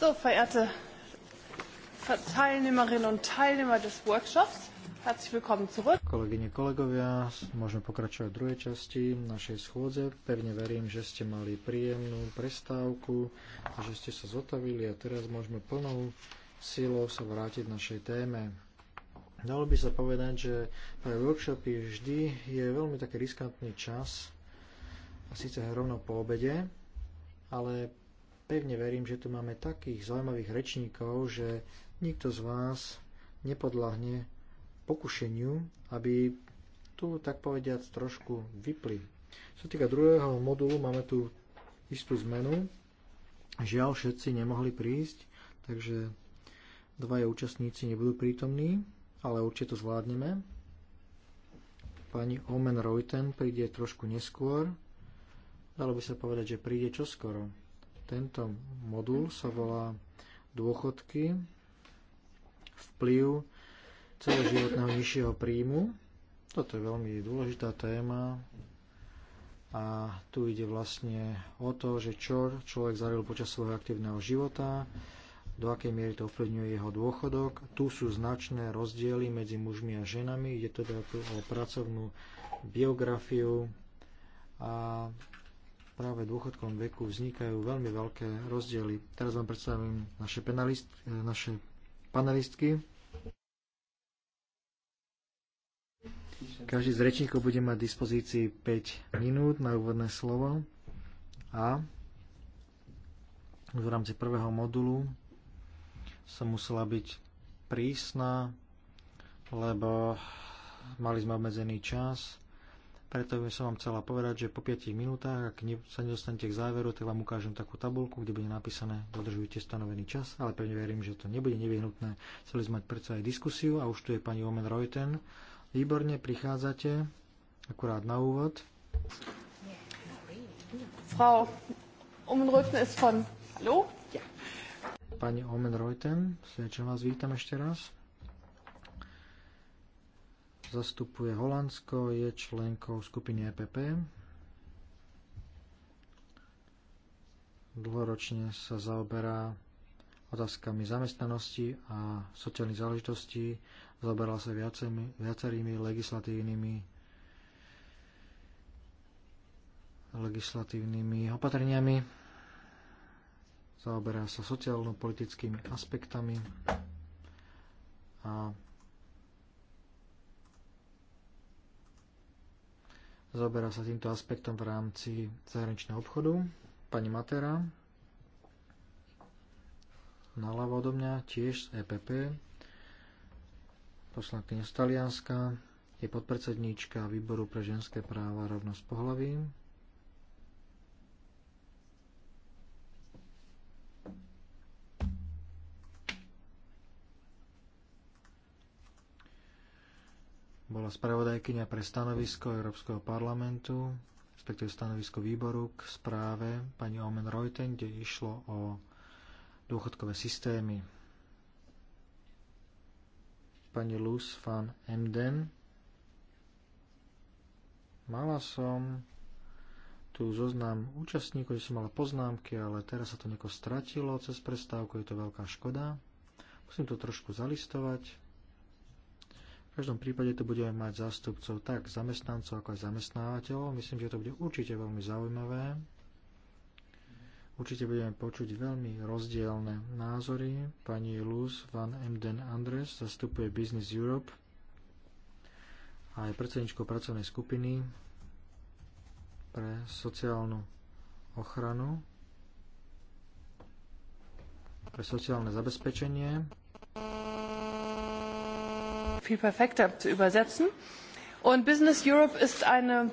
So, verehrte Teilnehmerinnen und Teilnehmer des Workshops, herzlich willkommen zurück. Kolegyne, kolegovia, môžeme pokračovať v druhej časti našej schôdze. Pevne verím, že ste mali príjemnú prestávku, že ste sa zotavili a teraz môžeme plnou silou sa vrátiť našej téme. Dalo by sa povedať, že pre workshopy vždy je veľmi taký riskantný čas, a síce rovno po obede, ale pevne verím, že tu máme takých zaujímavých rečníkov, že nikto z vás nepodľahne pokušeniu, aby tu, tak povediac, trošku vypli. Čo týka druhého modulu, máme tu istú zmenu. Žiaľ, všetci nemohli prísť, takže dvaja účastníci nebudú prítomní, ale určite to zvládneme. Pani Omen Reuten príde trošku neskôr. Dalo by sa povedať, že príde čoskoro. Tento modul sa volá dôchodky, vplyv celoživotného nižšieho príjmu. Toto je veľmi dôležitá téma a tu ide vlastne o to, že čo človek zaril počas svojho aktívneho života, do akej miery to ovplyvňuje jeho dôchodok. Tu sú značné rozdiely medzi mužmi a ženami, ide teda tu o pracovnú biografiu a práve v dôchodkom veku vznikajú veľmi veľké rozdiely. Teraz vám predstavím naše, penalist, eh, naše panelistky. Každý z rečníkov bude mať dispozícii 5 minút na úvodné slovo a v rámci prvého modulu som musela byť prísna, lebo mali sme obmedzený čas preto by som vám chcela povedať, že po 5 minútach, ak sa nedostanete k záveru, tak vám ukážem takú tabulku, kde bude napísané dodržujte stanovený čas, ale pevne verím, že to nebude nevyhnutné. Chceli sme mať predsa aj diskusiu a už tu je pani Omen Reuten. Výborne, prichádzate akurát na úvod. Frau Omen Reuten ist von... Hallo? Ja. Pani Omen Reuten, srdečne vás vítam ešte raz zastupuje Holandsko, je členkou skupiny EPP. Dlhoročne sa zaoberá otázkami zamestnanosti a sociálnych záležitostí. Zaoberala sa viacerými, viacerými legislatívnymi legislatívnymi opatreniami. Zaoberá sa sociálno-politickými aspektami a zaoberá sa týmto aspektom v rámci zahraničného obchodu. Pani Matera, naľavo odo mňa, tiež z EPP, poslankyňa z Talianska, je podpredsedníčka výboru pre ženské práva a rovnosť pohlaví. bola spravodajkyňa pre stanovisko Európskeho parlamentu, respektíve stanovisko výboru k správe pani Omen Reuten, kde išlo o dôchodkové systémy. Pani Luz van Emden. Mala som tu zoznam účastníkov, že som mala poznámky, ale teraz sa to nieko stratilo cez prestávku, je to veľká škoda. Musím to trošku zalistovať. V každom prípade tu budeme mať zástupcov tak zamestnancov, ako aj zamestnávateľov. Myslím, že to bude určite veľmi zaujímavé. Určite budeme počuť veľmi rozdielne názory. Pani Luz van Emden Andres zastupuje Business Europe a je predsedničkou pracovnej skupiny pre sociálnu ochranu, pre sociálne zabezpečenie viel perfekter zu übersetzen. Und Business Europe ist eine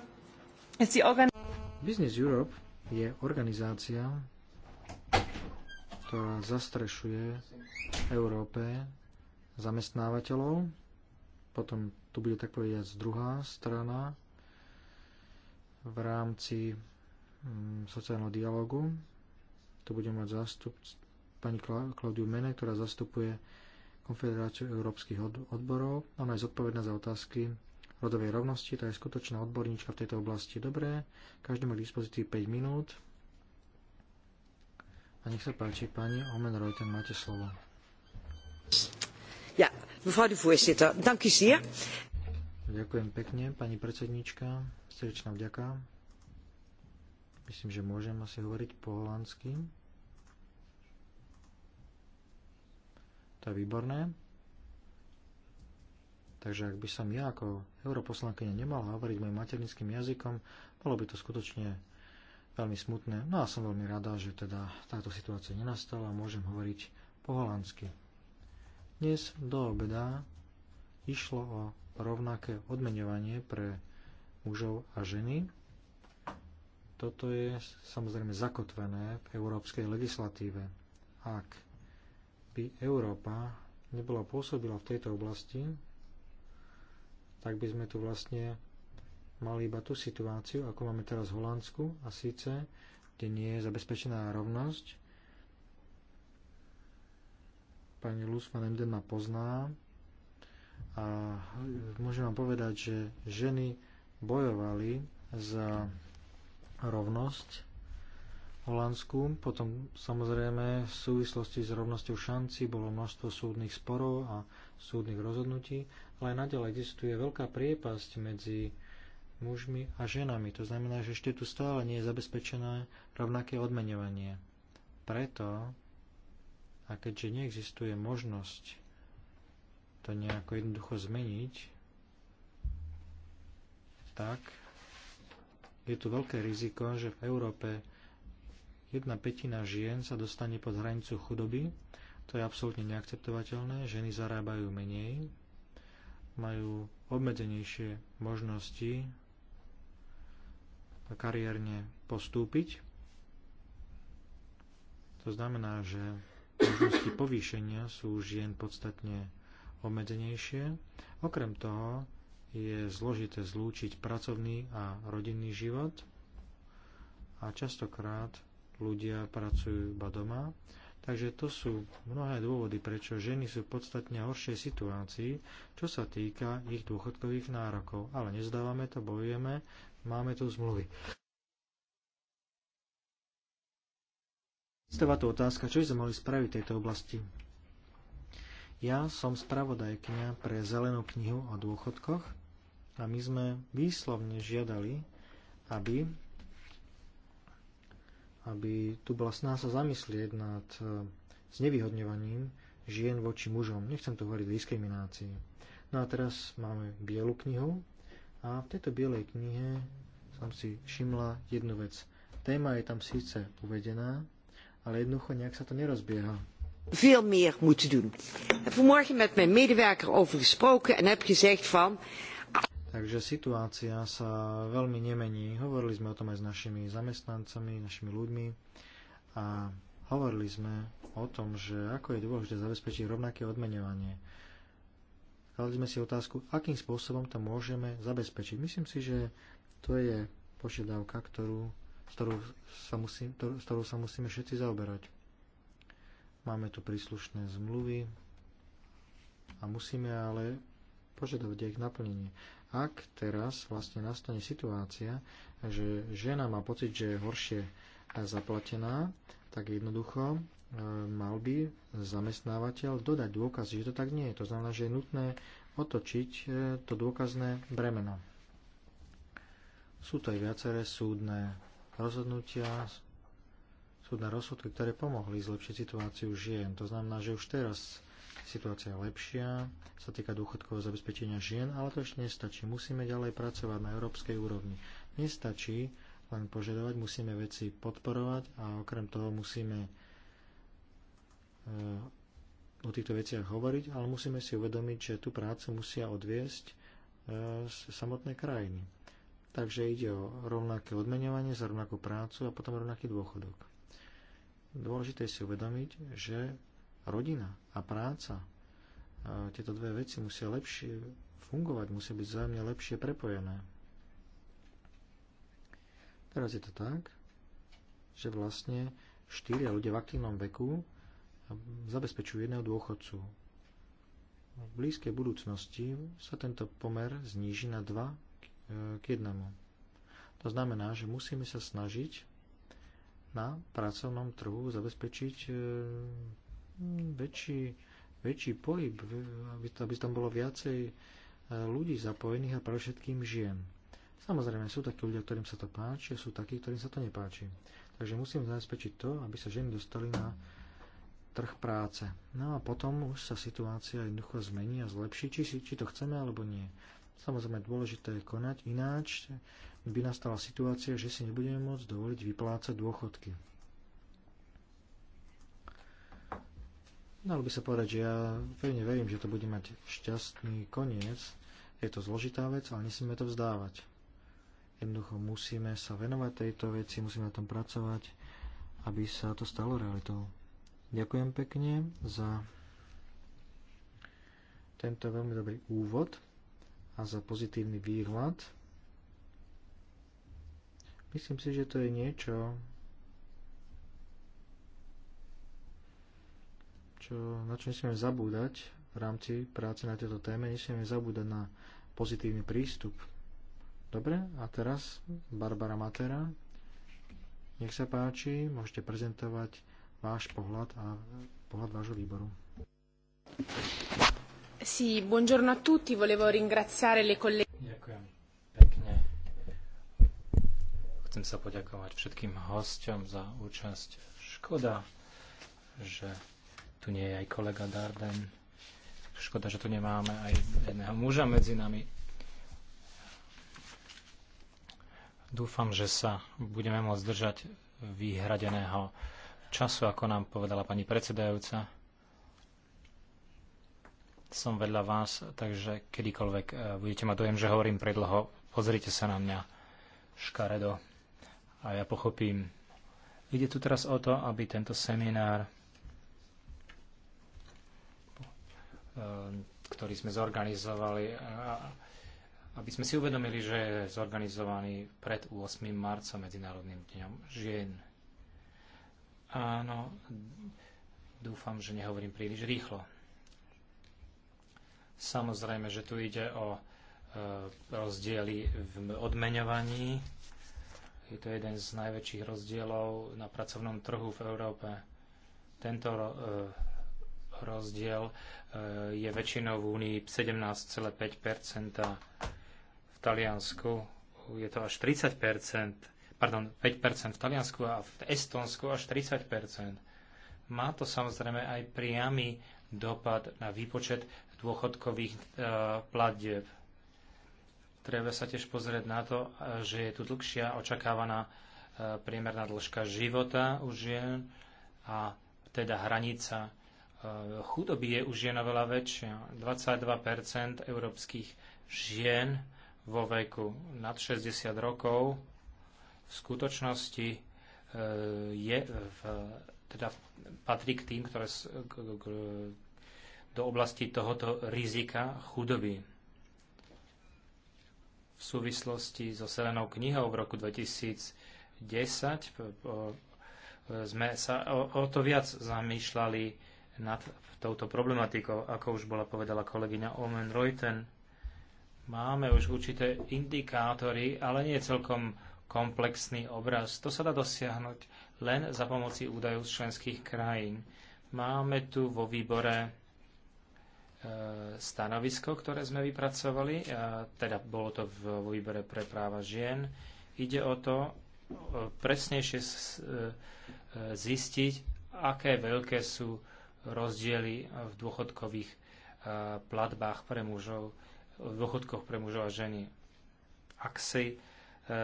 ist die Organ Business Europe je organizácia, ktorá zastrešuje Európe zamestnávateľov. Potom tu bude tak povedať druhá strana v rámci mm, sociálneho dialogu. Tu budeme mať zástup pani Klaudiu Mene, ktorá zastupuje Konfederáciu európskych odborov. Ona je zodpovedná za otázky rodovej rovnosti, to je skutočná odborníčka v tejto oblasti. Dobré, každý má k dispozícii 5 minút. A nech sa páči, pani Omen Reuten, máte slovo. Ja, mevrouw de voorzitter, dank u zeer. Ďakujem pekne, pani predsednička, srdečná vďaka. Myslím, že môžem asi hovoriť po holandsky. To je výborné. Takže ak by som ja ako europoslankyňa nemala hovoriť môjim materinským jazykom, bolo by to skutočne veľmi smutné. No a som veľmi rada, že teda táto situácia nenastala a môžem hovoriť po holandsky. Dnes do obeda išlo o rovnaké odmeňovanie pre mužov a ženy. Toto je samozrejme zakotvené v európskej legislatíve. Ak by Európa nebola pôsobila v tejto oblasti, tak by sme tu vlastne mali iba tú situáciu, ako máme teraz v Holandsku, a síce, kde nie je zabezpečená rovnosť. Pani Luz van Emden ma pozná a môžem vám povedať, že ženy bojovali za rovnosť Holandsku. Potom samozrejme v súvislosti s rovnosťou šanci bolo množstvo súdnych sporov a súdnych rozhodnutí, ale naďalej existuje veľká priepasť medzi mužmi a ženami. To znamená, že ešte tu stále nie je zabezpečené rovnaké odmenovanie. Preto, a keďže neexistuje možnosť to nejako jednoducho zmeniť, tak je tu veľké riziko, že v Európe jedna petina žien sa dostane pod hranicu chudoby. To je absolútne neakceptovateľné. Ženy zarábajú menej, majú obmedzenejšie možnosti kariérne postúpiť. To znamená, že možnosti povýšenia sú žien podstatne obmedzenejšie. Okrem toho je zložité zlúčiť pracovný a rodinný život a častokrát ľudia pracujú iba doma. Takže to sú mnohé dôvody, prečo ženy sú podstatne horšej situácii, čo sa týka ich dôchodkových nárokov. Ale nezdávame to, bojujeme, máme tu zmluvy. Stáva tu otázka, čo by sme mohli spraviť v tejto oblasti. Ja som spravodajkňa pre zelenú knihu o dôchodkoch a my sme výslovne žiadali, aby aby tu bola sná sa zamyslieť nad e, znevýhodňovaním žien voči mužom. Nechcem to hovoriť o diskriminácii. No a teraz máme bielu knihu a v tejto bielej knihe som si všimla jednu vec. Téma je tam síce uvedená, ale jednoducho nejak sa to nerozbieha. Veel meer moeten doen. Vanmorgen met mijn medewerker over gesproken en heb gezegd van, Takže situácia sa veľmi nemení. Hovorili sme o tom aj s našimi zamestnancami, našimi ľuďmi a hovorili sme o tom, že ako je dôležité zabezpečiť rovnaké odmenovanie. Kladli sme si otázku, akým spôsobom to môžeme zabezpečiť. Myslím si, že to je požiadavka, ktorú, s, ktorou sa s ktorou sa musíme všetci zaoberať. Máme tu príslušné zmluvy a musíme ale požiadať ich naplnenie. Ak teraz vlastne nastane situácia, že žena má pocit, že je horšie zaplatená, tak jednoducho e, mal by zamestnávateľ dodať dôkaz, že to tak nie je. To znamená, že je nutné otočiť e, to dôkazné bremeno. Sú to aj viaceré súdne rozhodnutia, súdne rozhodky, ktoré pomohli zlepšiť situáciu žien. To znamená, že už teraz situácia je lepšia, sa týka dôchodkového zabezpečenia žien, ale to ešte nestačí. Musíme ďalej pracovať na európskej úrovni. Nestačí len požadovať, musíme veci podporovať a okrem toho musíme eh, o týchto veciach hovoriť, ale musíme si uvedomiť, že tú prácu musia odviesť eh, samotné krajiny. Takže ide o rovnaké odmeňovanie za rovnakú prácu a potom rovnaký dôchodok. Dôležité je si uvedomiť, že rodina a práca, e, tieto dve veci musia lepšie fungovať, musia byť vzájomne lepšie prepojené. Teraz je to tak, že vlastne štyria ľudia v aktívnom veku zabezpečujú jedného dôchodcu. V blízkej budúcnosti sa tento pomer zníži na 2 k 1. To znamená, že musíme sa snažiť na pracovnom trhu zabezpečiť e, Hmm, väčší, väčší pohyb, aby, aby tam bolo viacej e, ľudí zapojených a pre všetkým žien. Samozrejme, sú takí ľudia, ktorým sa to páči, a sú takí, ktorým sa to nepáči. Takže musím zabezpečiť to, aby sa ženy dostali na trh práce. No a potom už sa situácia jednoducho zmení a zlepší, či, či to chceme alebo nie. Samozrejme, dôležité je konať, ináč by nastala situácia, že si nebudeme môcť dovoliť vyplácať dôchodky. Dalo by sa povedať, že ja pevne verím, že to bude mať šťastný koniec. Je to zložitá vec, ale nesmieme to vzdávať. Jednoducho musíme sa venovať tejto veci, musíme na tom pracovať, aby sa to stalo realitou. Ďakujem pekne za tento veľmi dobrý úvod a za pozitívny výhľad. Myslím si, že to je niečo, čo, na čo nesmieme zabúdať v rámci práce na tejto téme, nesmieme zabúdať na pozitívny prístup. Dobre, a teraz Barbara Matera. Nech sa páči, môžete prezentovať váš pohľad a pohľad vášho výboru. Sì, buongiorno a tutti, volevo ringraziare le colleghe. Ďakujem pekne. Chcem sa poďakovať všetkým hosťom za účasť. Škoda, že tu nie je aj kolega Darden. Škoda, že tu nemáme aj jedného muža medzi nami. Dúfam, že sa budeme môcť držať vyhradeného času, ako nám povedala pani predsedajúca. Som vedľa vás, takže kedykoľvek e, budete mať dojem, že hovorím predlho, pozrite sa na mňa škaredo a ja pochopím. Ide tu teraz o to, aby tento seminár Eh, ktorý sme zorganizovali, eh, aby sme si uvedomili, že je zorganizovaný pred 8. marcom Medzinárodným dňom žien. Áno, dúfam, že nehovorím príliš rýchlo. Samozrejme, že tu ide o eh, rozdiely v odmeňovaní. Je to jeden z najväčších rozdielov na pracovnom trhu v Európe. Tento rozdiel e, je väčšinou v Únii 17,5%, v Taliansku je to až 30%, pardon, 5% v Taliansku a v Estonsku až 30%. Má to samozrejme aj priamy dopad na výpočet dôchodkových e, platieb. Treba sa tiež pozrieť na to, že je tu dlhšia očakávaná e, priemerná dĺžka života už žien a teda hranica Eh, chudoby je už žien oveľa väčšia. 22 európskych žien vo veku nad 60 rokov v skutočnosti eh, je v, teda patrí k tým, ktoré do oblasti tohoto rizika chudoby. V súvislosti so Selenou knihou v roku 2010 eh, sme sa o, o to viac zamýšľali nad touto problematikou, ako už bola povedala kolegyňa Omen Reuten. Máme už určité indikátory, ale nie celkom komplexný obraz. To sa dá dosiahnuť len za pomoci údajov z členských krajín. Máme tu vo výbore e, stanovisko, ktoré sme vypracovali, teda bolo to v výbore pre práva žien. Ide o to e, presnejšie e, zistiť, aké veľké sú rozdiely v dôchodkových eh, platbách pre mužov, v dôchodkoch pre mužov a ženy. Ak si eh,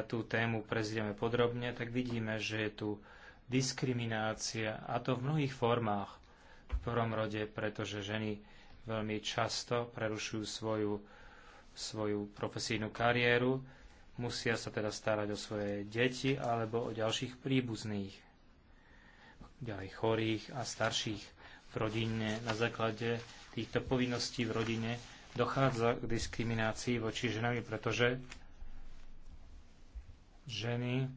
tú tému prezrieme podrobne, tak vidíme, že je tu diskriminácia a to v mnohých formách. V prvom rode, pretože ženy veľmi často prerušujú svoju, svoju profesijnú kariéru, musia sa teda starať o svoje deti alebo o ďalších príbuzných, ďalej chorých a starších v rodine, na základe týchto povinností v rodine dochádza k diskriminácii voči ženami, pretože ženy eh,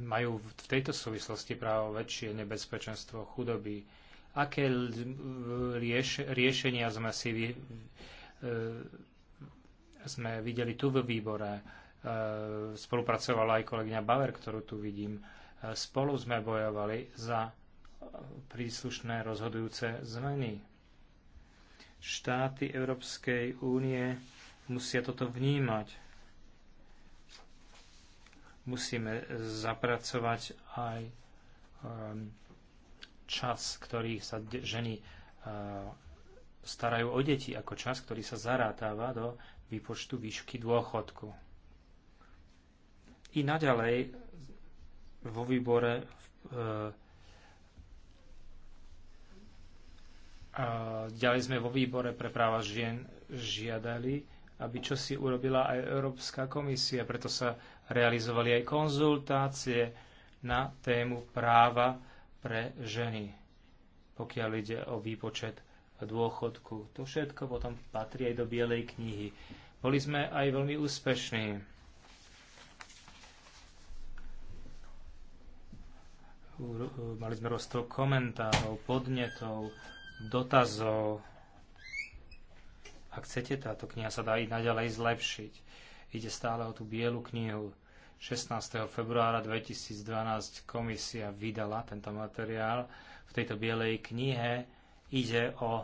majú v tejto súvislosti právo väčšie nebezpečenstvo chudoby. Aké rieš- riešenia sme si vy, e, sme videli tu v výbore? E, spolupracovala aj kolegyňa Baver, ktorú tu vidím. E, Spolu sme bojovali za príslušné rozhodujúce zmeny. Štáty Európskej únie musia toto vnímať. Musíme zapracovať aj ehm, čas, ktorý sa ženy ehm, starajú o deti, ako čas, ktorý sa zarátáva do výpočtu výšky dôchodku. I naďalej vo výbore eh, a ďalej sme vo výbore pre práva žien žiadali, aby čo si urobila aj Európska komisia. Preto sa realizovali aj konzultácie na tému práva pre ženy, pokiaľ ide o výpočet dôchodku. To všetko potom patrí aj do Bielej knihy. Boli sme aj veľmi úspešní Mali sme rozstvo komentárov, podnetov, dotazov. Ak chcete, táto kniha sa dá i naďalej zlepšiť. Ide stále o tú bielu knihu. 16. februára 2012 komisia vydala tento materiál. V tejto bielej knihe ide o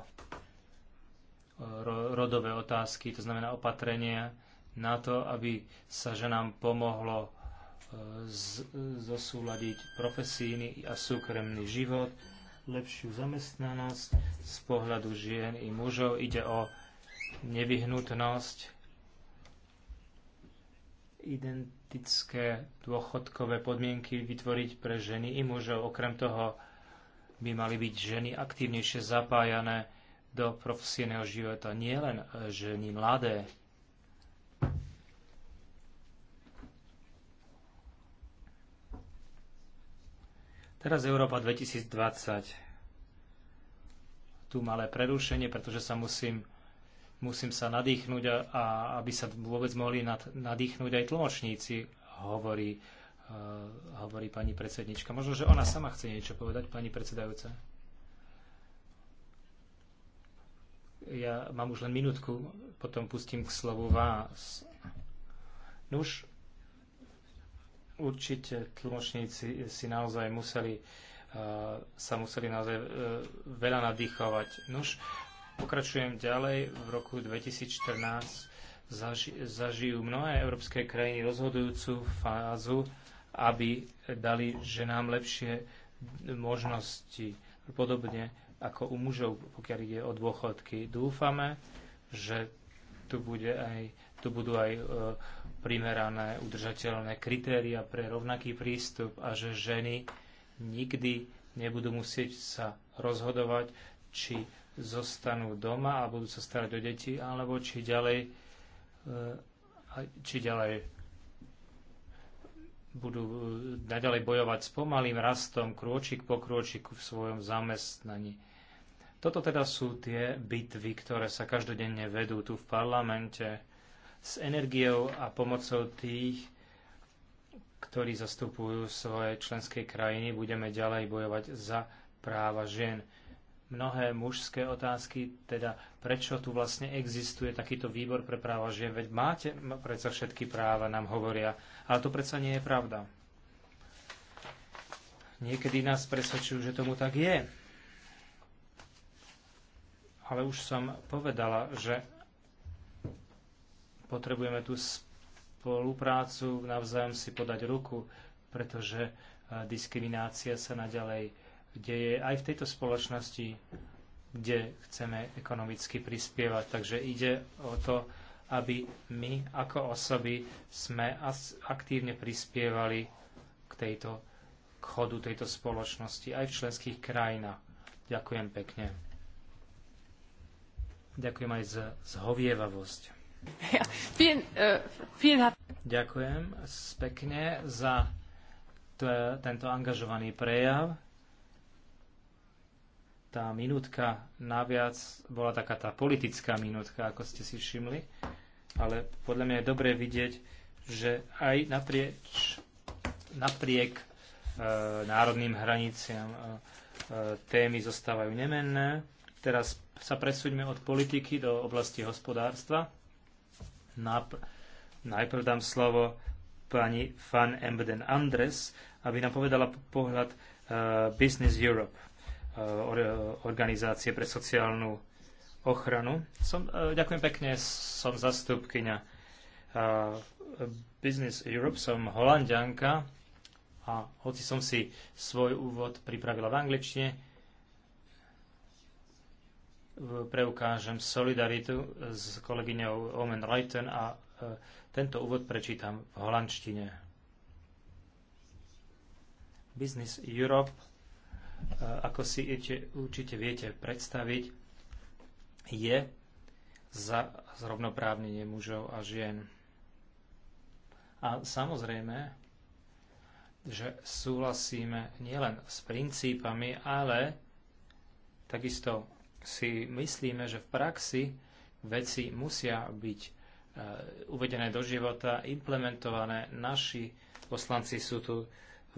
rodové otázky, to znamená opatrenia na to, aby sa ženám pomohlo zosúľadiť profesíny a súkromný život, lepšiu zamestnanosť z pohľadu žien i mužov. Ide o nevyhnutnosť identické dôchodkové podmienky vytvoriť pre ženy i mužov. Okrem toho by mali byť ženy aktívnejšie zapájané do profesijného života, nie len ženy mladé. Teraz Európa 2020. Tu malé prerušenie, pretože sa musím, musím sa nadýchnuť a, a aby sa vôbec mohli nad, nadýchnuť aj tlmočníci, hovorí, uh, hovorí pani predsednička. Možno, že ona sama chce niečo povedať, pani predsedajúca. Ja mám už len minútku, potom pustím k slovu vás. Nuž, Určite tlmočníci si naozaj museli, uh, sa museli naozaj uh, veľa nadýchovať. Nuž, pokračujem ďalej. V roku 2014 zaži- zažijú mnohé európske krajiny rozhodujúcu fázu, aby dali ženám lepšie možnosti, podobne ako u mužov, pokiaľ ide o dôchodky. Dúfame, že tu bude aj tu budú aj e, primerané udržateľné kritéria pre rovnaký prístup a že ženy nikdy nebudú musieť sa rozhodovať, či zostanú doma a budú sa starať o deti, alebo či ďalej, e, či ďalej budú e, naďalej bojovať s pomalým rastom krôčik po krôčiku v svojom zamestnaní. Toto teda sú tie bitvy, ktoré sa každodenne vedú tu v parlamente s energiou a pomocou tých, ktorí zastupujú svoje členské krajiny, budeme ďalej bojovať za práva žien. Mnohé mužské otázky, teda prečo tu vlastne existuje takýto výbor pre práva žien, veď máte predsa všetky práva, nám hovoria, ale to predsa nie je pravda. Niekedy nás presvedčujú, že tomu tak je. Ale už som povedala, že Potrebujeme tú spoluprácu, navzájom si podať ruku, pretože e, diskriminácia sa naďalej deje aj v tejto spoločnosti, kde chceme ekonomicky prispievať. Takže ide o to, aby my ako osoby sme aktívne prispievali k tejto k chodu tejto spoločnosti aj v členských krajinách. Ďakujem pekne. Ďakujem aj za zhovievavosť. Ďakujem pekne za tento angažovaný prejav. Tá minútka naviac bola taká tá politická minútka, ako ste si všimli, ale podľa mňa je dobré vidieť, že aj naprieč, napriek e, národným hraniciam e, e témy zostávajú nemenné. Teraz sa presúďme od politiky do oblasti hospodárstva. Najprv dám slovo pani Van Embden Andres, aby nám povedala pohľad eh, Business Europe, eh, eh, organizácie pre sociálnu ochranu. Som, ďakujem pekne, som uh, Business Europe, som holandianka a hoci som si svoj úvod pripravila v angličtine, preukážem solidaritu s kolegyňou Omen Reiten a e, tento úvod prečítam v holandštine. Business Europe, e, ako si určite viete predstaviť, je za zrovnoprávnenie mužov a žien. A samozrejme, že súhlasíme nielen s princípami, ale takisto si myslíme, že v praxi veci musia byť e, uvedené do života, implementované. Naši poslanci sú tu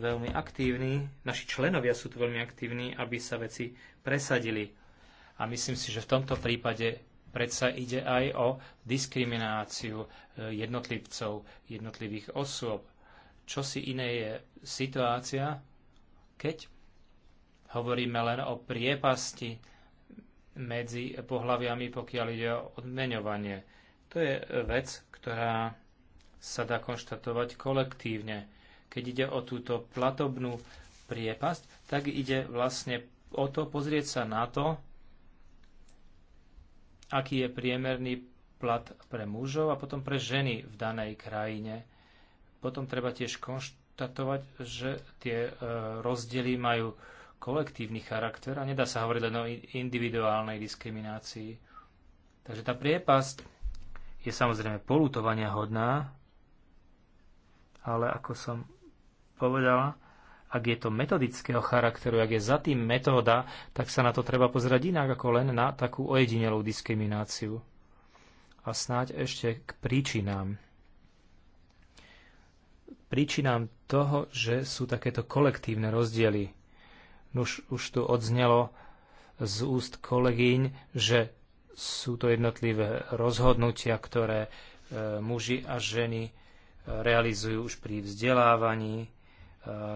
veľmi aktívni, naši členovia sú tu veľmi aktívni, aby sa veci presadili. A myslím si, že v tomto prípade predsa ide aj o diskrimináciu e, jednotlivcov, jednotlivých osôb. Čo si iné je situácia, keď hovoríme len o priepasti medzi pohľaviami, pokiaľ ide o odmeňovanie. To je vec, ktorá sa dá konštatovať kolektívne. Keď ide o túto platobnú priepasť, tak ide vlastne o to pozrieť sa na to, aký je priemerný plat pre mužov a potom pre ženy v danej krajine. Potom treba tiež konštatovať, že tie e, rozdiely majú kolektívny charakter a nedá sa hovoriť len o individuálnej diskriminácii. Takže tá priepasť je samozrejme polutovania hodná, ale ako som povedala, ak je to metodického charakteru, ak je za tým metóda, tak sa na to treba pozerať inak ako len na takú ojedinelú diskrimináciu. A snáď ešte k príčinám. Príčinám toho, že sú takéto kolektívne rozdiely už, už tu odznelo z úst kolegyň, že sú to jednotlivé rozhodnutia, ktoré e, muži a ženy e, realizujú už pri vzdelávaní, e,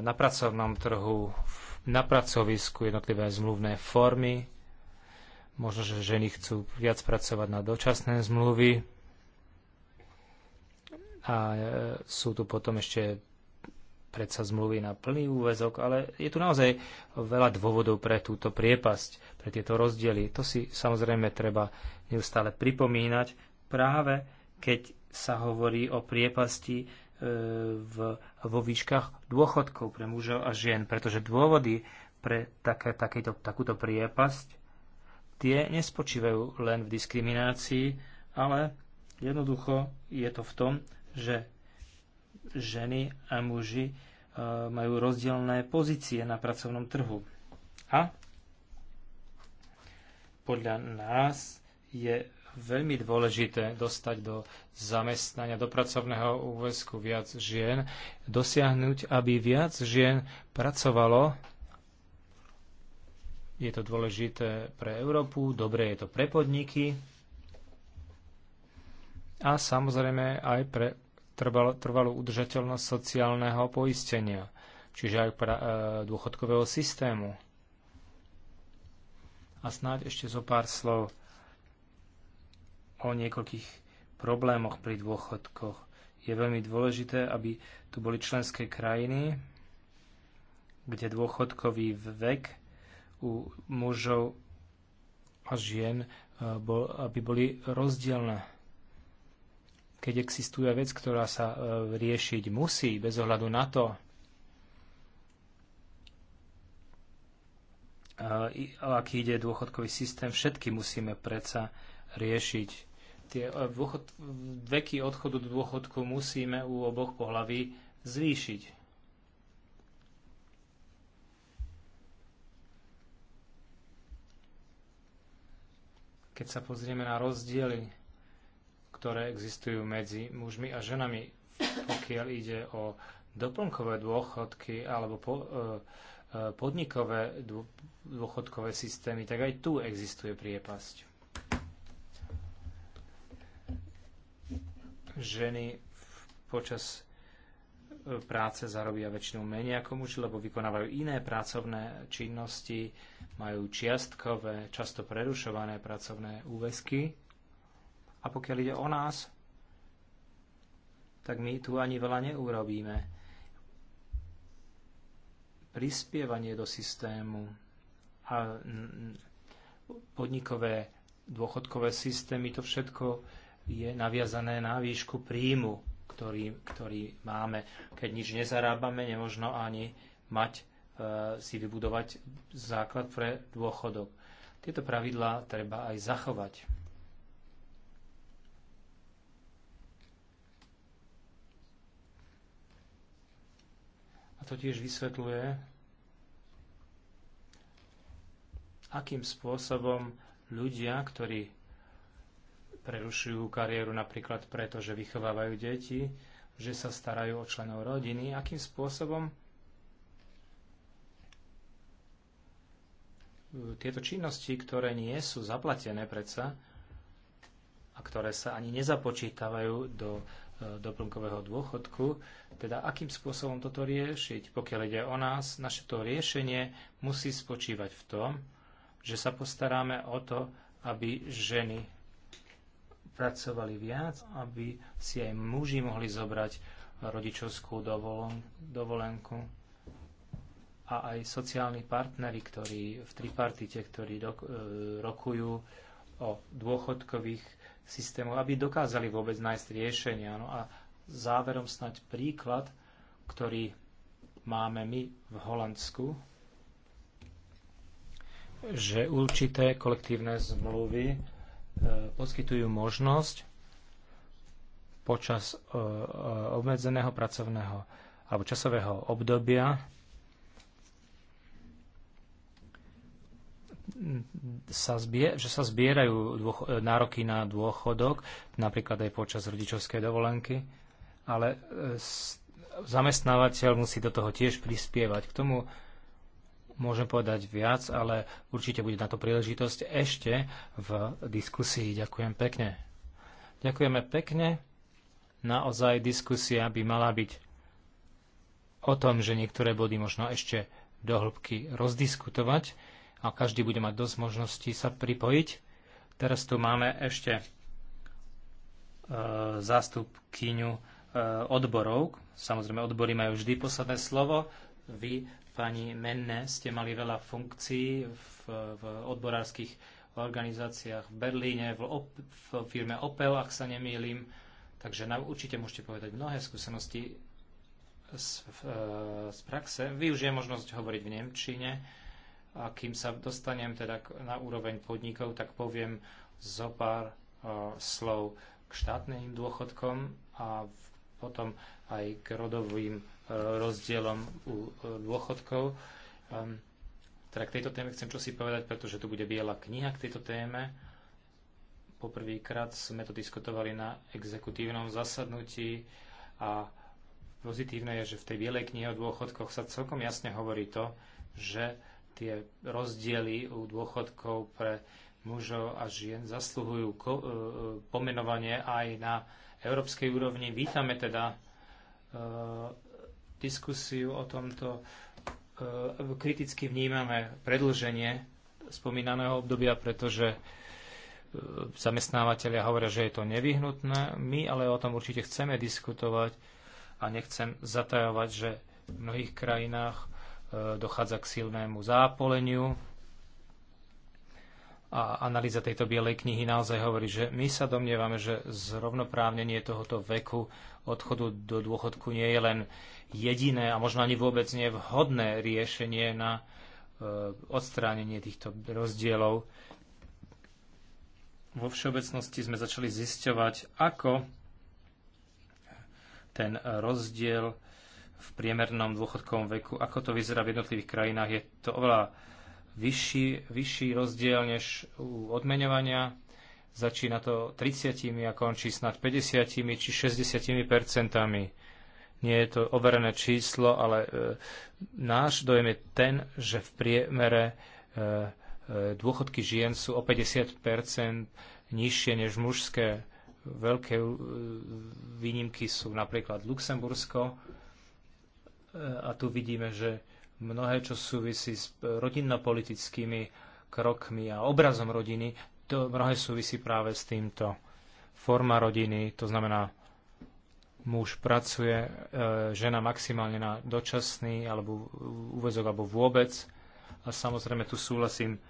na pracovnom trhu, na pracovisku, jednotlivé zmluvné formy. Možno, že ženy chcú viac pracovať na dočasné zmluvy. A e, sú tu potom ešte predsa zmluvy na plný úvezok, ale je tu naozaj veľa dôvodov pre túto priepasť, pre tieto rozdiely. To si samozrejme treba neustále pripomínať, práve keď sa hovorí o priepasti e, v, vo výškach dôchodkov pre mužov a žien, pretože dôvody pre také, takéto, takúto priepasť tie nespočívajú len v diskriminácii, ale jednoducho je to v tom, že ženy a muži majú rozdielne pozície na pracovnom trhu. A podľa nás je veľmi dôležité dostať do zamestnania, do pracovného úvesku viac žien, dosiahnuť, aby viac žien pracovalo. Je to dôležité pre Európu, dobre je to pre podniky a samozrejme aj pre trval, trvalú udržateľnosť sociálneho poistenia, čiže aj pra, e, dôchodkového systému. A snáď ešte zo pár slov o niekoľkých problémoch pri dôchodkoch. Je veľmi dôležité, aby tu boli členské krajiny, kde dôchodkový vek u mužov a žien e, bol, aby boli rozdielne keď existuje vec, ktorá sa e, riešiť musí bez ohľadu na to, e, aký ide dôchodkový systém, všetky musíme predsa riešiť. Tie e, dôchod, veky odchodu do dôchodku musíme u oboch pohlaví zvýšiť. Keď sa pozrieme na rozdiely ktoré existujú medzi mužmi a ženami, pokiaľ ide o doplnkové dôchodky alebo po, e, e podnikové dôchodkové systémy, tak aj tu existuje priepasť. Ženy počas e, práce zarobia väčšinou menej ako muži, lebo vykonávajú iné pracovné činnosti, majú čiastkové, často prerušované pracovné úväzky a pokiaľ ide o nás, tak my tu ani veľa neurobíme. Prispievanie do systému a podnikové dôchodkové systémy, to všetko je naviazané na výšku príjmu, ktorý, ktorý máme. Keď nič nezarábame, nemožno ani mať e, si vybudovať základ pre dôchodok. Tieto pravidlá treba aj zachovať. to tiež vysvetľuje, akým spôsobom ľudia, ktorí prerušujú kariéru napríklad preto, že vychovávajú deti, že sa starajú o členov rodiny, akým spôsobom e, tieto činnosti, ktoré nie sú zaplatené predsa a ktoré sa ani nezapočítavajú do E, doplnkového dôchodku, teda akým spôsobom toto riešiť. Pokiaľ ide o nás, naše to riešenie musí spočívať v tom, že sa postaráme o to, aby ženy pracovali viac, aby si aj muži mohli zobrať rodičovskú dovolenku a aj sociálni partnery, ktorí v tripartite, ktorí e, rokujú o dôchodkových systémov, aby dokázali vôbec nájsť riešenia. No a záverom snať príklad, ktorý máme my v Holandsku, že určité kolektívne zmluvy e, poskytujú možnosť počas e, e, obmedzeného pracovného alebo časového obdobia sa, zbie, že sa zbierajú dôcho, nároky na dôchodok, napríklad aj počas rodičovskej dovolenky, ale e, zamestnávateľ musí do toho tiež prispievať. K tomu môžem povedať viac, ale určite bude na to príležitosť ešte v diskusii. Ďakujem pekne. Ďakujeme pekne. Naozaj diskusia by mala byť o tom, že niektoré body možno ešte hĺbky rozdiskutovať a každý bude mať dosť možností sa pripojiť. Teraz tu máme ešte e, zástupkyňu e, odborov. Samozrejme, odbory majú vždy posledné slovo. Vy, pani Menne, ste mali veľa funkcií v, v odborárskych organizáciách v Berlíne, v, op, v firme Opel, ak sa nemýlim. Takže nám určite môžete povedať mnohé skúsenosti z, v, e, z praxe. Využijem možnosť hovoriť v Nemčine a kým sa dostanem teda na úroveň podnikov, tak poviem zo pár uh, slov k štátnym dôchodkom a potom aj k rodovým uh, rozdielom u uh, dôchodkov. Um, teda k tejto téme chcem čosi povedať, pretože tu bude biela kniha k tejto téme. Poprvýkrát sme to diskutovali na exekutívnom zasadnutí a pozitívne je, že v tej bielej knihe o dôchodkoch sa celkom jasne hovorí to, že tie rozdiely u dôchodkov pre mužov a žien zasluhujú e, e, pomenovanie aj na európskej úrovni. Vítame teda e, diskusiu o tomto. Kriticky vnímame predlženie spomínaného obdobia, pretože zamestnávateľia hovoria, že je to nevyhnutné. My ale o tom určite chceme diskutovať a nechcem zatajovať, že v mnohých krajinách E, dochádza k silnému zápoleniu. A analýza tejto bielej knihy naozaj hovorí, že my sa domnievame, že zrovnoprávnenie tohoto veku odchodu do dôchodku nie je len jediné a možno ani vôbec nevhodné riešenie na e, odstránenie týchto rozdielov. Vo všeobecnosti sme začali zisťovať, ako ten rozdiel v priemernom dôchodkovom veku. Ako to vyzerá v jednotlivých krajinách? Je to oveľa vyšší, vyšší rozdiel než u odmeňovania. Začína to 30 a končí snad 50 či 60 percentami. Nie je to overené číslo, ale e, náš dojem je ten, že v priemere e, e, dôchodky žien sú o 50 nižšie než mužské. Veľké e, výnimky sú napríklad Luxembursko, a tu vidíme, že mnohé, čo súvisí s rodinnopolitickými krokmi a obrazom rodiny, to mnohé súvisí práve s týmto. Forma rodiny, to znamená, muž pracuje, e, žena maximálne na dočasný alebo úvezok alebo vôbec. A samozrejme tu súhlasím e,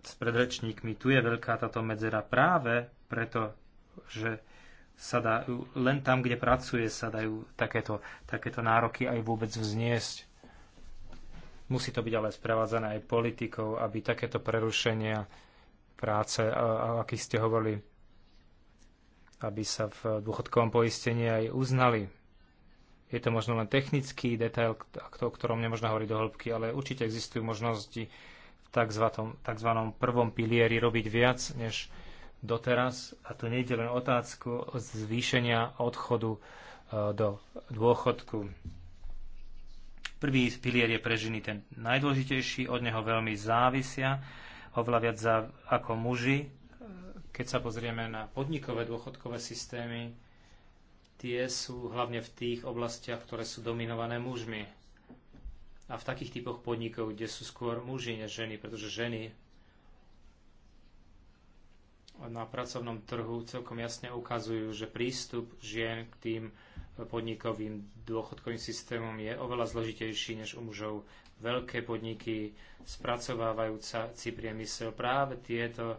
s predrečníkmi, tu je veľká táto medzera práve preto, že sa dajú, len tam, kde pracuje, sa dajú takéto, takéto nároky aj vôbec vzniesť. Musí to byť ale sprevádzané aj politikou, aby takéto prerušenia práce, o akých ste hovorili, aby sa v dôchodkovom poistení aj uznali. Je to možno len technický detail, o ktorom nemôžno hovoriť do hĺbky, ale určite existujú možnosti v tzv. prvom pilieri robiť viac, než doteraz, a tu nejde len otázku zvýšenia odchodu e, do dôchodku. Prvý pilier je pre ženy ten najdôležitejší, od neho veľmi závisia, oveľa viac ako muži. Keď sa pozrieme na podnikové dôchodkové systémy, tie sú hlavne v tých oblastiach, ktoré sú dominované mužmi. A v takých typoch podnikov, kde sú skôr muži než ženy, pretože ženy na pracovnom trhu celkom jasne ukazujú, že prístup žien k tým podnikovým dôchodkovým systémom je oveľa zložitejší než u mužov. Veľké podniky, spracovávajúci priemysel, práve tieto e,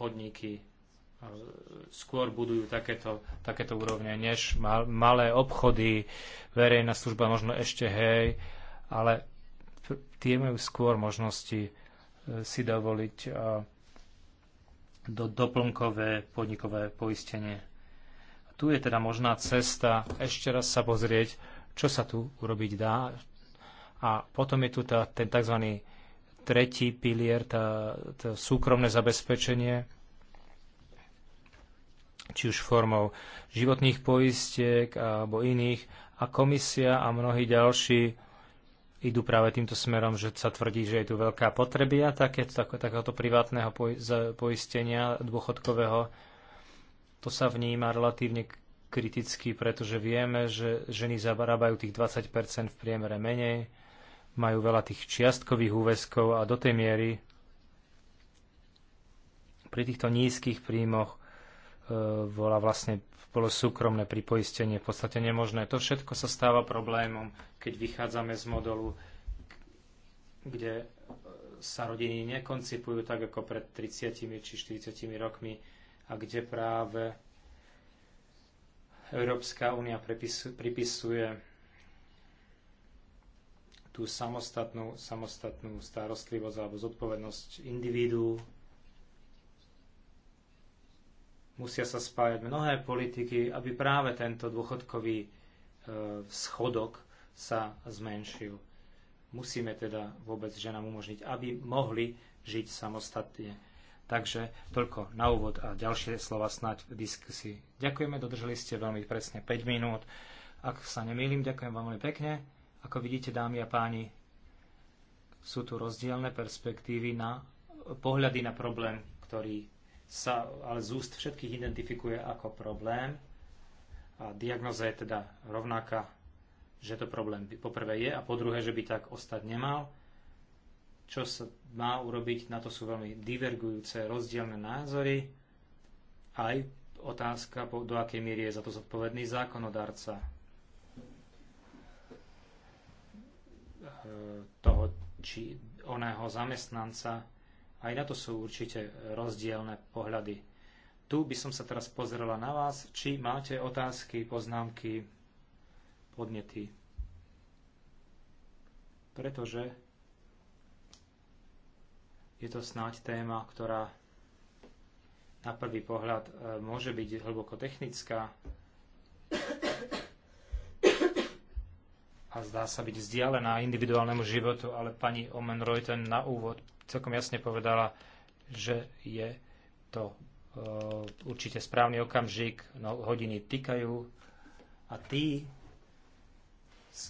podniky e, skôr budujú takéto, takéto úrovne než mal, malé obchody, verejná služba možno ešte hej, ale tie majú skôr možnosti si dovoliť e, do doplnkové podnikové poistenie. Tu je teda možná cesta ešte raz sa pozrieť, čo sa tu urobiť dá. A potom je tu tá, ten tzv. tretí pilier, tá, tá súkromné zabezpečenie, či už formou životných poistiek alebo iných. A komisia a mnohí ďalší idú práve týmto smerom, že sa tvrdí, že je tu veľká potrebia také, tak, takéhoto privátneho poistenia dôchodkového. To sa vníma relatívne kriticky, pretože vieme, že ženy zabarábajú tých 20% v priemere menej, majú veľa tých čiastkových úväzkov a do tej miery pri týchto nízkych príjmoch E, bola vlastne bolo súkromné pripoistenie v podstate nemožné. To všetko sa stáva problémom, keď vychádzame z modelu, kde sa rodiny nekoncipujú tak ako pred 30 či 40 rokmi a kde práve Európska únia pripisuje tú samostatnú, samostatnú starostlivosť alebo zodpovednosť individu Musia sa spájať mnohé politiky, aby práve tento dôchodkový e, schodok sa zmenšil. Musíme teda vôbec ženám umožniť, aby mohli žiť samostatne. Takže toľko na úvod a ďalšie slova snáď v diskusii. Ďakujeme, dodržali ste veľmi presne 5 minút. Ak sa nemýlim, ďakujem vám veľmi pekne. Ako vidíte, dámy a páni, sú tu rozdielne perspektívy na pohľady na problém, ktorý sa ale z úst všetkých identifikuje ako problém. A diagnoza je teda rovnaká, že to problém poprvé je a po druhé, že by tak ostať nemal. Čo sa má urobiť, na to sú veľmi divergujúce rozdielne názory. Aj otázka, do akej miery je za to zodpovedný zákonodárca. E, toho či oného zamestnanca, aj na to sú určite rozdielne pohľady. Tu by som sa teraz pozrela na vás, či máte otázky, poznámky, podnety. Pretože je to snáď téma, ktorá na prvý pohľad e, môže byť hlboko technická a zdá sa byť vzdialená individuálnemu životu, ale pani Omen Reuten na úvod celkom jasne povedala, že je to e, určite správny okamžik, no, hodiny týkajú a tí,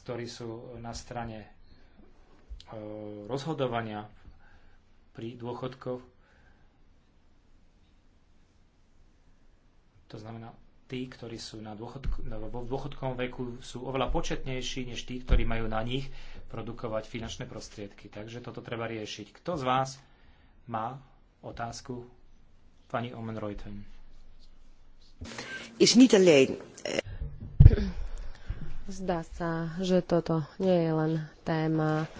ktorí sú na strane e, rozhodovania pri dôchodkoch, to znamená tí, ktorí sú na dôchodk- vo dôchodkovom veku, sú oveľa početnejší než tí, ktorí majú na nich produkovať finančné prostriedky. Takže toto treba riešiť. Kto z vás má otázku? Pani Omen Reuten. Is niet alleen. Eh. Zdá sa, že toto nie je len téma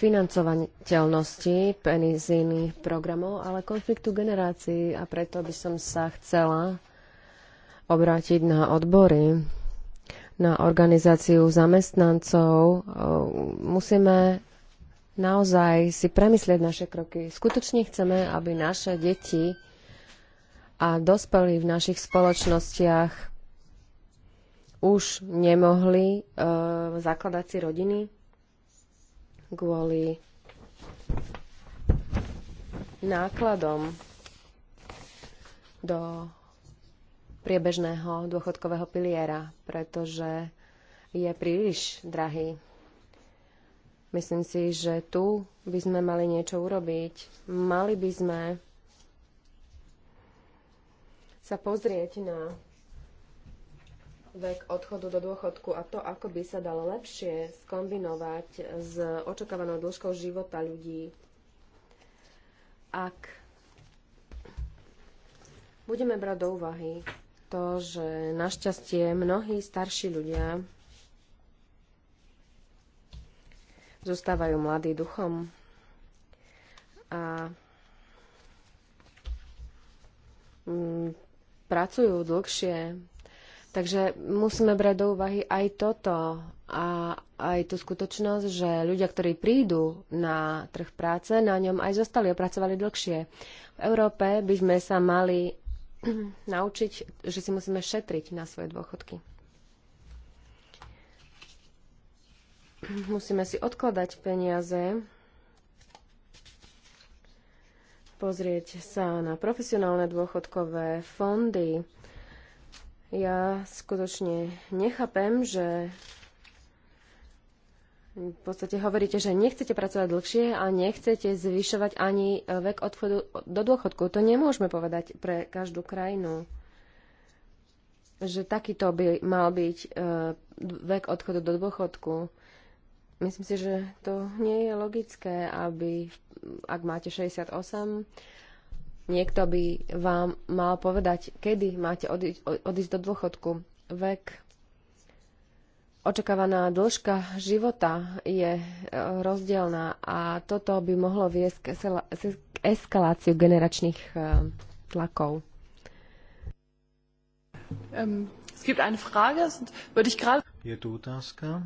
financovateľnosti penizíny programov, ale konfliktu generácií a preto by som sa chcela obrátiť na odbory, na organizáciu zamestnancov. E, musíme naozaj si premyslieť naše kroky. Skutočne chceme, aby naše deti a dospelí v našich spoločnostiach už nemohli e, zakladať si rodiny kvôli nákladom do priebežného dôchodkového piliera, pretože je príliš drahý. Myslím si, že tu by sme mali niečo urobiť. Mali by sme sa pozrieť na vek odchodu do dôchodku a to, ako by sa dalo lepšie skombinovať s očakávanou dĺžkou života ľudí. Ak budeme brať do úvahy to, že našťastie mnohí starší ľudia zostávajú mladí duchom a mm, pracujú dlhšie. Takže musíme brať do úvahy aj toto a aj tú skutočnosť, že ľudia, ktorí prídu na trh práce, na ňom aj zostali a pracovali dlhšie. V Európe by sme sa mali naučiť, že si musíme šetriť na svoje dôchodky. Musíme si odkladať peniaze, pozrieť sa na profesionálne dôchodkové fondy. Ja skutočne nechápem, že v podstate hovoríte, že nechcete pracovať dlhšie a nechcete zvyšovať ani eh, vek odchodu do dôchodku. To nemôžeme povedať pre každú krajinu, že takýto by mal byť eh, vek odchodu do dôchodku. Myslím si, že to nie je logické, aby ak máte 68, niekto by vám mal povedať, kedy máte odísť, odísť do dôchodku. Vek očakávaná dĺžka života je e, rozdielna a toto by mohlo viesť k eskaláciu generačných e, tlakov. Ähm, je tu otázka.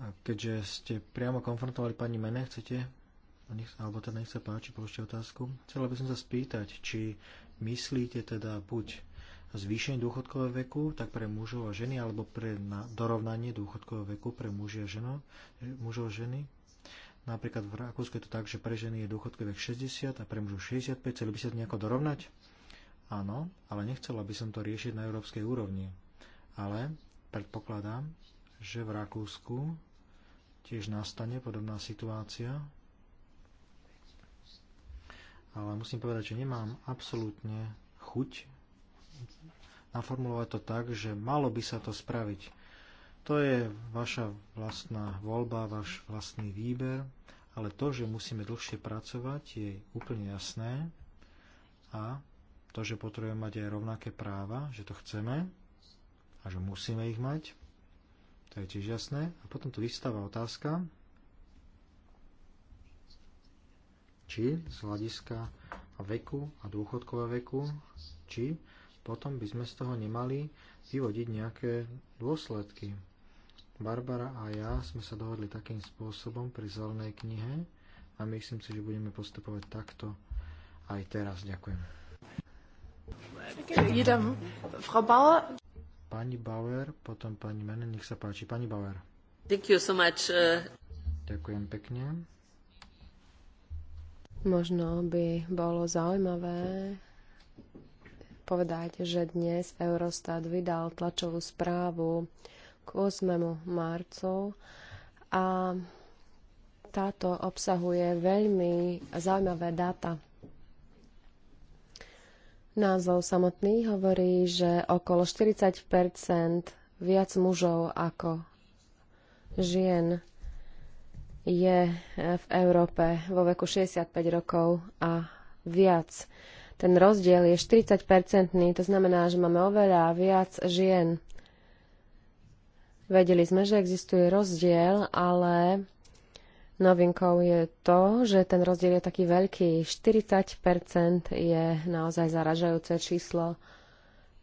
A keďže ste priamo konfrontovali pani Mene, chcete, alebo teda nech sa páči, položte otázku. Chcela by som sa spýtať, či myslíte teda buď zvýšenie dôchodkového veku, tak pre mužov a ženy, alebo pre na dorovnanie dôchodkového veku pre muži a ženo, mužov a ženy. Napríklad v Rakúsku je to tak, že pre ženy je dôchodkový vek 60 a pre mužov 65, chceli by sa to nejako dorovnať? Áno, ale nechcela by som to riešiť na európskej úrovni. Ale predpokladám, že v Rakúsku tiež nastane podobná situácia. Ale musím povedať, že nemám absolútne chuť naformulovať to tak, že malo by sa to spraviť. To je vaša vlastná voľba, váš vlastný výber, ale to, že musíme dlhšie pracovať, je úplne jasné a to, že potrebujeme mať aj rovnaké práva, že to chceme a že musíme ich mať, to je tiež jasné. A potom tu vystáva otázka, či z hľadiska veku a dôchodkového veku, či potom by sme z toho nemali vyvodiť nejaké dôsledky. Barbara a ja sme sa dohodli takým spôsobom pri zelenej knihe a myslím si, že budeme postupovať takto aj teraz. Ďakujem. Pani Bauer, potom pani Mene, nech sa páči. Pani Bauer. Thank you so much. Uh, Ďakujem pekne. Možno by bolo zaujímavé povedať, že dnes Eurostat vydal tlačovú správu k 8. marcu a táto obsahuje veľmi zaujímavé dáta. Názov samotný hovorí, že okolo 40 viac mužov ako žien je v Európe vo veku 65 rokov a viac. Ten rozdiel je 40-percentný, to znamená, že máme oveľa viac žien. Vedeli sme, že existuje rozdiel, ale novinkou je to, že ten rozdiel je taký veľký. 40 je naozaj zaražajúce číslo.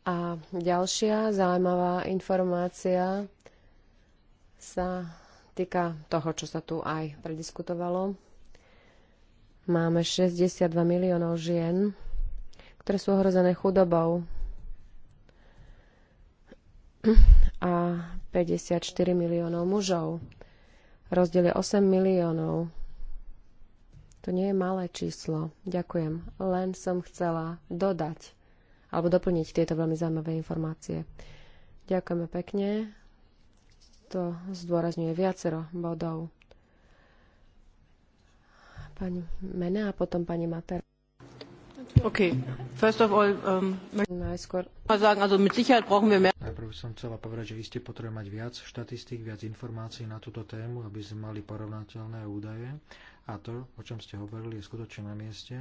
A ďalšia zaujímavá informácia sa týka toho, čo sa tu aj prediskutovalo. Máme 62 miliónov žien ktoré sú ohrozené chudobou. A 54 miliónov mužov. Rozdiel je 8 miliónov. To nie je malé číslo. Ďakujem. Len som chcela dodať alebo doplniť tieto veľmi zaujímavé informácie. Ďakujeme pekne. To zdôrazňuje viacero bodov. Pani Mene a potom pani Matera. Okay. Um, by Najprv som chcela povedať, že iste potrebujeme mať viac štatistík, viac informácií na túto tému, aby sme mali porovnateľné údaje. A to, o čom ste hovorili, je skutočne na mieste.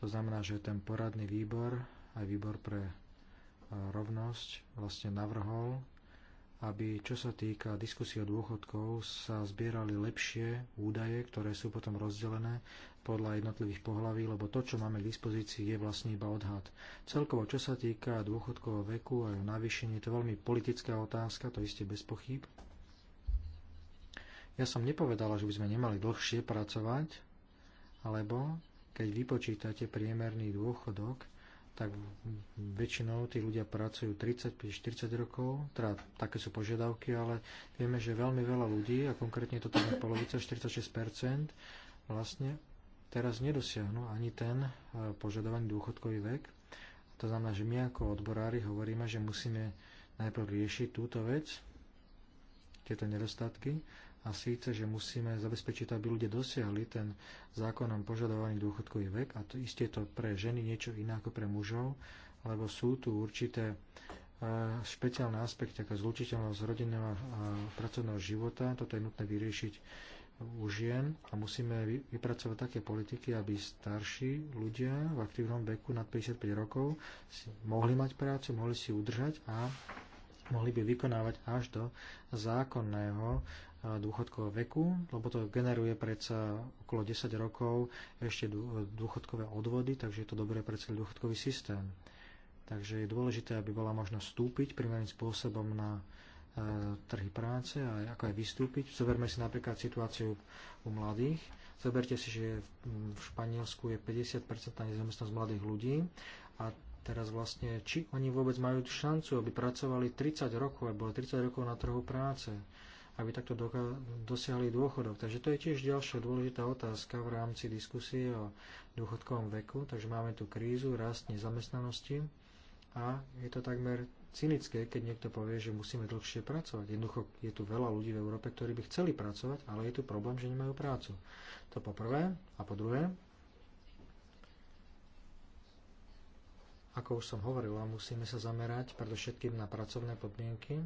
To znamená, že ten poradný výbor, aj výbor pre eh, rovnosť, vlastne navrhol aby čo sa týka diskusie o dôchodkov sa zbierali lepšie údaje, ktoré sú potom rozdelené podľa jednotlivých pohlaví, lebo to, čo máme k dispozícii, je vlastne iba odhad. Celkovo, čo sa týka dôchodkového veku a jeho navýšenie, to je veľmi politická otázka, to isté bez pochyb. Ja som nepovedala, že by sme nemali dlhšie pracovať, alebo keď vypočítate priemerný dôchodok, tak väčšinou tí ľudia pracujú 35-40 rokov, teda také sú požiadavky, ale vieme, že veľmi veľa ľudí, a konkrétne to tam teda je polovica, 46%, vlastne teraz nedosiahnu ani ten e, požadovaný dôchodkový vek. To znamená, že my ako odborári hovoríme, že musíme najprv riešiť túto vec, tieto nedostatky a síce, že musíme zabezpečiť, aby ľudia dosiahli ten zákonom požadovaný dôchodkový vek a to isté to pre ženy niečo iné ako pre mužov, lebo sú tu určité e, špeciálne aspekty ako zlučiteľnosť rodinného a pracovného života. Toto je nutné vyriešiť u žien a musíme vypracovať také politiky, aby starší ľudia v aktívnom veku nad 55 rokov si mohli mať prácu, mohli si udržať a mohli by vykonávať až do zákonného dôchodkového veku, lebo to generuje predsa okolo 10 rokov ešte dôchodkové odvody, takže je to dobré pre celý dôchodkový systém. Takže je dôležité, aby bola možnosť vstúpiť primerným spôsobom na e, trhy práce a ako aj vystúpiť. Zoberme si napríklad situáciu u mladých. Zoberte si, že v Španielsku je 50% nezamestnanosť mladých ľudí a teraz vlastne, či oni vôbec majú šancu, aby pracovali 30 rokov, alebo 30 rokov na trhu práce aby takto dosiahli dôchodok. Takže to je tiež ďalšia dôležitá otázka v rámci diskusie o dôchodkovom veku. Takže máme tu krízu, rast nezamestnanosti a je to takmer cynické, keď niekto povie, že musíme dlhšie pracovať. Jednoducho je tu veľa ľudí v Európe, ktorí by chceli pracovať, ale je tu problém, že nemajú prácu. To po prvé. A po druhé, ako už som hovorila, musíme sa zamerať predovšetkým na pracovné podmienky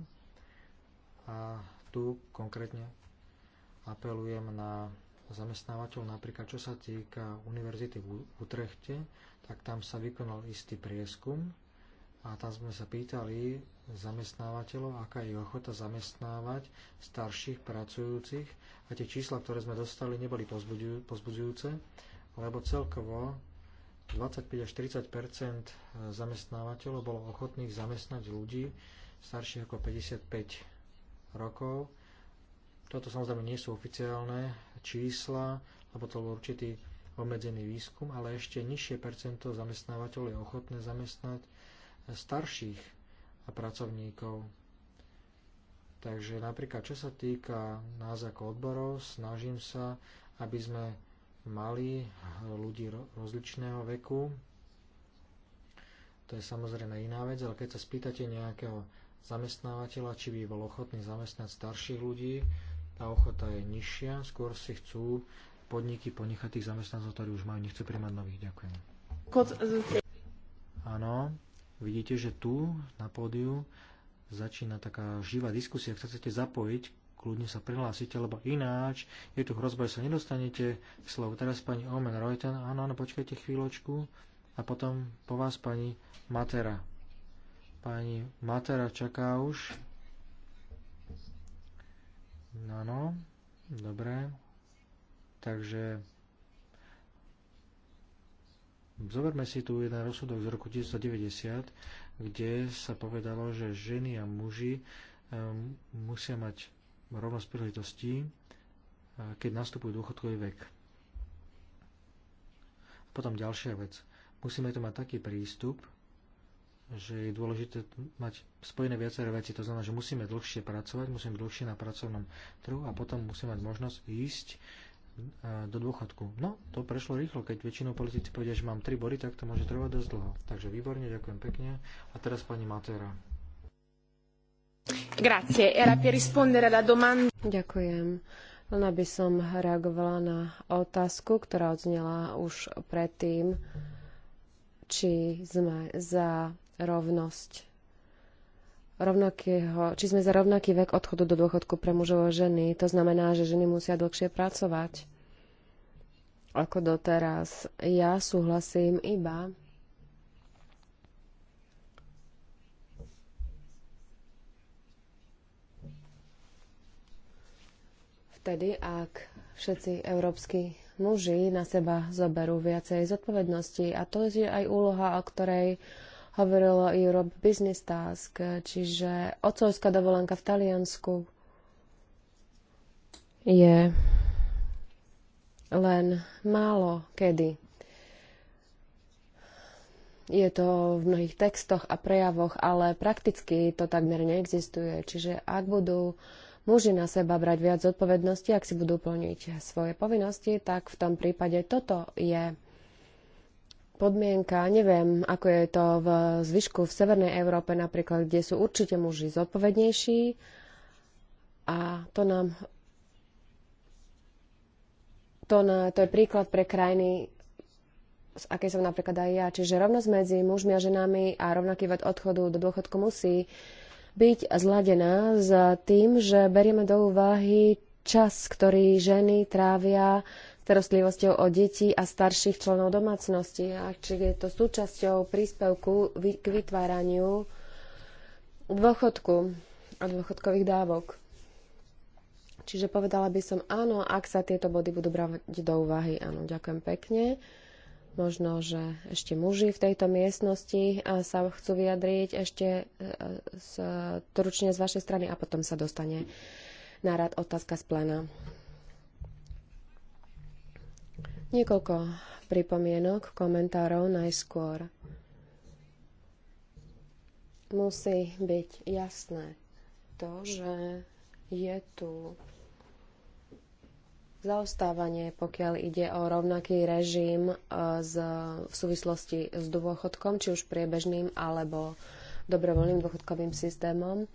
a tu konkrétne apelujem na zamestnávateľov. napríklad čo sa týka univerzity v Utrechte, tak tam sa vykonal istý prieskum a tam sme sa pýtali zamestnávateľov, aká je ochota zamestnávať starších pracujúcich a tie čísla, ktoré sme dostali, neboli pozbudzujúce, lebo celkovo 25 až 30 zamestnávateľov bolo ochotných zamestnať ľudí starších ako 55 rokov. Toto samozrejme nie sú oficiálne čísla, lebo to bol určitý obmedzený výskum, ale ešte nižšie percento zamestnávateľov je ochotné zamestnať starších pracovníkov. Takže napríklad, čo sa týka nás ako odborov, snažím sa, aby sme mali ľudí rozličného veku. To je samozrejme iná vec, ale keď sa spýtate nejakého zamestnávateľa, či by bol ochotný zamestnať starších ľudí. Tá ochota je nižšia, skôr si chcú podniky ponechať tých zamestnancov, ktorí už majú, nechcú príjmať nových. Ďakujem. Áno, vidíte, že tu na pódiu začína taká živá diskusia. Ak sa chcete zapojiť, kľudne sa prihlásite, lebo ináč je tu hrozba, že sa nedostanete k slovu. Teraz pani Omen Reuten, áno, áno, počkajte chvíľočku a potom po vás pani Matera. Pani Matera čaká už. Áno, dobre. Takže zoberme si tu jeden rozsudok z roku 1990, kde sa povedalo, že ženy a muži musia mať rovnosť príležitostí, e, keď nastupujú dôchodkový vek. Potom ďalšia vec. Musíme tu mať taký prístup, že je dôležité mať spojené viaceré veci. To znamená, že musíme dlhšie pracovať, musíme dlhšie na pracovnom trhu a potom musíme mať možnosť ísť e, do dôchodku. No, to prešlo rýchlo, keď väčšinou politici povedia, že mám tri body, tak to môže trvať dosť dlho. Takže výborne, ďakujem pekne. A teraz pani Matera. Grazie, era per rispondere alla domanda. Ďakujem. Len aby som reagovala na otázku, ktorá odznela už predtým, či sme za rovnosť rovnakého, či sme za rovnaký vek odchodu do dôchodku pre mužov a ženy. To znamená, že ženy musia dlhšie pracovať ako doteraz. Ja súhlasím iba vtedy, ak všetci európsky muži na seba zoberú viacej zodpovednosti. A to je aj úloha, o ktorej uh, hovorilo Europe Business Task, čiže otcovská dovolenka v Taliansku je len málo kedy. Je to v mnohých textoch a prejavoch, ale prakticky to takmer neexistuje. Čiže ak budú muži na seba brať viac zodpovednosti, ak si budú plniť svoje povinnosti, tak v tom prípade toto je podmienka, neviem, ako je to v zvyšku v Severnej Európe napríklad, kde sú určite muži zodpovednejší a to nám to, na, to je príklad pre krajiny, z akej som napríklad aj ja. Čiže rovnosť medzi mužmi a ženami a rovnaký ved odchodu do dôchodku musí byť zladená s tým, že berieme do úvahy čas, ktorý ženy trávia starostlivosťou o deti a starších členov domácnosti. A či je to súčasťou príspevku k vytváraniu dôchodku a dôchodkových dávok. Čiže povedala by som áno, ak sa tieto body budú brať do úvahy. Áno, ďakujem pekne. Možno, že ešte muži v tejto miestnosti sa chcú vyjadriť ešte z, z, z, z vašej strany a potom sa dostane na rad otázka z plena. Niekoľko pripomienok, komentárov najskôr. Musí byť jasné to, že je tu zaostávanie, pokiaľ ide o rovnaký režim e, z, v súvislosti s dôchodkom, či už priebežným alebo dobrovoľným dôchodkovým systémom.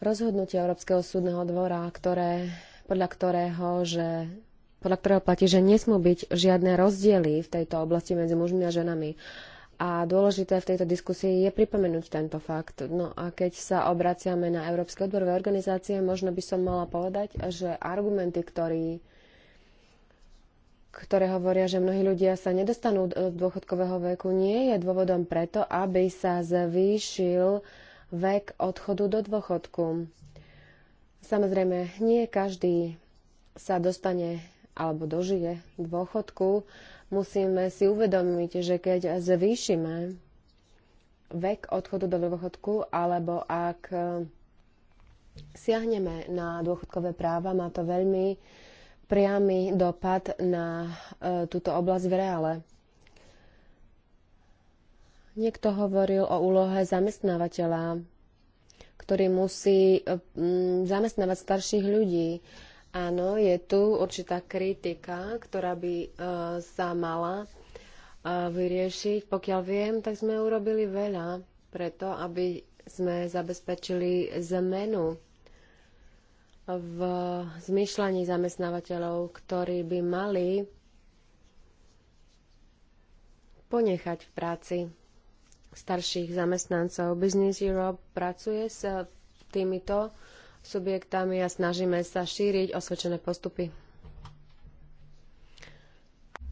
Rozhodnutie Európskeho súdneho dvora, ktoré, podľa ktorého, že podľa ktorého platí, že nesmú byť žiadne rozdiely v tejto oblasti medzi mužmi a ženami. A dôležité v tejto diskusii je pripomenúť tento fakt. No a keď sa obraciame na Európske odborové organizácie, možno by som mala povedať, že argumenty, ktorý, ktoré hovoria, že mnohí ľudia sa nedostanú do dôchodkového veku, nie je dôvodom preto, aby sa zvýšil vek odchodu do dôchodku. Samozrejme, nie každý sa dostane alebo dožije dôchodku, musíme si uvedomiť, že keď zvýšime vek odchodu do dôchodku, alebo ak e, siahneme na dôchodkové práva, má to veľmi priamy dopad na e, túto oblasť v reále. Niekto hovoril o úlohe zamestnávateľa, ktorý musí e, m, zamestnávať starších ľudí. Áno, je tu určitá kritika, ktorá by uh, sa mala uh, vyriešiť. Pokiaľ viem, tak sme urobili veľa preto, aby sme zabezpečili zmenu v zmyšľaní zamestnávateľov, ktorí by mali ponechať v práci starších zamestnancov. Business Europe pracuje s týmito subjektami a snažíme sa šíriť osvedčené postupy.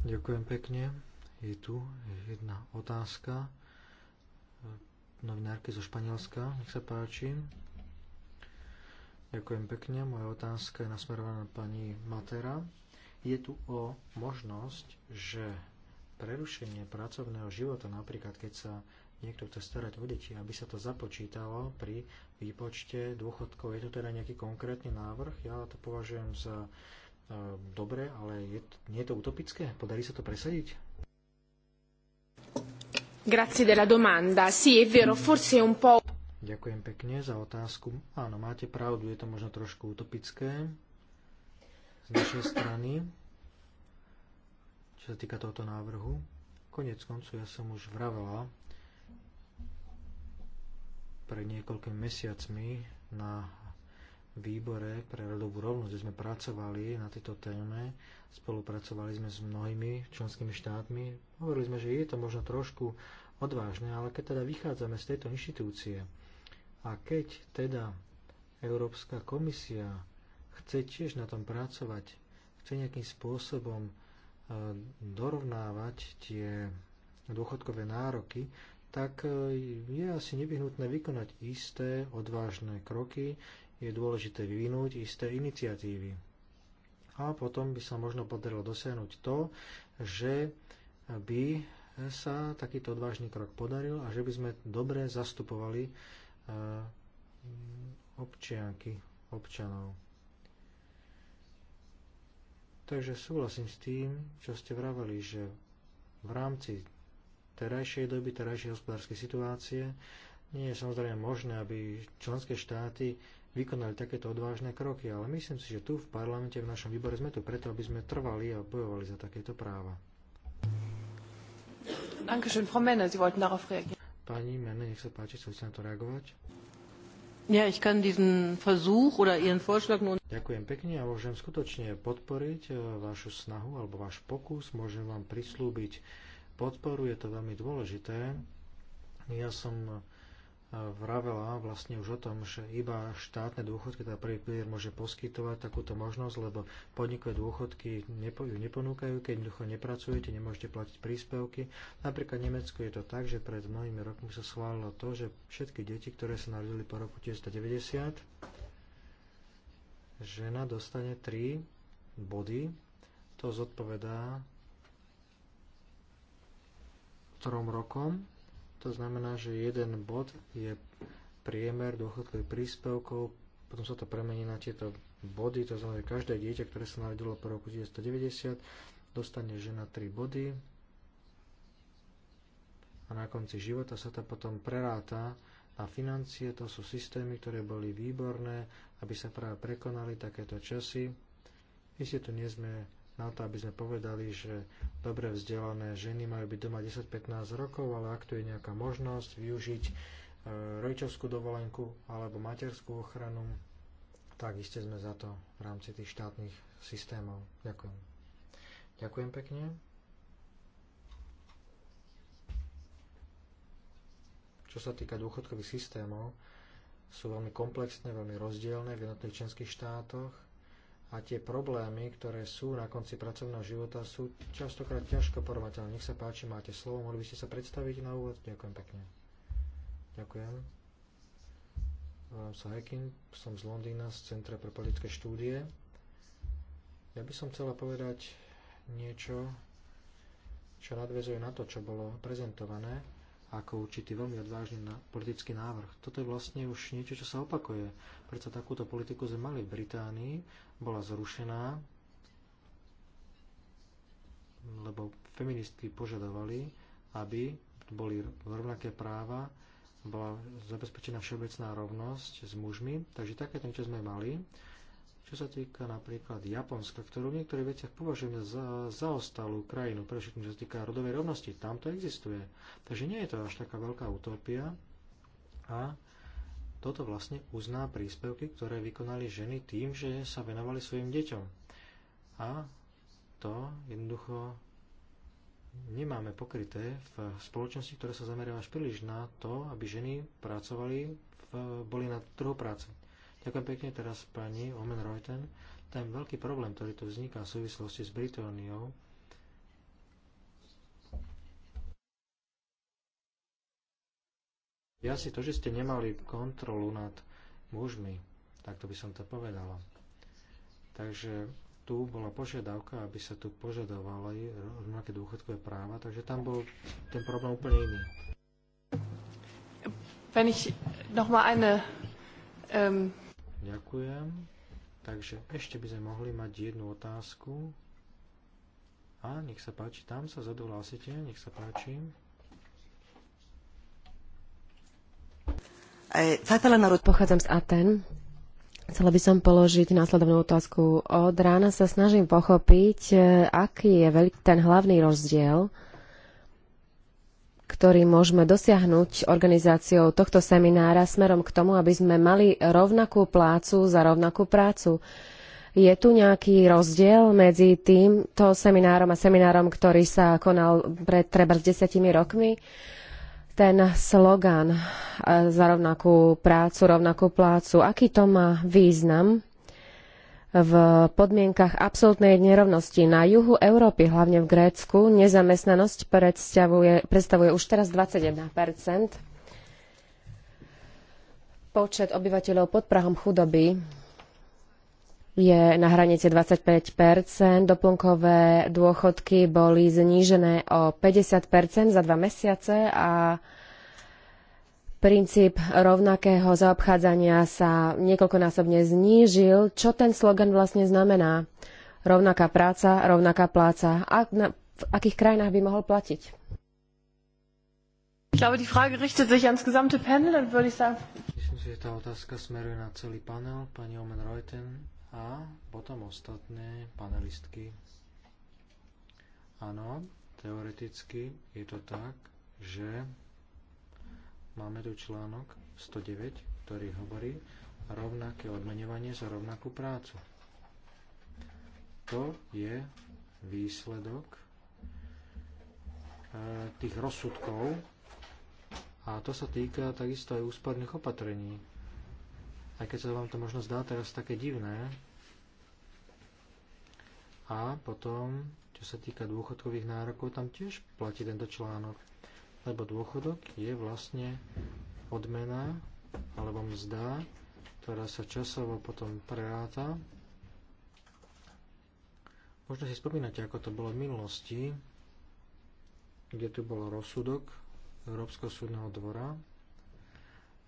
Ďakujem pekne. Je tu jedna otázka novinárky zo Španielska. Nech sa páči. Ďakujem pekne. Moja otázka je nasmerovaná na pani Matera. Je tu o možnosť, že prerušenie pracovného života, napríklad keď sa niekto chce starať o deti, aby sa to započítalo pri výpočte dôchodkov. Je to teda nejaký konkrétny návrh? Ja to považujem za e, dobre, ale je, nie je to utopické? Podarí sa to presadiť? Grazie della domanda. Sì, è vero, forse un po'... Ďakujem pekne za otázku. Áno, máte pravdu, je to možno trošku utopické z našej strany, čo sa týka tohoto návrhu. Konec koncu ja som už vravela, pred niekoľkými mesiacmi na výbore pre rodovú rovnosť, kde sme pracovali na tejto téme, spolupracovali sme s mnohými členskými štátmi, hovorili sme, že je to možno trošku odvážne, ale keď teda vychádzame z tejto inštitúcie a keď teda Európska komisia chce tiež na tom pracovať, chce nejakým spôsobom e, dorovnávať tie dôchodkové nároky, tak e, je asi nevyhnutné vykonať isté odvážne kroky, je dôležité vyvinúť isté iniciatívy. A potom by sa možno podarilo dosiahnuť to, že by sa takýto odvážny krok podaril a že by sme dobre zastupovali e, občianky, občanov. Takže súhlasím s tým, čo ste vraveli, že v rámci terajšej doby, terajšej hospodárskej situácie. Nie je samozrejme možné, aby členské štáty vykonali takéto odvážne kroky, ale myslím si, že tu v parlamente, v našom výbore sme tu preto, aby sme trvali a bojovali za takéto práva. Dankeschön, Frau Menne, Sie wollten darauf reagieren. Pani Menne, nech sa páči, chcete na to reagovať? Ja, ich kann diesen Versuch oder Ihren Vorschlag nun... Ďakujem pekne a môžem skutočne podporiť e, vašu snahu alebo váš pokus. Môžem vám prislúbiť podporu, je to veľmi dôležité. Ja som eh, vravela vlastne už o tom, že iba štátne dôchodky, teda prvý pilier môže poskytovať takúto možnosť, lebo podnikové dôchodky ju neponúkajú, keď jednoducho nepracujete, nemôžete platiť príspevky. Napríklad v Nemecku je to tak, že pred mnohými rokmi sa schválilo to, že všetky deti, ktoré sa narodili po roku 1990, žena dostane 3 body, to zodpovedá trom rokom. To znamená, že jeden bod je priemer dôchodkových príspevkov, potom sa to premení na tieto body, to znamená, že každé dieťa, ktoré sa narodilo po roku 1990, dostane žena 3 body a na konci života sa to potom preráta na financie, to sú systémy, ktoré boli výborné, aby sa práve prekonali takéto časy. My si tu nie sme na to, aby sme povedali, že dobre vzdelané ženy majú byť doma 10-15 rokov, ale ak tu je nejaká možnosť využiť e, rodičovskú dovolenku alebo materskú ochranu, tak iste sme za to v rámci tých štátnych systémov. Ďakujem. Ďakujem pekne. Čo sa týka dôchodkových systémov, sú veľmi komplexné, veľmi rozdielne v jednotlivých členských štátoch a tie problémy, ktoré sú na konci pracovného života, sú častokrát ťažko porovnateľné. Nech sa páči, máte slovo, mohli by ste sa predstaviť na úvod? Ďakujem pekne. Ďakujem. Volám sa Hekin, som z Londýna, z Centra pre politické štúdie. Ja by som chcela povedať niečo, čo nadvezuje na to, čo bolo prezentované ako určitý veľmi odvážny politický návrh. Toto je vlastne už niečo, čo sa opakuje. Preto takúto politiku sme mali v Británii, bola zrušená, lebo feministky požadovali, aby boli rovnaké práva, bola zabezpečená všeobecná rovnosť s mužmi, takže takéto niečo sme mali. Čo sa týka napríklad Japonska, ktorú v niektorých veciach považujeme za zaostalú krajinu, pre všetkým, čo sa týka rodovej rovnosti, tam to existuje. Takže nie je to až taká veľká utopia a toto vlastne uzná príspevky, ktoré vykonali ženy tým, že sa venovali svojim deťom. A to jednoducho nemáme pokryté v spoločnosti, ktoré sa zameriava až príliš na to, aby ženy pracovali, v, boli na trhu práce. Ďakujem pekne teraz pani Omen Reuten. Ten veľký problém, ktorý tu vzniká v súvislosti s Britániou, Ja si to, že ste nemali kontrolu nad mužmi, tak to by som to povedala. Takže tu bola požiadavka, aby sa tu požadovali rovnaké dôchodkové práva, takže tam bol ten problém úplne iný. Wenn ich noch mal eine ähm, Ďakujem. Takže ešte by sme mohli mať jednu otázku. A nech sa páči, tam sa zadohlásite, nech sa páči. E, pochádzam z Aten. Chcela by som položiť následovnú otázku. Od rána sa snažím pochopiť, e, aký je ten hlavný rozdiel ktorý môžeme dosiahnuť organizáciou tohto seminára smerom k tomu, aby sme mali rovnakú plácu za rovnakú prácu. Je tu nejaký rozdiel medzi týmto seminárom a seminárom, ktorý sa konal pred treba s desiatimi rokmi? Ten slogan e, za rovnakú prácu, rovnakú plácu, aký to má význam v podmienkach absolútnej nerovnosti. Na juhu Európy, hlavne v Grécku, nezamestnanosť predstavuje, predstavuje už teraz 21 Počet obyvateľov pod prahom chudoby je na hranici 25 doplnkové dôchodky boli znížené o 50 za dva mesiace a princíp rovnakého zaobchádzania sa niekoľkonásobne znížil. Čo ten slogan vlastne znamená? Rovnaká práca, rovnaká pláca. A na, v akých krajinách by mohol platiť? Myslím si, že tá otázka smeruje na celý panel, pani Omen Reuten a potom ostatné panelistky. Áno, teoreticky je to tak, že Máme tu článok 109, ktorý hovorí rovnaké odmenovanie za rovnakú prácu. To je výsledok e, tých rozsudkov a to sa týka takisto aj úsporných opatrení. Aj keď sa vám to možno zdá teraz také divné, a potom, čo sa týka dôchodkových nárokov, tam tiež platí tento článok lebo dôchodok je vlastne odmena alebo mzda, ktorá sa časovo potom preráta. Možno si spomínate, ako to bolo v minulosti, kde tu bol rozsudok Európskeho súdneho dvora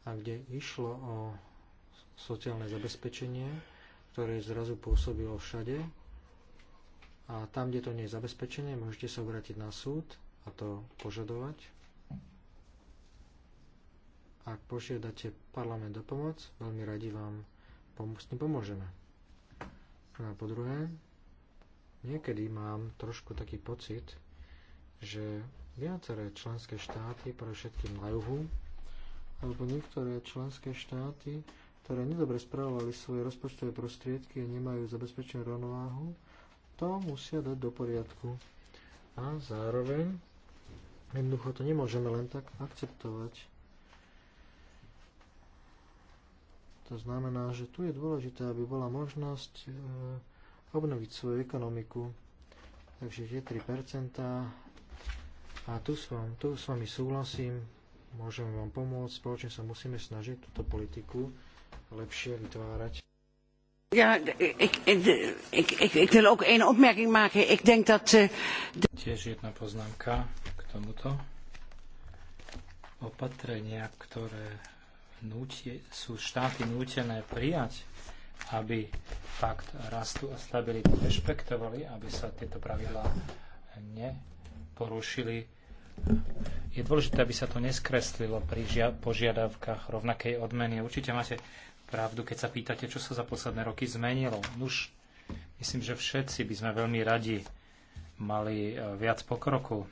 a kde išlo o sociálne zabezpečenie, ktoré zrazu pôsobilo všade. A tam, kde to nie je zabezpečenie, môžete sa obrátiť na súd a to požadovať. Ak požiadate parlament o pomoc, veľmi radi vám s tým pomôžeme. No a po druhé, niekedy mám trošku taký pocit, že viaceré členské štáty, pre všetkým na juhu, alebo niektoré členské štáty, ktoré nedobre spravovali svoje rozpočtové prostriedky a nemajú zabezpečenú rovnováhu, to musia dať do poriadku. A zároveň jednoducho to nemôžeme len tak akceptovať. To znamená, že tu je dôležité, aby bola možnosť e, obnoviť svoju ekonomiku. Takže tie 3%. A tu s, vám, tu s vami súhlasím, môžeme vám pomôcť, spoločne sa musíme snažiť túto politiku lepšie vytvárať. Ja, ik, ik, ik, ik wil ook één opmerking maken. Ik denk dat... Uh, Tiež jedna poznámka k tomuto. Opatrenia, ktoré nútie, sú štáty nútené prijať, aby fakt rastu a stability rešpektovali, aby sa tieto pravidlá neporušili. Je dôležité, aby sa to neskreslilo pri požiadavkách rovnakej odmeny. Určite máte pravdu, keď sa pýtate, čo sa za posledné roky zmenilo. Nuž, myslím, že všetci by sme veľmi radi mali e, viac pokroku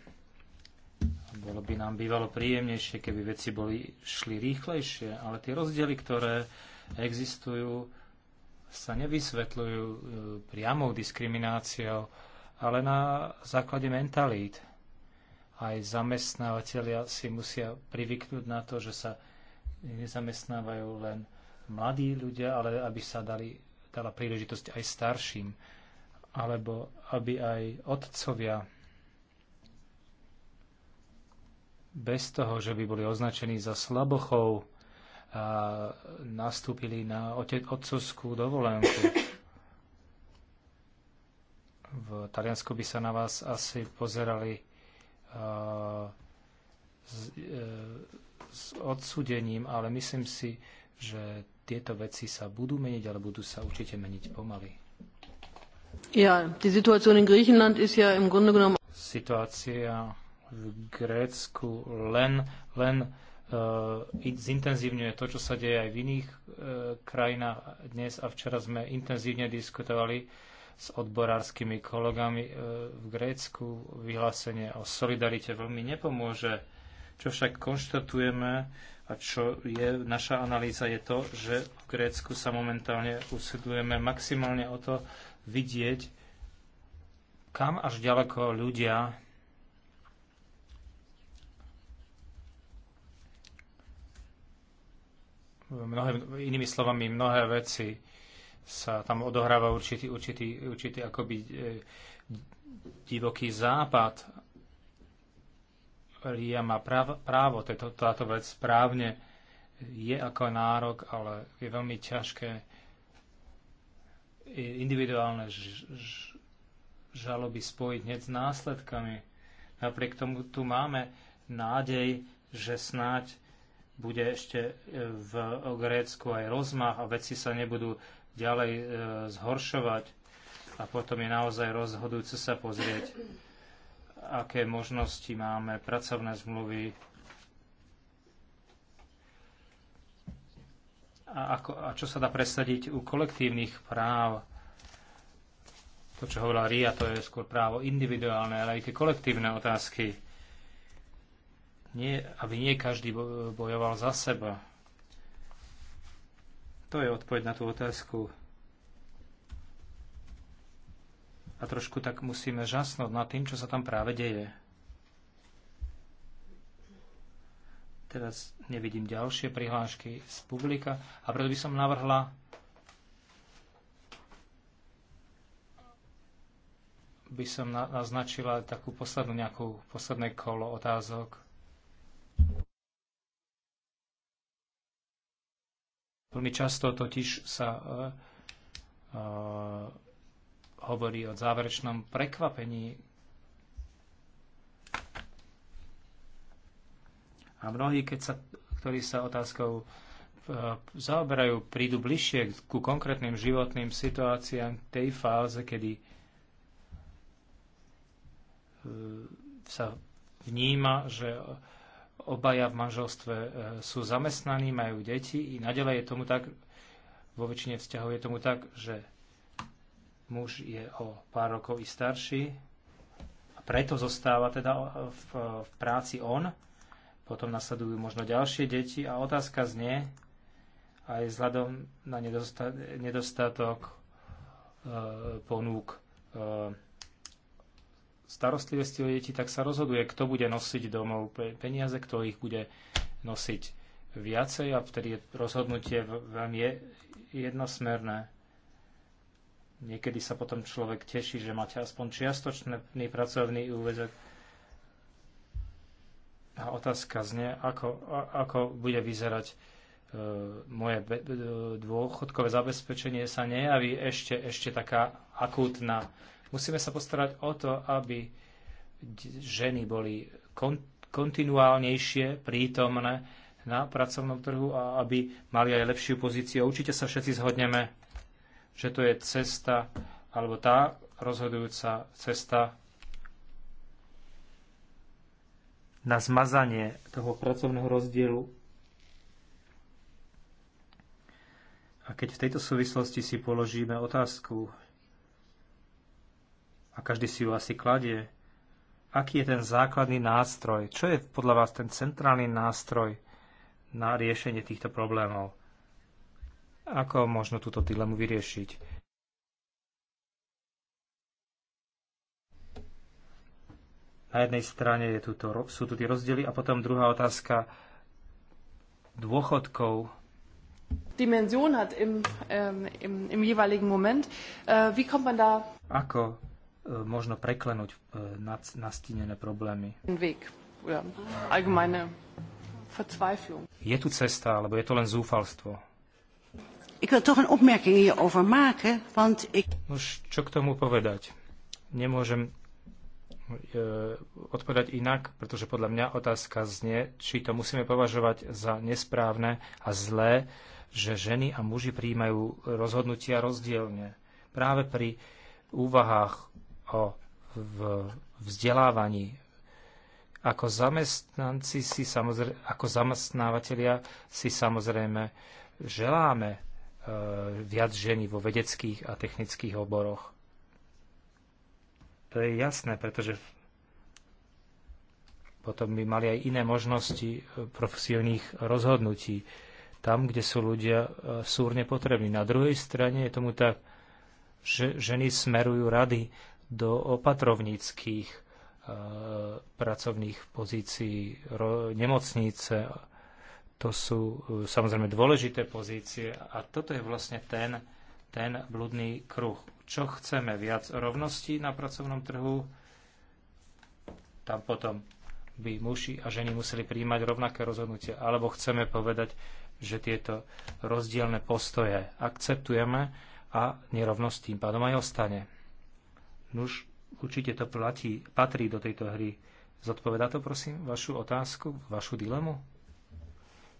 bolo by nám bývalo príjemnejšie, keby veci boli, šli rýchlejšie, ale tie rozdiely, ktoré existujú, sa nevysvetľujú e, priamou diskrimináciou, ale na základe mentalít. Aj zamestnávateľia si musia privyknúť na to, že sa nezamestnávajú len mladí ľudia, ale aby sa dali, dala príležitosť aj starším, alebo aby aj otcovia bez toho, že by boli označení za slabochov, a nastúpili na otcovskú dovolenku. V Taliansku by sa na vás asi pozerali s, e, s odsudením, ale myslím si, že tieto veci sa budú meniť, ale budú sa určite meniť pomaly. Ja, die Situation in Griechenland ist ja im Grunde genommen... Situácia v Grécku len, len e, zintenzívňuje to, čo sa deje aj v iných e, krajinách. Dnes a včera sme intenzívne diskutovali s odborárskymi kolegami e, v Grécku. Vyhlásenie o solidarite veľmi nepomôže. Čo však konštatujeme a čo je naša analýza je to, že v Grécku sa momentálne usilujeme maximálne o to vidieť, kam až ďaleko ľudia mnohé, inými slovami, mnohé veci sa tam odohráva určitý, určitý, určitý akoby e, divoký západ. Ria má prav, právo, táto, táto vec správne je ako nárok, ale je veľmi ťažké individuálne žaloby spojiť hneď s následkami. Napriek tomu tu máme nádej, že snáď bude ešte e, v e, Grécku aj rozmach a veci sa nebudú ďalej e, zhoršovať. A potom je naozaj rozhodujúce sa pozrieť, aké možnosti máme, pracovné zmluvy a, ako, a čo sa dá presadiť u kolektívnych práv. To, čo hovorila Ria, to je skôr právo individuálne, ale aj tie kolektívne otázky nie, aby nie každý bojoval za seba. To je odpoveď na tú otázku. A trošku tak musíme žasnúť nad tým, čo sa tam práve deje. Teraz nevidím ďalšie prihlášky z publika a preto by som navrhla by som naznačila takú poslednú nejakú posledné kolo otázok Veľmi často totiž sa uh, uh, hovorí o záverečnom prekvapení. A mnohí, keď sa, ktorí sa otázkou uh, zaoberajú, prídu bližšie ku konkrétnym životným situáciám tej fáze, kedy uh, sa vníma, že uh, Obaja v manželstve e, sú zamestnaní, majú deti i naďalej je tomu tak, vo väčšine vzťahov je tomu tak, že muž je o pár rokov i starší a preto zostáva teda v, v práci on. Potom nasledujú možno ďalšie deti a otázka znie, aj vzhľadom na nedostatok e, ponúk e, starostlivosti o deti, tak sa rozhoduje, kto bude nosiť domov peniaze, kto ich bude nosiť viacej a vtedy je rozhodnutie veľmi jednosmerné. Niekedy sa potom človek teší, že máte aspoň čiastočný pracovný úvezok. A otázka znie, ako, ako bude vyzerať e, moje e, dôchodkové zabezpečenie sa nejaví ešte, ešte taká akútna Musíme sa postarať o to, aby ženy boli kontinuálnejšie prítomné na pracovnom trhu a aby mali aj lepšiu pozíciu. Určite sa všetci zhodneme, že to je cesta, alebo tá rozhodujúca cesta na zmazanie toho pracovného rozdielu. A keď v tejto súvislosti si položíme otázku, a každý si ju asi kladie, aký je ten základný nástroj, čo je podľa vás ten centrálny nástroj na riešenie týchto problémov. Ako možno túto dilemu vyriešiť? Na jednej strane je tuto, sú tu tie rozdiely a potom druhá otázka dôchodkov. Dimension hat im, ähm, im, im jeweiligen Moment. Äh, wie kommt man da... Ako E, možno preklenúť e, nastínené problémy. Je tu cesta, alebo je to len zúfalstvo? Už čo k tomu povedať? Nemôžem e, odpovedať inak, pretože podľa mňa otázka znie, či to musíme považovať za nesprávne a zlé, že ženy a muži príjmajú rozhodnutia rozdielne. Práve pri úvahách o vzdelávaní. Ako zamestnanci si samozrejme, ako zamestnávateľia si samozrejme želáme e, viac ženy vo vedeckých a technických oboroch. To je jasné, pretože potom by mali aj iné možnosti e, profesionálnych rozhodnutí tam, kde sú ľudia e, súrne potrební. Na druhej strane je tomu tak, že ženy smerujú rady do opatrovníckých e, pracovných pozícií, ro, nemocnice. To sú e, samozrejme dôležité pozície a toto je vlastne ten, ten blúdny kruh. Čo chceme? Viac rovnosti na pracovnom trhu? Tam potom by muži a ženy museli príjmať rovnaké rozhodnutie, Alebo chceme povedať, že tieto rozdielne postoje akceptujeme a nerovnosť tým pádom aj ostane. Nuž, určite to platí, patrí do tejto hry. Zodpovedá to, prosím, vašu otázku, vašu dilemu?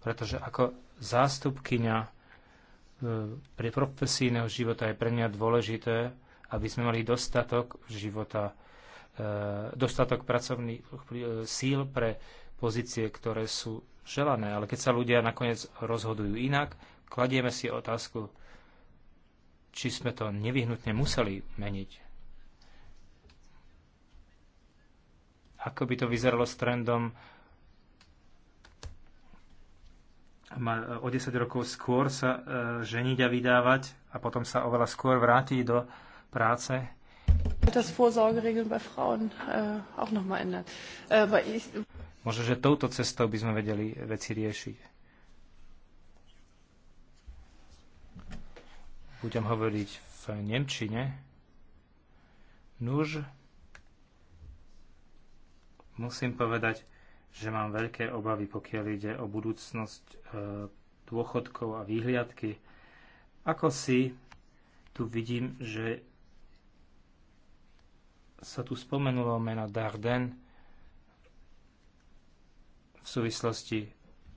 Pretože ako zástupkyňa e, pre profesijného života je pre mňa dôležité, aby sme mali dostatok života, e, dostatok pracovných e, síl pre pozície, ktoré sú želané. Ale keď sa ľudia nakoniec rozhodujú inak, kladieme si otázku, či sme to nevyhnutne museli meniť. ako by to vyzeralo s trendom o 10 rokov skôr sa e, ženiť a vydávať a potom sa oveľa skôr vráti do práce. Das Vorsorgeregeln bei Frauen äh, auch nochmal Äh, ich... Možno, že touto cestou by sme vedeli veci riešiť. Budem hovoriť v Nemčine. Nuž. Musím povedať, že mám veľké obavy, pokiaľ ide o budúcnosť e, dôchodkov a výhliadky. Ako si tu vidím, že sa tu spomenulo meno Darden v súvislosti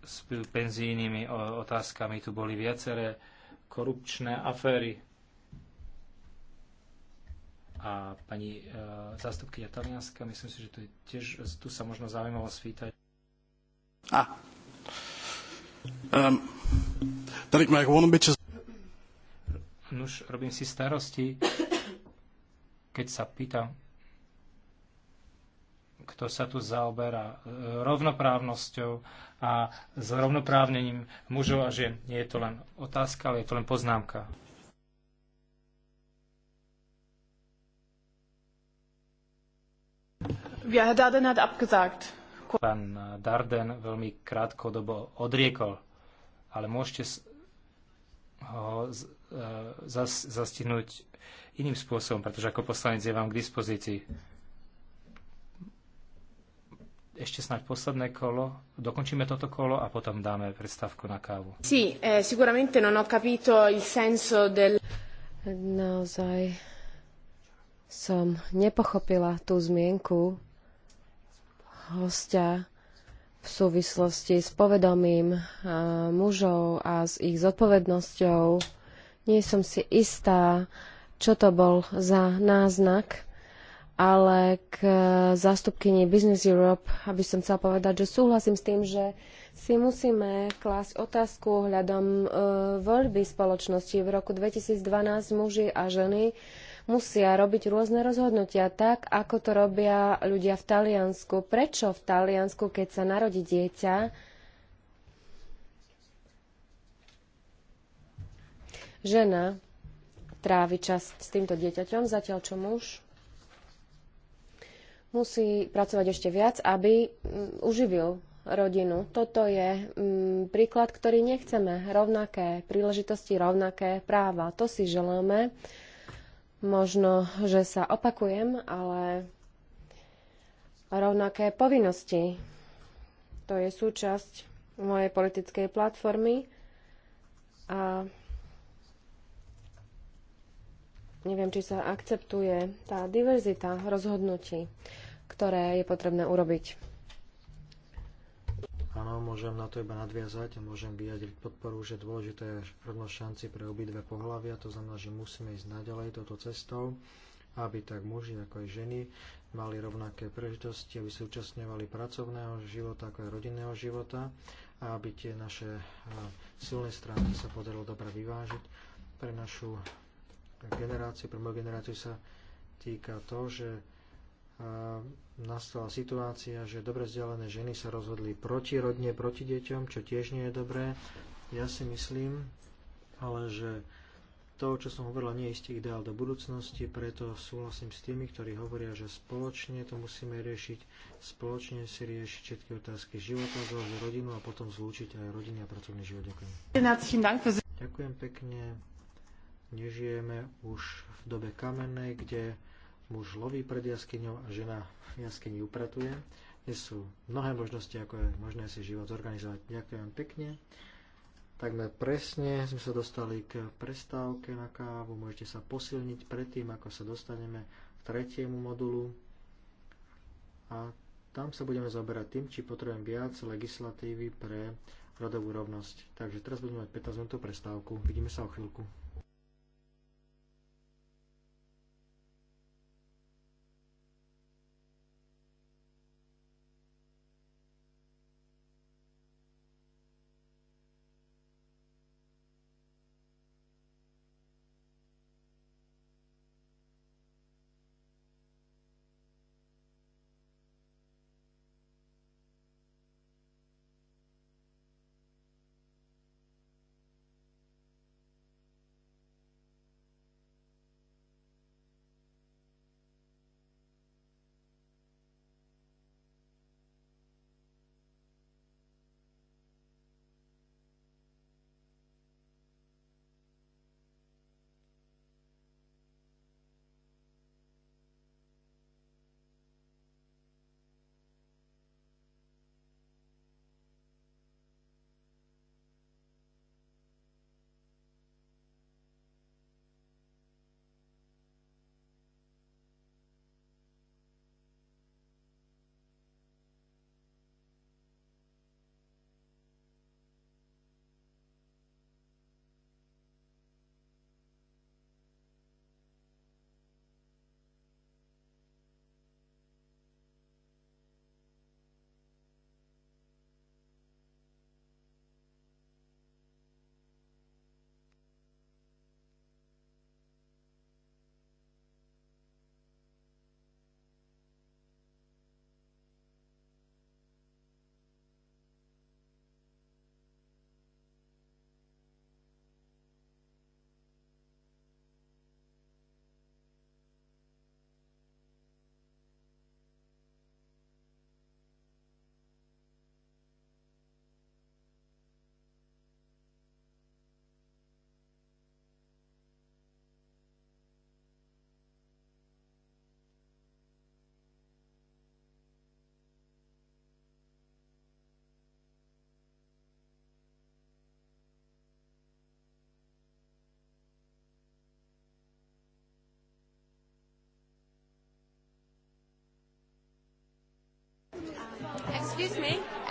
s penzijnými otázkami. Tu boli viaceré korupčné aféry a pani e, zástupky Talianska, myslím si, že tu, je tiež, tu sa možno zaujímavo svítať. A. Um, ehm, dat Nuž, robím si starosti, keď sa pýtam, kto sa tu zaoberá e, rovnoprávnosťou a s rovnoprávnením mužov a žien. Nie je to len otázka, ale je to len poznámka. hat abgesagt. Pán Darden veľmi krátkodobo odriekol, ale môžete ho e, zastihnúť iným spôsobom, pretože ako poslanec je vám k dispozícii. Ešte snáď posledné kolo. Dokončíme toto kolo a potom dáme predstavku na kávu. eh, sicuramente non ho capito il senso del... Naozaj som nepochopila tú zmienku hostia v súvislosti s povedomím mužov a s ich zodpovednosťou. Nie som si istá, čo to bol za náznak, ale k e, zástupkyni Business Europe, aby som chcela povedať, že súhlasím s tým, že si musíme klásť otázku ohľadom e, voľby spoločnosti. V roku 2012 muži a ženy musia robiť rôzne rozhodnutia, tak ako to robia ľudia v Taliansku. Prečo v Taliansku, keď sa narodí dieťa, žena trávi čas s týmto dieťaťom, zatiaľ čo muž musí pracovať ešte viac, aby mm, uživil rodinu. Toto je mm, príklad, ktorý nechceme. Rovnaké príležitosti, rovnaké práva. To si želáme Možno, že sa opakujem, ale rovnaké povinnosti. To je súčasť mojej politickej platformy a neviem, či sa akceptuje tá diverzita rozhodnutí, ktoré je potrebné urobiť. Áno, môžem na to iba nadviazať a môžem vyjadriť podporu, že dôležité je rovnosť šanci pre obidve pohľavia, to znamená, že musíme ísť naďalej touto cestou, aby tak muži ako aj ženy mali rovnaké príležitosti, aby účastňovali pracovného života ako aj rodinného života a aby tie naše silné stránky sa podarilo dobre vyvážiť. Pre našu generáciu, pre moju generáciu sa týka to, že nastala situácia, že dobre vzdelané ženy sa rozhodli proti rodne, proti deťom, čo tiež nie je dobré. Ja si myslím, ale že to, čo som hovorila, nie je istý ideál do budúcnosti, preto súhlasím s tými, ktorí hovoria, že spoločne to musíme riešiť, spoločne si riešiť všetky otázky života, zložiť rodinu a potom zlúčiť aj rodiny a pracovný život. Ďakujem. Ďakujem pekne. Nežijeme už v dobe kamenej, kde Muž loví pred jaskyňou a žena v jaskyni upratuje. Dnes sú mnohé možnosti, ako je možné si život zorganizovať. Ďakujem pekne. Takmer presne sme sa dostali k prestávke na kávu. Môžete sa posilniť predtým, ako sa dostaneme k tretiemu modulu. A tam sa budeme zaoberať tým, či potrebujem viac legislatívy pre rodovú rovnosť. Takže teraz budeme mať 15 minútovú prestávku. Vidíme sa o chvíľku.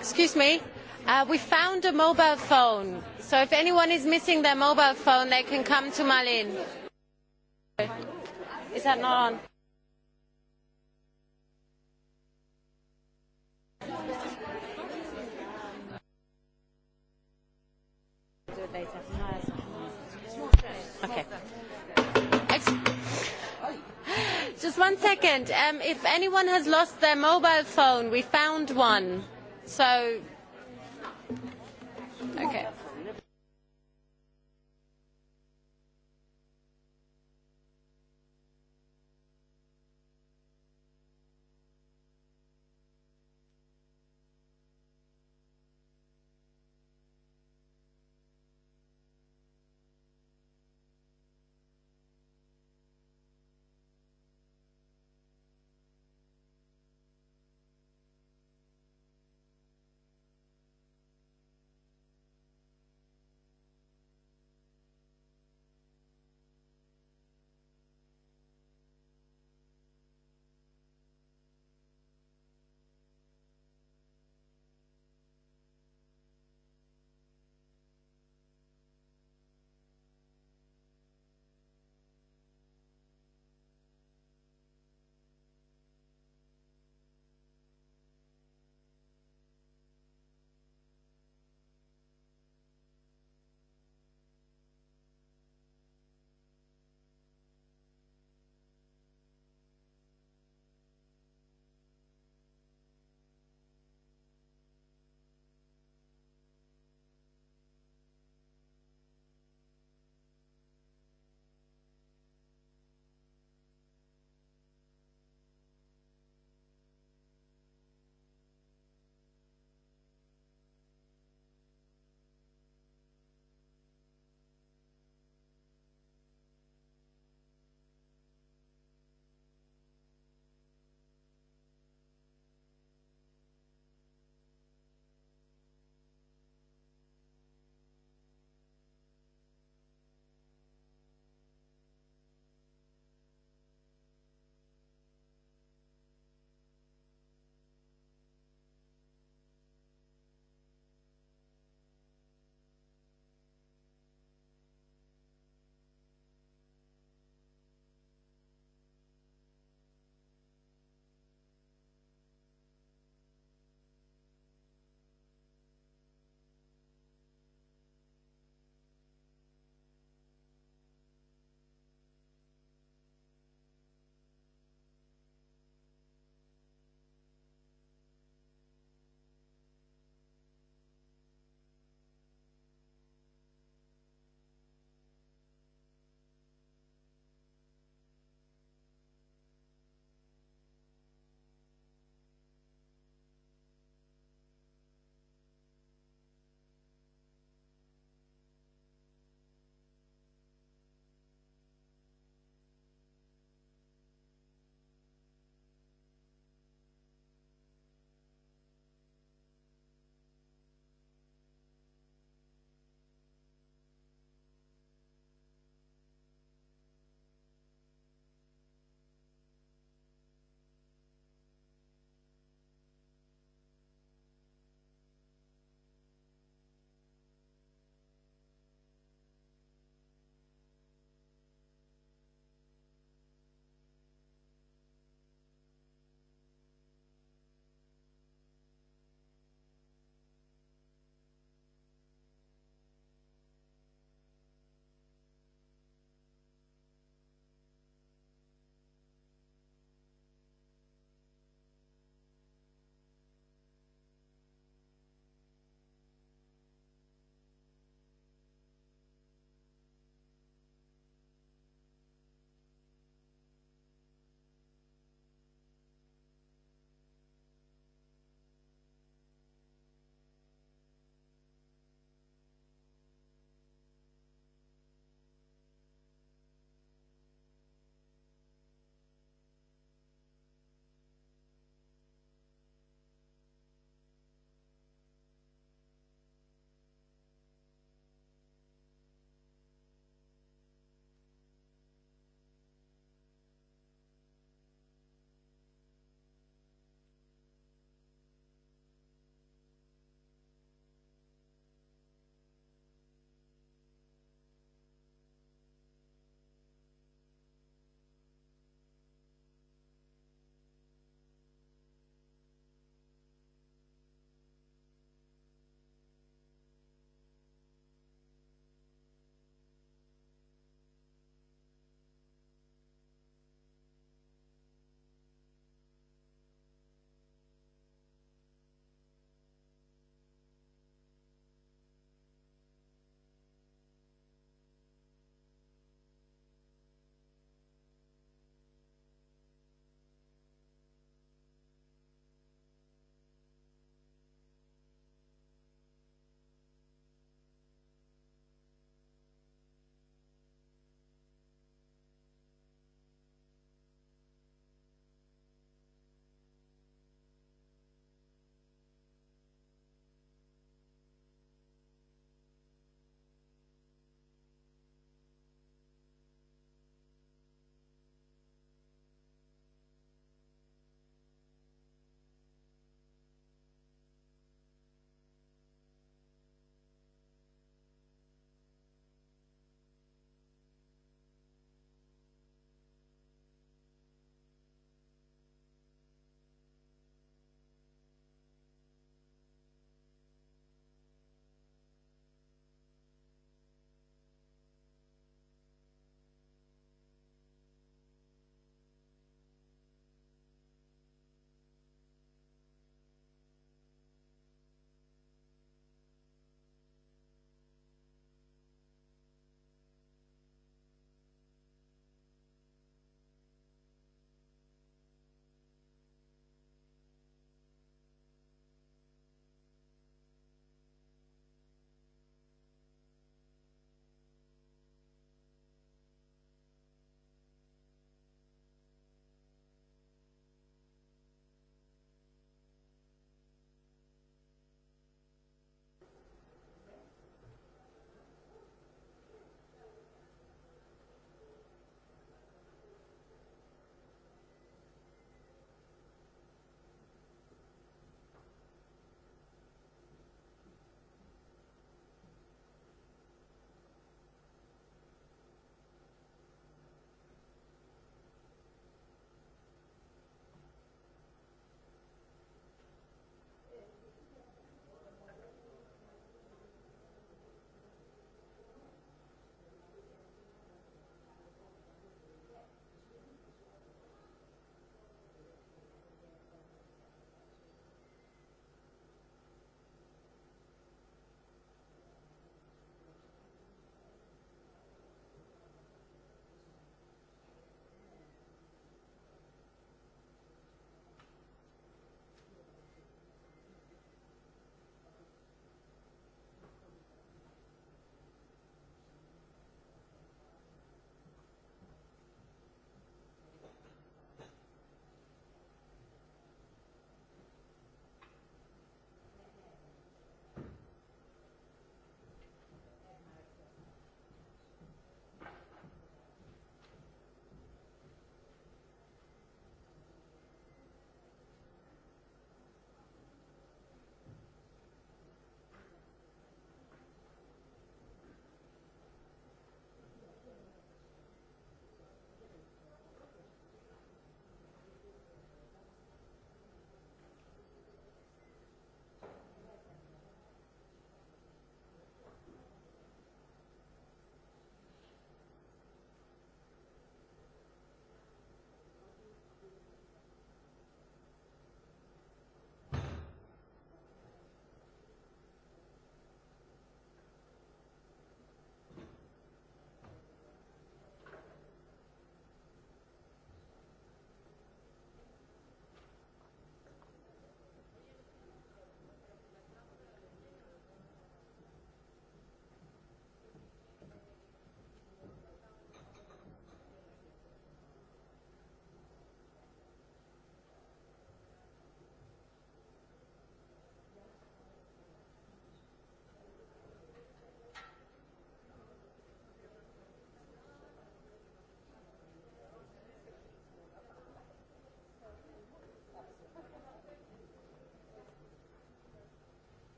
excuse me. Uh, we found a mobile phone. So if anyone is missing their mobile phone, they can come to Malin. Is that not on? Just one second. Um, if anyone has lost their mobile phone, we found one. So, okay.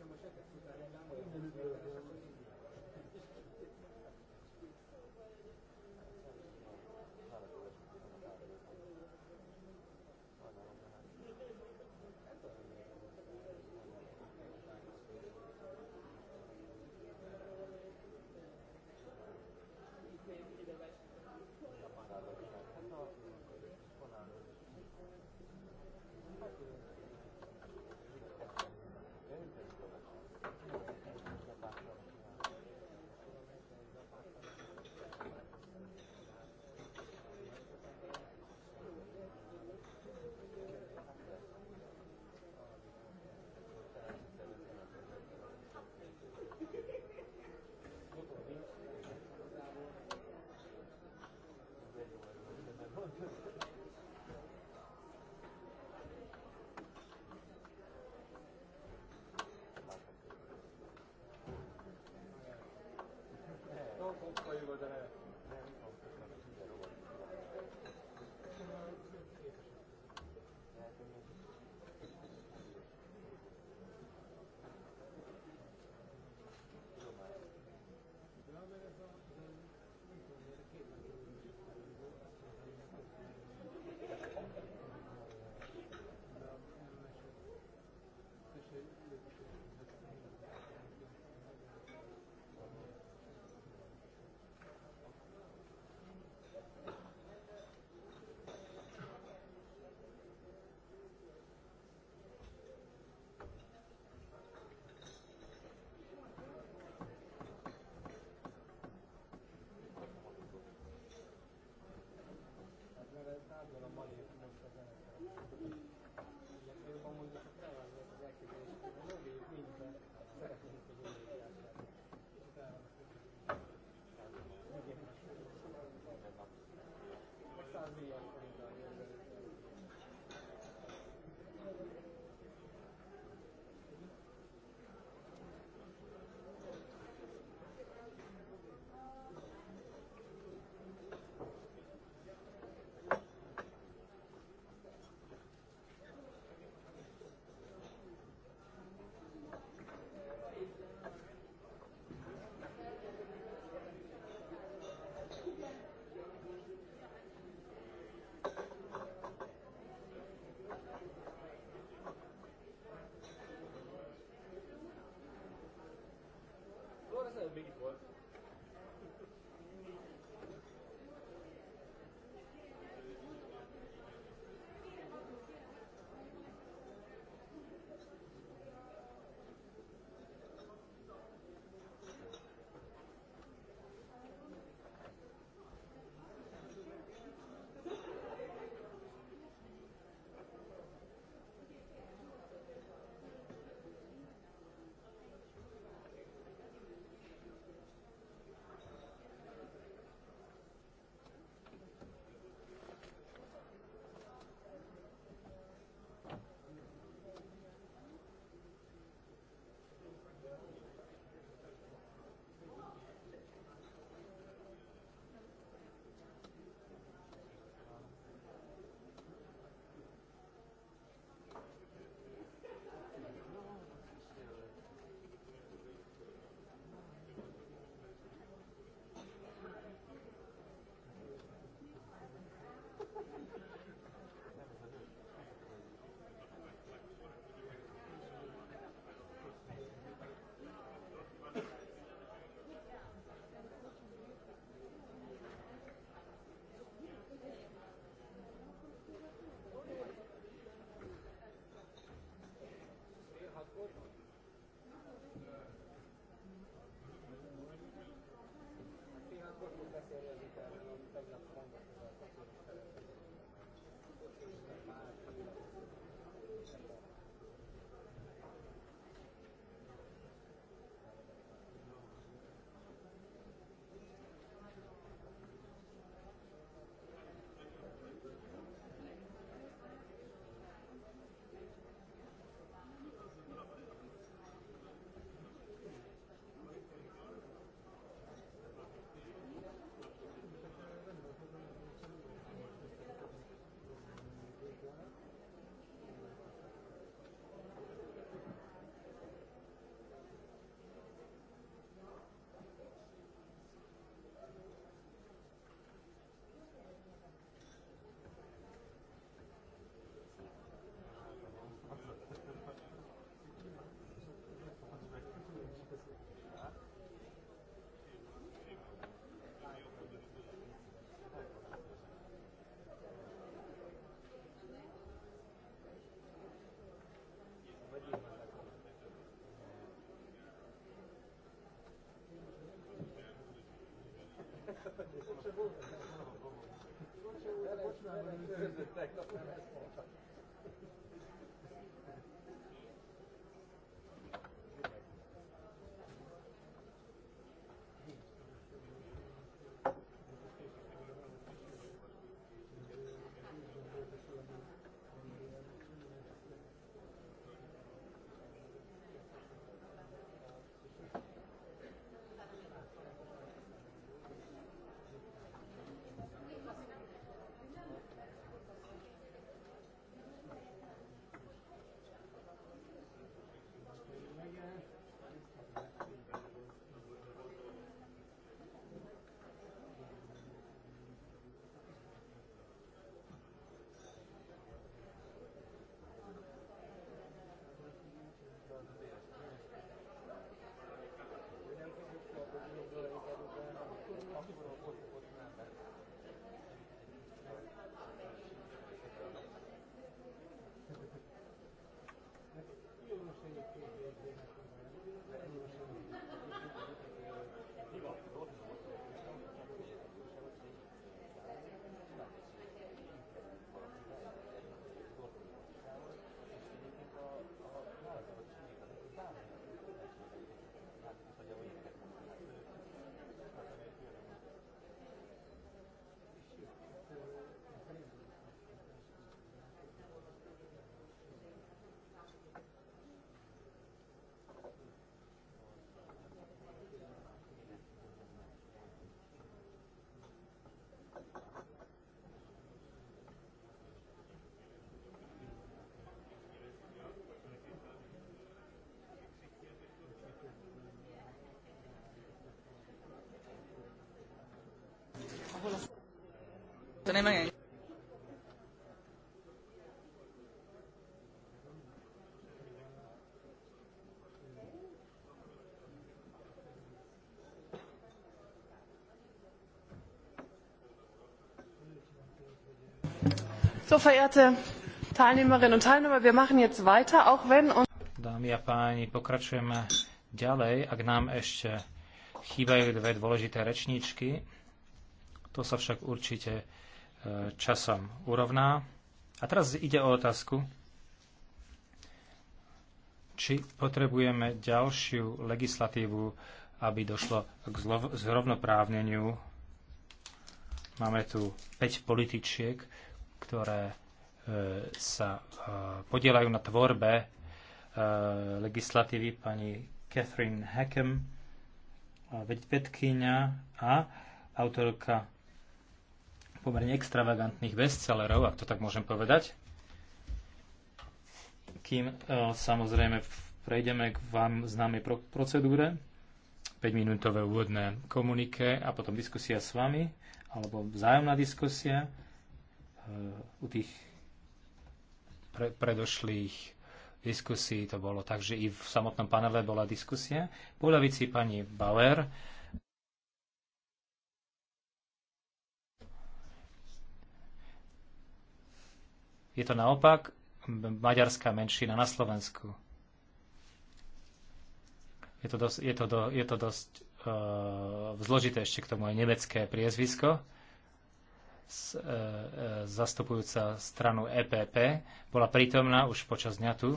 كما شكت في koju voderé. Gracias. Potrzebuję. Potrzebuję. Potrzebuję. Potrzebuję. Tenemos So, verehrte Teilnehmerinnen und Teilnehmer, wir machen jetzt weiter, auch wenn... uns... Dámy a páni, pokračujeme ďalej, ak nám ešte chýbajú dve dôležité rečníčky. To sa však určite e, časom urovná. A teraz ide o otázku, či potrebujeme ďalšiu legislatívu, aby došlo k zrovnoprávneniu. Máme tu 5 političiek, ktoré e, sa e, podielajú na tvorbe legislatívy pani Catherine Hackham, vedkynia a autorka pomerne extravagantných bestsellerov, ak to tak môžem povedať. Kým e, samozrejme prejdeme k vám známej procedúre, 5-minútové úvodné komunike a potom diskusia s vami, alebo vzájomná diskusia e, u tých pre, predošlých diskusí to bolo tak, že i v samotnom panele bola diskusia. Po ľavici pani Bauer, Je to naopak maďarská menšina na Slovensku. Je to dosť, je to do, je to dosť uh, zložité ešte k tomu aj nemecké priezvisko. S, eh, eh, zastupujúca stranu EPP bola prítomná už počas dňa tu.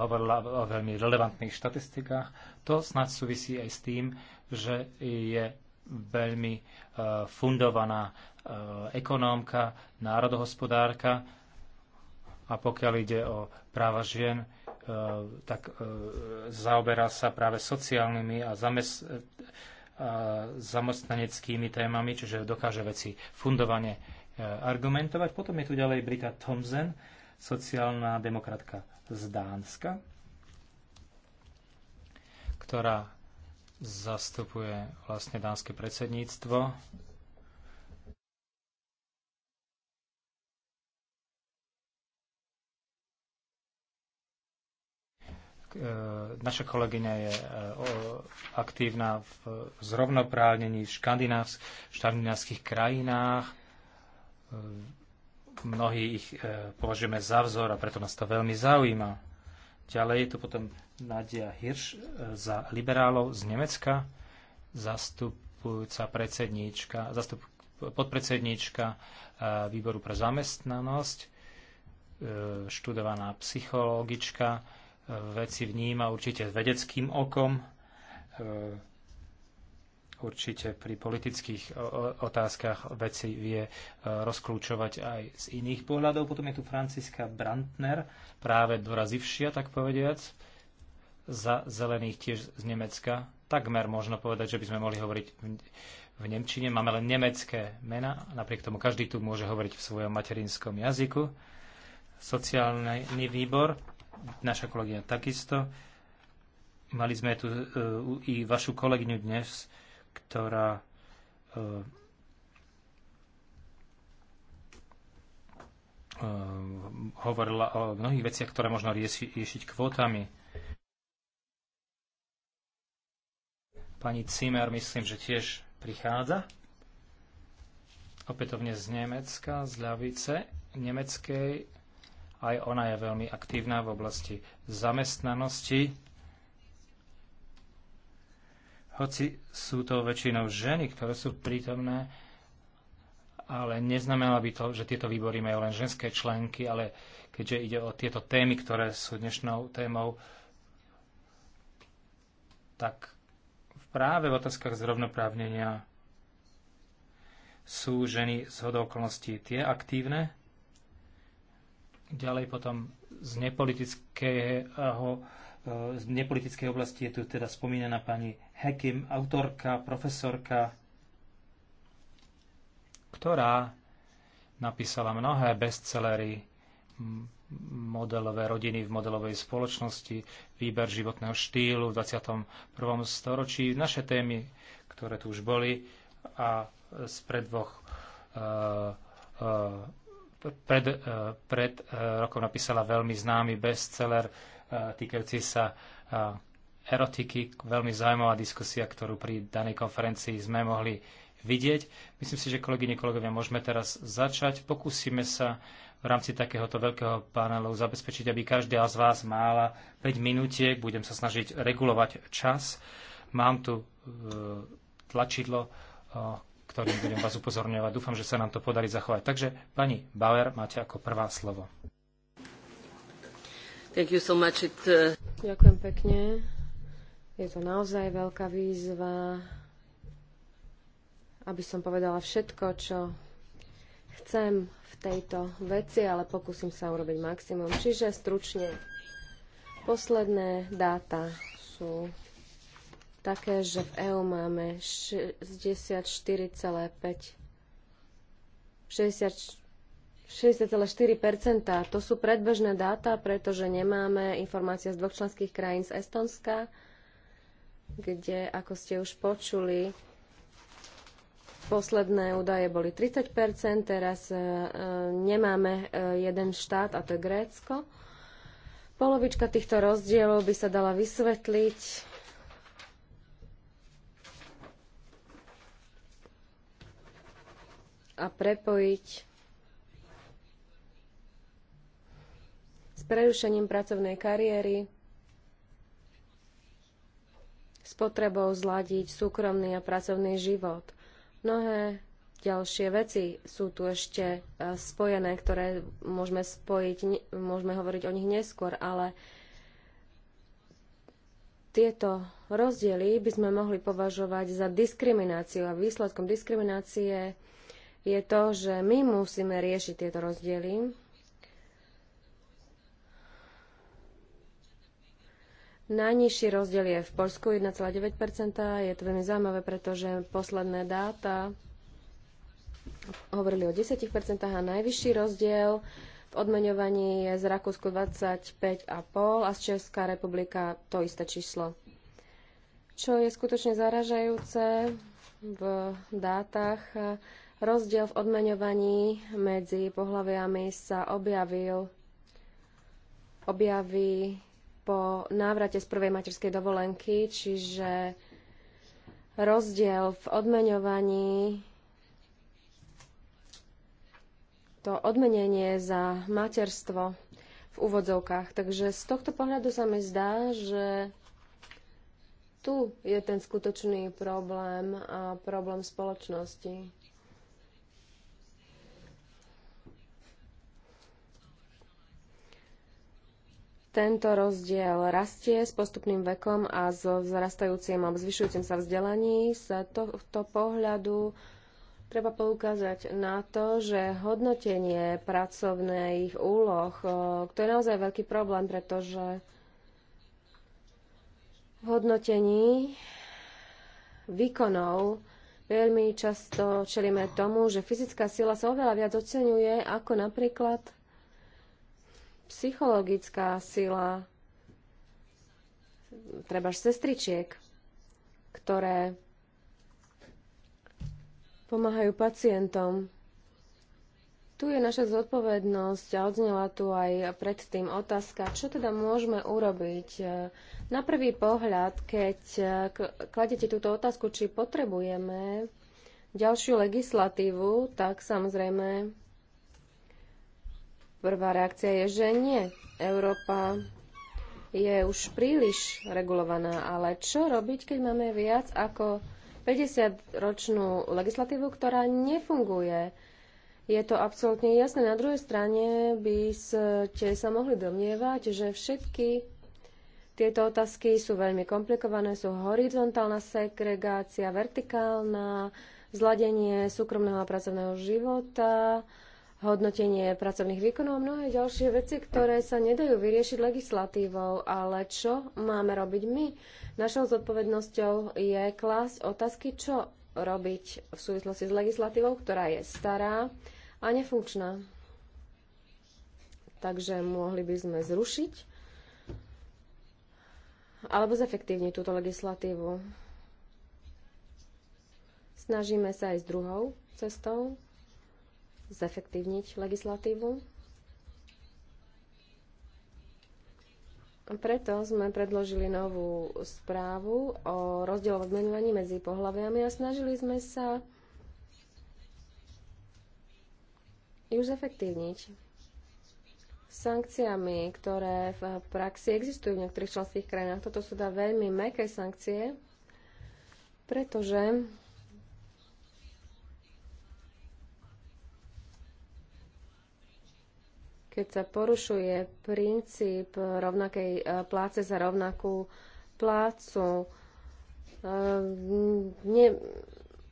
hovorila o veľmi relevantných štatistikách. To snad súvisí aj s tým, že je veľmi e, fundovaná e, ekonómka, národohospodárka a pokiaľ ide o práva žien, e, tak zaoberá sa práve sociálnymi a, zamestnaneckými témami, čiže dokáže veci fundovane argumentovať. Potom je tu ďalej Brita Thomsen, sociálna demokratka z Dánska, ktorá zastupuje vlastne dánske predsedníctvo. E, naša kolegyňa je e, aktívna v zrovnoprávnení v škandinávskych krajinách. E, mnohí ich považujeme za vzor a preto nás to veľmi zaujíma. Ďalej je tu potom Nadia Hirsch e, za liberálov z Nemecka, zastupujúca predsedníčka, zastup, podpredsedníčka e, výboru pre zamestnanosť, e, študovaná psychologička, veci vníma určite vedeckým okom, určite pri politických otázkach veci vie e, rozklúčovať aj z iných pohľadov. Potom je tu Franciska Brandner, práve dorazivšia, tak povediac, za zelených tiež z Nemecka. Takmer možno povedať, že by sme mohli hovoriť v Nemčine. Máme len nemecké mena, napriek tomu každý tu môže hovoriť v svojom materinskom jazyku. Sociálny výbor, naša kolegyňa takisto. Mali sme tu e, i vašu kolegyňu dnes, ktorá e, e, hovorila o mnohých veciach, ktoré možno rieši, riešiť kvótami. Pani Cimer, myslím, že tiež prichádza. Opätovne z Nemecka, z ľavice nemeckej. Aj ona je veľmi aktívna v oblasti zamestnanosti. Hoci sú to väčšinou ženy, ktoré sú prítomné, ale neznamená by to, že tieto výbory majú len ženské členky, ale keďže ide o tieto témy, ktoré sú dnešnou témou, tak práve v otázkach zrovnoprávnenia sú ženy z okolností tie aktívne. Ďalej potom z nepolitického z nepolitickej oblasti je tu teda spomínaná pani Hekim, autorka, profesorka, ktorá napísala mnohé bestsellery modelové rodiny v modelovej spoločnosti, výber životného štýlu v 21. storočí, naše témy, ktoré tu už boli a z predvoch dvoch e, e, pred, e, pred rokom napísala veľmi známy bestseller týkajúci sa erotiky. Veľmi zaujímavá diskusia, ktorú pri danej konferencii sme mohli vidieť. Myslím si, že kolegyne, kolegovia, môžeme teraz začať. Pokúsime sa v rámci takéhoto veľkého panelu zabezpečiť, aby každá z vás mála 5 minútiek. Budem sa snažiť regulovať čas. Mám tu e, tlačidlo, e, ktorým budem vás upozorňovať. Dúfam, že sa nám to podarí zachovať. Takže, pani Bauer, máte ako prvá slovo. Uh, Ďakujem pekne. Je to naozaj veľká výzva, aby som povedala všetko, čo chcem v tejto veci, ale pokúsim sa urobiť maximum. Čiže stručne. Posledné dáta sú také, že v EÚ máme 64,5 60,4 To sú predbežné dáta, pretože nemáme informácie z dvoch členských krajín z Estonska, kde, ako ste už počuli, posledné údaje boli 30 teraz e, e, nemáme e, jeden štát, a to je Grécko. Polovička týchto rozdielov by sa dala vysvetliť a prepojiť prerušením pracovnej kariéry, s potrebou zladiť súkromný a pracovný život. Mnohé ďalšie veci sú tu ešte e, spojené, ktoré môžeme spojiť, môžeme hovoriť o nich neskôr, ale tieto rozdiely by sme mohli považovať za diskrimináciu a výsledkom diskriminácie je to, že my musíme riešiť tieto rozdiely Najnižší rozdiel je v Polsku 1,9%. Je to veľmi zaujímavé, pretože posledné dáta hovorili o 10% a najvyšší rozdiel v odmeňovaní je z Rakúsku 25,5 a z Česká republika to isté číslo. Čo je skutočne zaražajúce v dátach, rozdiel v odmeňovaní medzi pohľaviami sa objavil objaví po návrate z prvej materskej dovolenky, čiže rozdiel v odmeňovaní to odmenenie za materstvo v úvodzovkách. Takže z tohto pohľadu sa mi zdá, že tu je ten skutočný problém a problém spoločnosti. Tento rozdiel rastie s postupným vekom a s vzrastajúcim alebo zvyšujúcim sa vzdelaní. Z tohto pohľadu treba poukázať na to, že hodnotenie pracovných úloh, to je naozaj veľký problém, pretože v hodnotení výkonov veľmi často čelíme tomu, že fyzická sila sa oveľa viac oceňuje ako napríklad psychologická sila, treba sestričiek, ktoré pomáhajú pacientom. Tu je naša zodpovednosť a odznela tu aj predtým otázka, čo teda môžeme urobiť. E, na prvý pohľad, keď e, kladete túto otázku, či potrebujeme ďalšiu legislatívu, tak samozrejme Prvá reakcia je, že nie. Európa je už príliš regulovaná, ale čo robiť, keď máme viac ako 50-ročnú legislatívu, ktorá nefunguje? Je to absolútne jasné. Na druhej strane by ste sa mohli domnievať, že všetky tieto otázky sú veľmi komplikované, sú horizontálna segregácia, vertikálna, zladenie súkromného a pracovného života, hodnotenie pracovných výkonov a mnohé ďalšie veci, ktoré sa nedajú vyriešiť legislatívou. Ale čo máme robiť my? Našou zodpovednosťou je klásť otázky, čo robiť v súvislosti s legislatívou, ktorá je stará a nefunkčná. Takže mohli by sme zrušiť alebo zefektívniť túto legislatívu. Snažíme sa aj s druhou cestou, zefektívniť legislatívu. Preto sme predložili novú správu o rozdielovom odmenovaní medzi pohľaviami a snažili sme sa ju zefektívniť sankciami, ktoré v praxi existujú v niektorých členských krajinách. Toto sú teda veľmi meké sankcie, pretože keď sa porušuje princíp rovnakej e, pláce za rovnakú plácu, ne,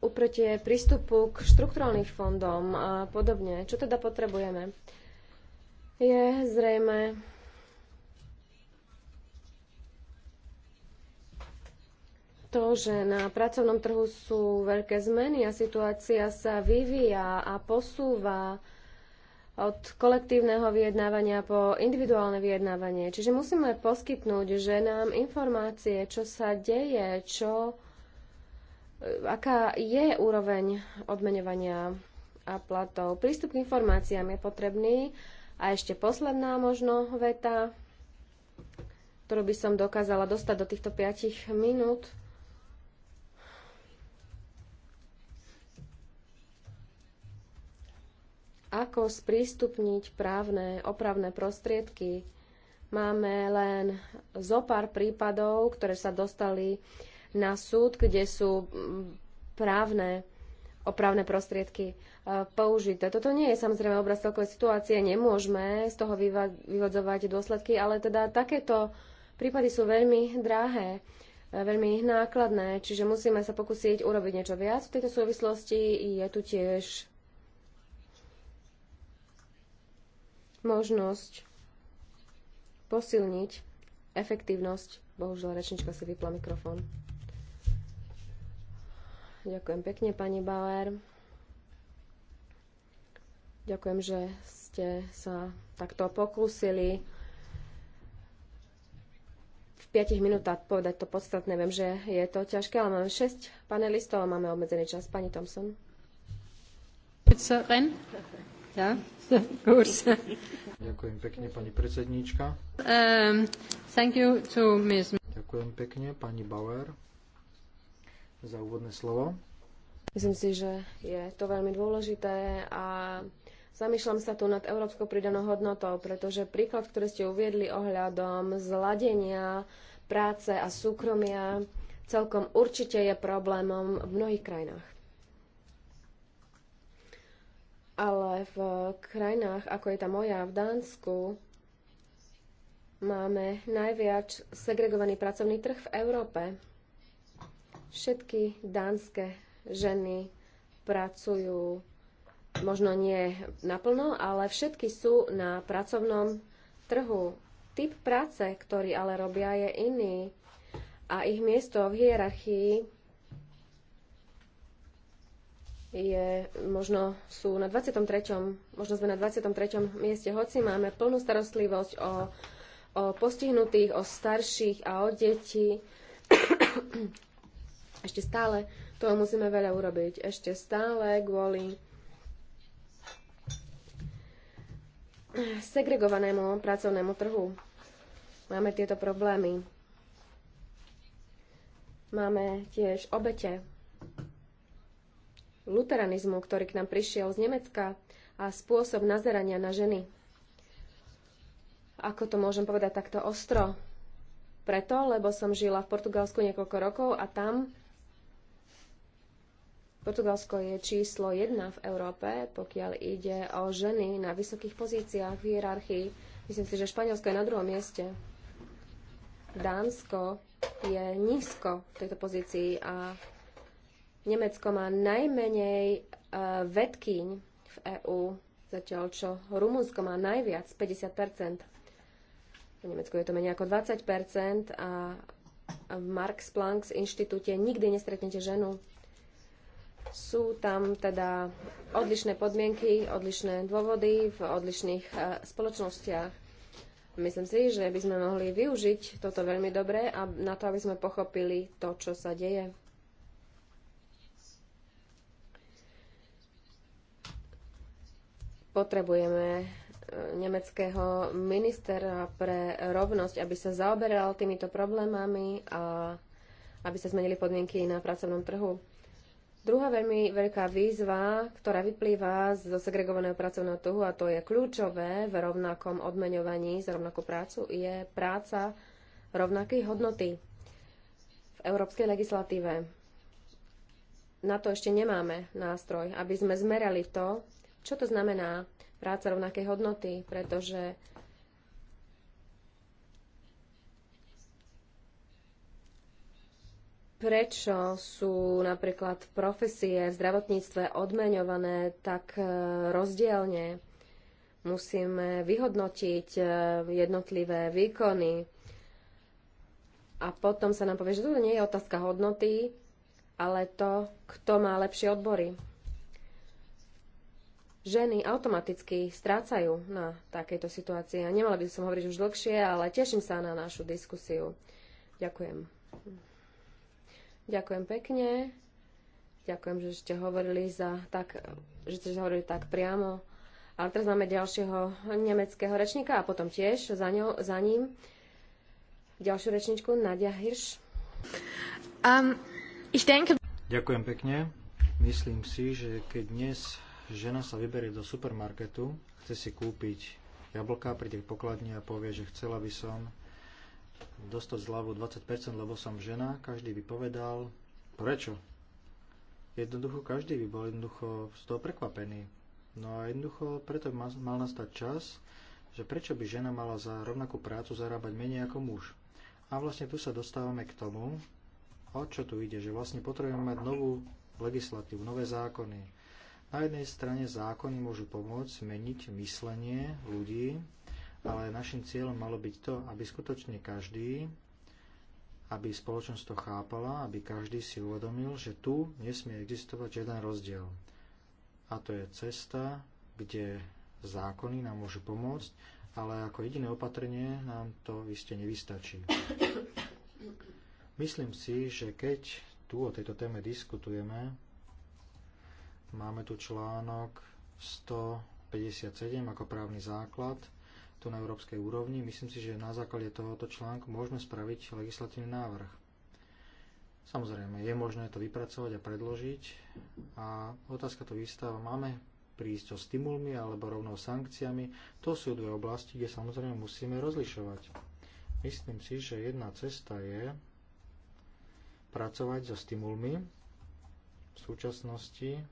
upretie prístupu k štrukturálnym fondom a podobne. Čo teda potrebujeme? Je zrejme to, že na pracovnom trhu sú veľké zmeny a situácia sa vyvíja a posúva od kolektívneho vyjednávania po individuálne vyjednávanie. Čiže musíme poskytnúť ženám informácie, čo sa deje, čo, e, aká je úroveň odmenovania a platov. Prístup k informáciám je potrebný. A ešte posledná možno veta, ktorú by som dokázala dostať do týchto 5 minút. ako sprístupniť právne opravné prostriedky. Máme len zo pár prípadov, ktoré sa dostali na súd, kde sú mm, právne opravné prostriedky e, použité. Toto nie je samozrejme obraz celkovej situácie, nemôžeme z toho vyvodzovať dôsledky, ale teda takéto prípady sú veľmi drahé, e, veľmi nákladné, čiže musíme sa pokúsiť urobiť niečo viac. V tejto súvislosti je tu tiež možnosť posilniť efektívnosť. Bohužiaľ, rečnička si vypla mikrofón. Ďakujem pekne, pani Bauer. Ďakujem, že ste sa takto pokúsili v 5 minútach povedať to podstatné. Viem, že je to ťažké, ale máme 6 panelistov a máme obmedzený čas. Pani Thompson. It's a ja? Ďakujem pekne, pani predsedníčka. Um, thank you to Ms. Ďakujem pekne, pani Bauer, za úvodné slovo. Myslím si, že je to veľmi dôležité a zamýšľam sa tu nad európskou pridanou hodnotou, pretože príklad, ktorý ste uviedli ohľadom zladenia práce a súkromia, celkom určite je problémom v mnohých krajinách. Ale v krajinách, ako je tá moja, v Dánsku, máme najviac segregovaný pracovný trh v Európe. Všetky dánske ženy pracujú možno nie naplno, ale všetky sú na pracovnom trhu. Typ práce, ktorý ale robia, je iný a ich miesto v hierarchii je, možno sú na 23. možno sme na 23. mieste, hoci máme plnú starostlivosť o, o postihnutých, o starších a o deti. Ešte stále toho musíme veľa urobiť. Ešte stále kvôli segregovanému pracovnému trhu máme tieto problémy. Máme tiež obete luteranizmu, ktorý k nám prišiel z Nemecka a spôsob nazerania na ženy. Ako to môžem povedať takto ostro? Preto, lebo som žila v Portugalsku niekoľko rokov a tam Portugalsko je číslo jedna v Európe, pokiaľ ide o ženy na vysokých pozíciách v hierarchii. Myslím si, že Španielsko je na druhom mieste. Dánsko je nízko v tejto pozícii a Nemecko má najmenej eh, vedkyň v EÚ, zatiaľ čo Rumunsko má najviac, 50 V Nemecku je to menej ako 20 a v Marx Planck inštitúte nikdy nestretnete ženu. Sú tam teda odlišné podmienky, odlišné dôvody v odlišných eh, spoločnostiach. Myslím si, že by sme mohli využiť toto veľmi dobre a na to, aby sme pochopili to, čo sa deje. Potrebujeme e, nemeckého ministera pre rovnosť, aby sa zaoberal týmito problémami a aby sa zmenili podmienky na pracovnom trhu. Druhá veľmi veľká výzva, ktorá vyplýva zo segregovaného pracovného trhu, a to je kľúčové v rovnakom odmeňovaní za rovnakú prácu, je práca rovnakej hodnoty v európskej legislatíve. Na to ešte nemáme nástroj, aby sme zmerali to, čo to znamená práca rovnakej hodnoty? Pretože prečo sú napríklad profesie v zdravotníctve odmeňované tak e, rozdielne. Musíme vyhodnotiť e, jednotlivé výkony a potom sa nám povie, že toto nie je otázka hodnoty, ale to, kto má lepšie odbory ženy automaticky strácajú na takejto situácii. A nemala by som hovoriť už dlhšie, ale teším sa na našu diskusiu. Ďakujem. Ďakujem pekne. Ďakujem, že ste hovorili, za tak, že ste hovorili tak priamo. Ale teraz máme ďalšieho nemeckého rečníka a potom tiež za, ňo, za ním ďalšiu rečničku Nadia Hirš. Um, ich denke... Ďakujem pekne. Myslím si, že keď dnes žena sa vyberie do supermarketu, chce si kúpiť jablka, príde k pokladni a povie, že chcela by som dostať zľavu 20%, lebo som žena, každý by povedal, prečo? Jednoducho každý by bol jednoducho z toho prekvapený. No a jednoducho preto by mal nastať čas, že prečo by žena mala za rovnakú prácu zarábať menej ako muž. A vlastne tu sa dostávame k tomu, o čo tu ide, že vlastne potrebujeme mať novú legislatívu, nové zákony, na jednej strane zákony môžu pomôcť zmeniť myslenie ľudí, ale našim cieľom malo byť to, aby skutočne každý, aby spoločnosť to chápala, aby každý si uvedomil, že tu nesmie existovať žiaden rozdiel. A to je cesta, kde zákony nám môžu pomôcť, ale ako jediné opatrenie nám to iste nevystačí. Myslím si, že keď tu o tejto téme diskutujeme, Máme tu článok 157 ako právny základ tu na európskej úrovni. Myslím si, že na základe tohoto článku môžeme spraviť legislatívny návrh. Samozrejme, je možné to vypracovať a predložiť a otázka tu vystáva, máme prísť so stimulmi alebo rovnou sankciami, to sú dve oblasti, kde samozrejme musíme rozlišovať. Myslím si, že jedna cesta je pracovať so stimulmi. V súčasnosti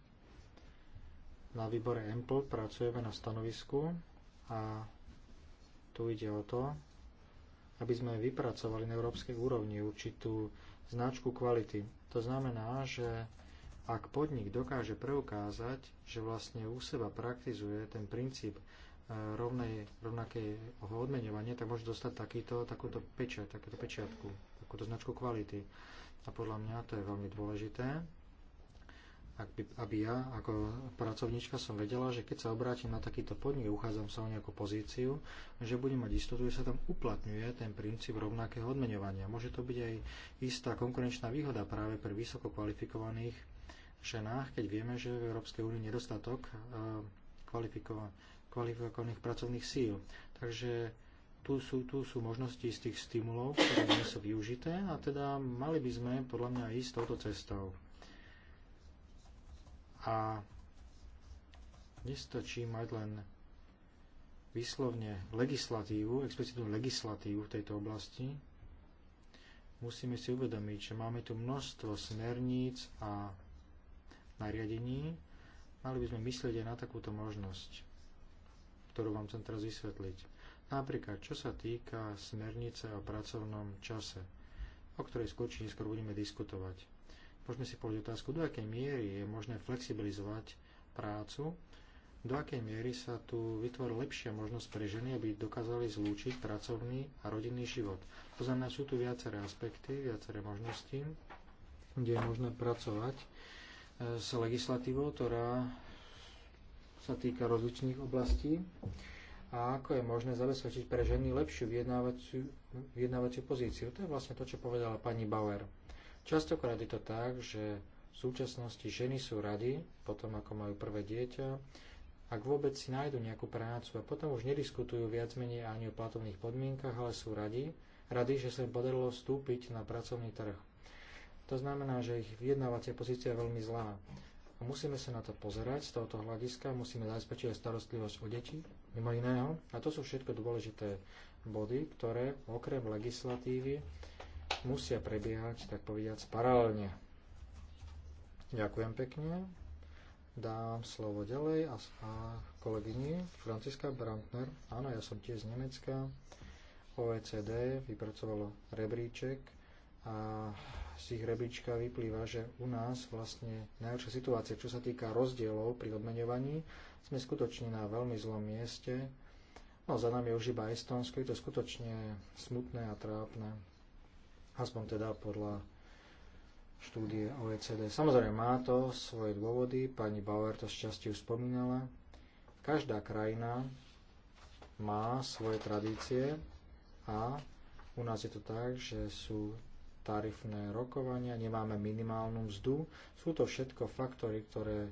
na výbore EMPL pracujeme na stanovisku a tu ide o to, aby sme vypracovali na európskej úrovni určitú značku kvality. To znamená, že ak podnik dokáže preukázať, že vlastne u seba praktizuje ten princíp e, rovnej, rovnakého odmenovania, tak môže dostať takýto, takúto pečať, takúto pečiatku, takúto značku kvality. A podľa mňa to je veľmi dôležité, aby ja ako pracovníčka som vedela, že keď sa obrátim na takýto podnik, uchádzam sa o nejakú pozíciu, že budem mať istotu, že sa tam uplatňuje ten princíp rovnakého odmeňovania. Môže to byť aj istá konkurenčná výhoda práve pre vysoko kvalifikovaných ženách, keď vieme, že v Európskej únii nedostatok e, kvalifikovaných pracovných síl. Takže tu sú, tu sú možnosti z tých stimulov, ktoré nie sú využité a teda mali by sme podľa mňa ísť touto cestou a nestačí mať len výslovne legislatívu, explicitnú legislatívu v tejto oblasti. Musíme si uvedomiť, že máme tu množstvo smerníc a nariadení. Mali by sme myslieť aj na takúto možnosť, ktorú vám chcem teraz vysvetliť. Napríklad, čo sa týka smernice o pracovnom čase, o ktorej skôr či neskôr budeme diskutovať Môžeme si povedať otázku, do akej miery je možné flexibilizovať prácu, do akej miery sa tu vytvorí lepšia možnosť pre ženy, aby dokázali zlúčiť pracovný a rodinný život. To znamená, sú tu viaceré aspekty, viaceré možnosti, kde je možné pracovať eh, s legislatívou, ktorá sa týka rozličných oblastí a ako je možné zabezpečiť pre ženy lepšiu vyjednávaciu, vyjednávaciu pozíciu. To je vlastne to, čo povedala pani Bauer. Častokrát je to tak, že v súčasnosti ženy sú rady, potom ako majú prvé dieťa, ak vôbec si nájdu nejakú prácu a potom už nediskutujú viac menej ani o platovných podmienkach, ale sú radi, Radi, že sa im podarilo vstúpiť na pracovný trh. To znamená, že ich vyjednávacia pozícia je veľmi zlá. A musíme sa na to pozerať z tohoto hľadiska, musíme zabezpečiť starostlivosť o deti, mimo iného. A to sú všetko dôležité body, ktoré okrem legislatívy musia prebiehať, tak povediac, paralelne. Ďakujem pekne. Dám slovo ďalej a, a kolegyni Franciska Brandner. Áno, ja som tiež z Nemecka. OECD vypracovalo rebríček a z ich rebríčka vyplýva, že u nás vlastne najhoršia situácia, čo sa týka rozdielov pri odmeňovaní, sme skutočne na veľmi zlom mieste. No za nami je už iba Estonsko, je to skutočne smutné a trápne aspoň teda podľa štúdie OECD. Samozrejme má to svoje dôvody, pani Bauer to s časťou spomínala. Každá krajina má svoje tradície a u nás je to tak, že sú tarifné rokovania, nemáme minimálnu mzdu. Sú to všetko faktory, ktoré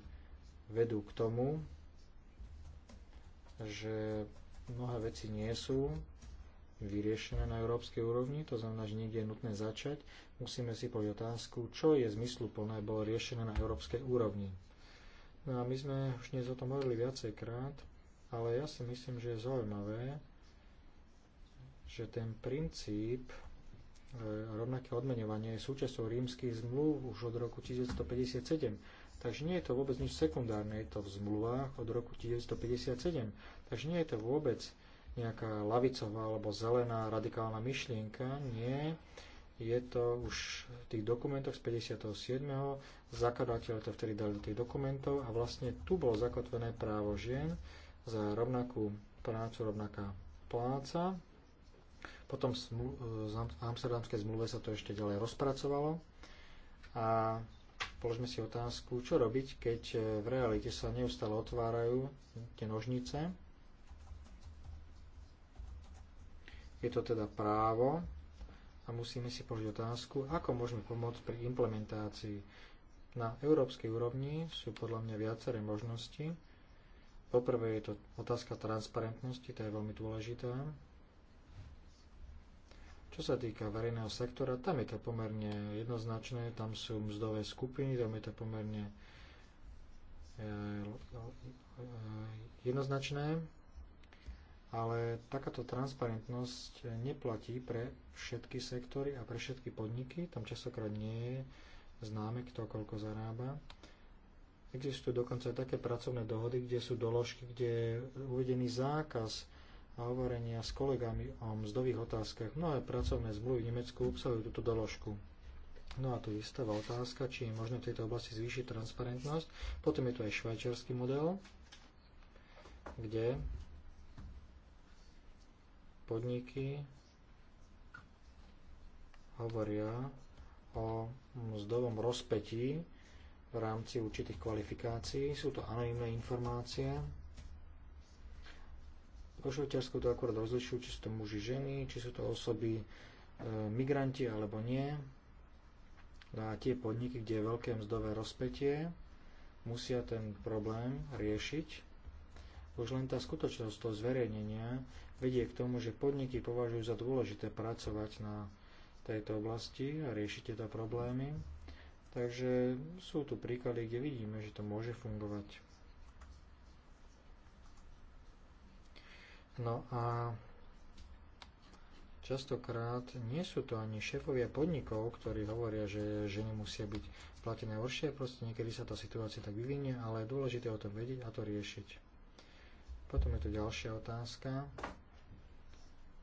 vedú k tomu, že mnohé veci nie sú vyriešené na európskej úrovni, to znamená, že niekde je nutné začať. Musíme si povedať otázku, čo je zmysluplné, bolo riešené na európskej úrovni. No a my sme už dnes o tom hovorili viacejkrát, ale ja si myslím, že je zaujímavé, že ten princíp e, rovnaké odmeňovanie je súčasťou rímskych zmluv už od roku 1957. Takže nie je to vôbec nič sekundárne, je to v zmluvách od roku 1957. Takže nie je to vôbec nejaká lavicová alebo zelená radikálna myšlienka. Nie, je to už v tých dokumentoch z 57. Zakladateľ to vtedy dali do tých dokumentov a vlastne tu bolo zakotvené právo žien za rovnakú prácu, rovnaká pláca. Potom v Amsterdamskej zmluve sa to ešte ďalej rozpracovalo a položme si otázku, čo robiť, keď v realite sa neustále otvárajú tie nožnice Je to teda právo a musíme si položiť otázku, ako môžeme pomôcť pri implementácii. Na európskej úrovni sú podľa mňa viaceré možnosti. Poprvé je to otázka transparentnosti, tá je veľmi dôležitá. Čo sa týka verejného sektora, tam je to pomerne jednoznačné, tam sú mzdové skupiny, tam je to pomerne eh, jednoznačné ale takáto transparentnosť neplatí pre všetky sektory a pre všetky podniky. Tam časokrát nie je známe, kto koľko zarába. Existujú dokonca aj také pracovné dohody, kde sú doložky, kde je uvedený zákaz a hovorenia s kolegami o mzdových otázkach. Mnohé pracovné zmluvy v Nemecku obsahujú túto doložku. No a tu vystáva otázka, či je možné v tejto oblasti zvýšiť transparentnosť. Potom je tu aj švajčiarsky model, kde podniky hovoria o mzdovom rozpetí v rámci určitých kvalifikácií. Sú to anonimné informácie. Po Švajčiarsku to akorát rozlišujú, či sú to muži, ženy, či sú to osoby, e, migranti alebo nie. No a tie podniky, kde je veľké mzdové rozpetie, musia ten problém riešiť. Už len tá skutočnosť toho zverejnenia vedie k tomu, že podniky považujú za dôležité pracovať na tejto oblasti a riešiť tieto problémy. Takže sú tu príklady, kde vidíme, že to môže fungovať. No a častokrát nie sú to ani šéfovia podnikov, ktorí hovoria, že ženy musia byť platené horšie, proste niekedy sa tá situácia tak vyvinie, ale je dôležité o tom vedieť a to riešiť. Potom je tu ďalšia otázka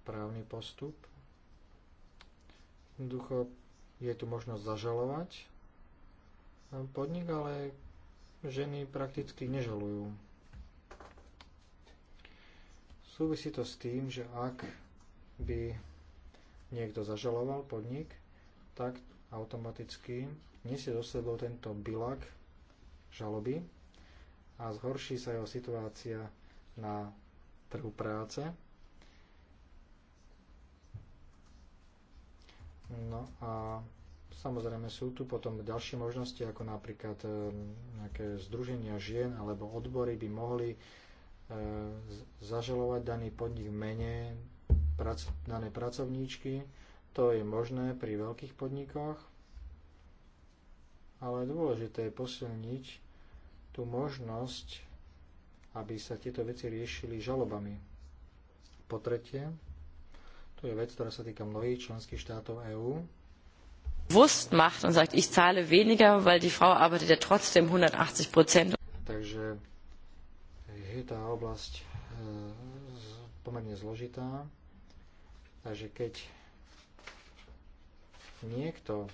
právny postup. Jednoducho je tu možnosť zažalovať podnik, ale ženy prakticky nežalujú. Súvisí to s tým, že ak by niekto zažaloval podnik, tak automaticky nesie so sebou tento bilak žaloby a zhorší sa jeho situácia na trhu práce No a samozrejme sú tu potom ďalšie možnosti, ako napríklad e, nejaké združenia žien alebo odbory by mohli e, zažalovať daný podnik v mene prac, dané pracovníčky. To je možné pri veľkých podnikoch, ale dôležité je posilniť tú možnosť, aby sa tieto veci riešili žalobami. Po tretie, to je vec, ktorá sa týka mnohých členských štátov EÚ. Wust macht und sagt, ich zahle weniger, weil die Frau arbeitet ja trotzdem 180 Takže je tá oblasť e, pomerne zložitá. Takže keď niekto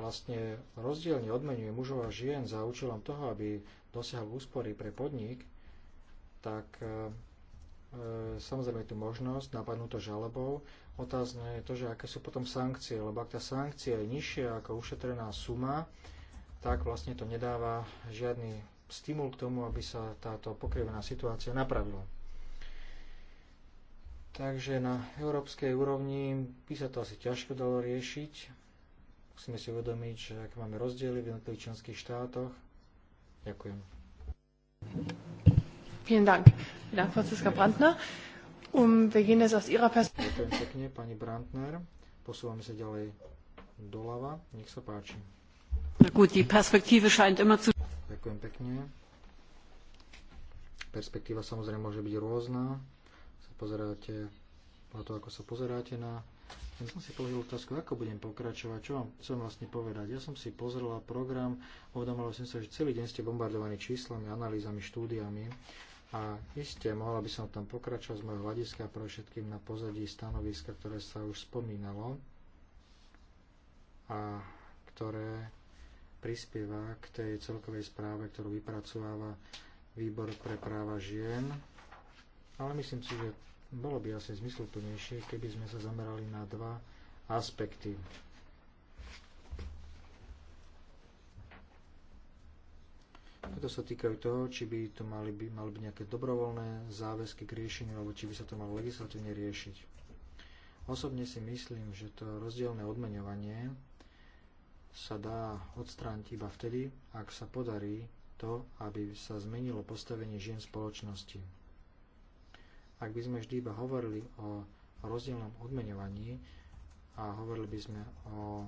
vlastne rozdielne odmenuje mužov a žien za účelom toho, aby dosiahol úspory pre podnik, tak e, E, samozrejme je tu možnosť napadnúť to žalobou. Otázne je to, že aké sú potom sankcie, lebo ak tá sankcia je nižšia ako ušetrená suma, tak vlastne to nedáva žiadny stimul k tomu, aby sa táto pokrivená situácia napravila. Takže na európskej úrovni by sa to asi ťažko dalo riešiť. Musíme si uvedomiť, že aké máme rozdiely v jednotlivých členských štátoch. Ďakujem. Vielen Dank. Vielen Dank, Franziska Brandner. Um, wir gehen jetzt aus Ihrer Perspektive. Ďakujem pekne, pani Brandner. Posúvame sa ďalej doľava. Nech sa páči. Na gut, die Perspektive scheint immer zu... Ďakujem pekne. Perspektíva samozrejme môže byť rôzna. Sa pozeráte na to, ako sa pozeráte na... Ja som si položil otázku, ako budem pokračovať, čo vám chcem vlastne povedať. Ja som si pozrela program, uvedomila som sa, že celý deň ste bombardovaní číslami, analýzami, štúdiami. A iste, mohla by som tam pokračovať z môjho hľadiska pre všetkým na pozadí stanoviska, ktoré sa už spomínalo a ktoré prispieva k tej celkovej správe, ktorú vypracováva Výbor pre práva žien. Ale myslím si, že bolo by asi zmysluplnejšie, keby sme sa zamerali na dva aspekty. Preto sa týkajú toho, či by to mali by, mali by nejaké dobrovoľné záväzky k riešeniu, alebo či by sa to malo legislatívne riešiť. Osobne si myslím, že to rozdielne odmeňovanie sa dá odstrániť iba vtedy, ak sa podarí to, aby sa zmenilo postavenie žien spoločnosti. Ak by sme vždy iba hovorili o rozdielnom odmeňovaní a hovorili by sme o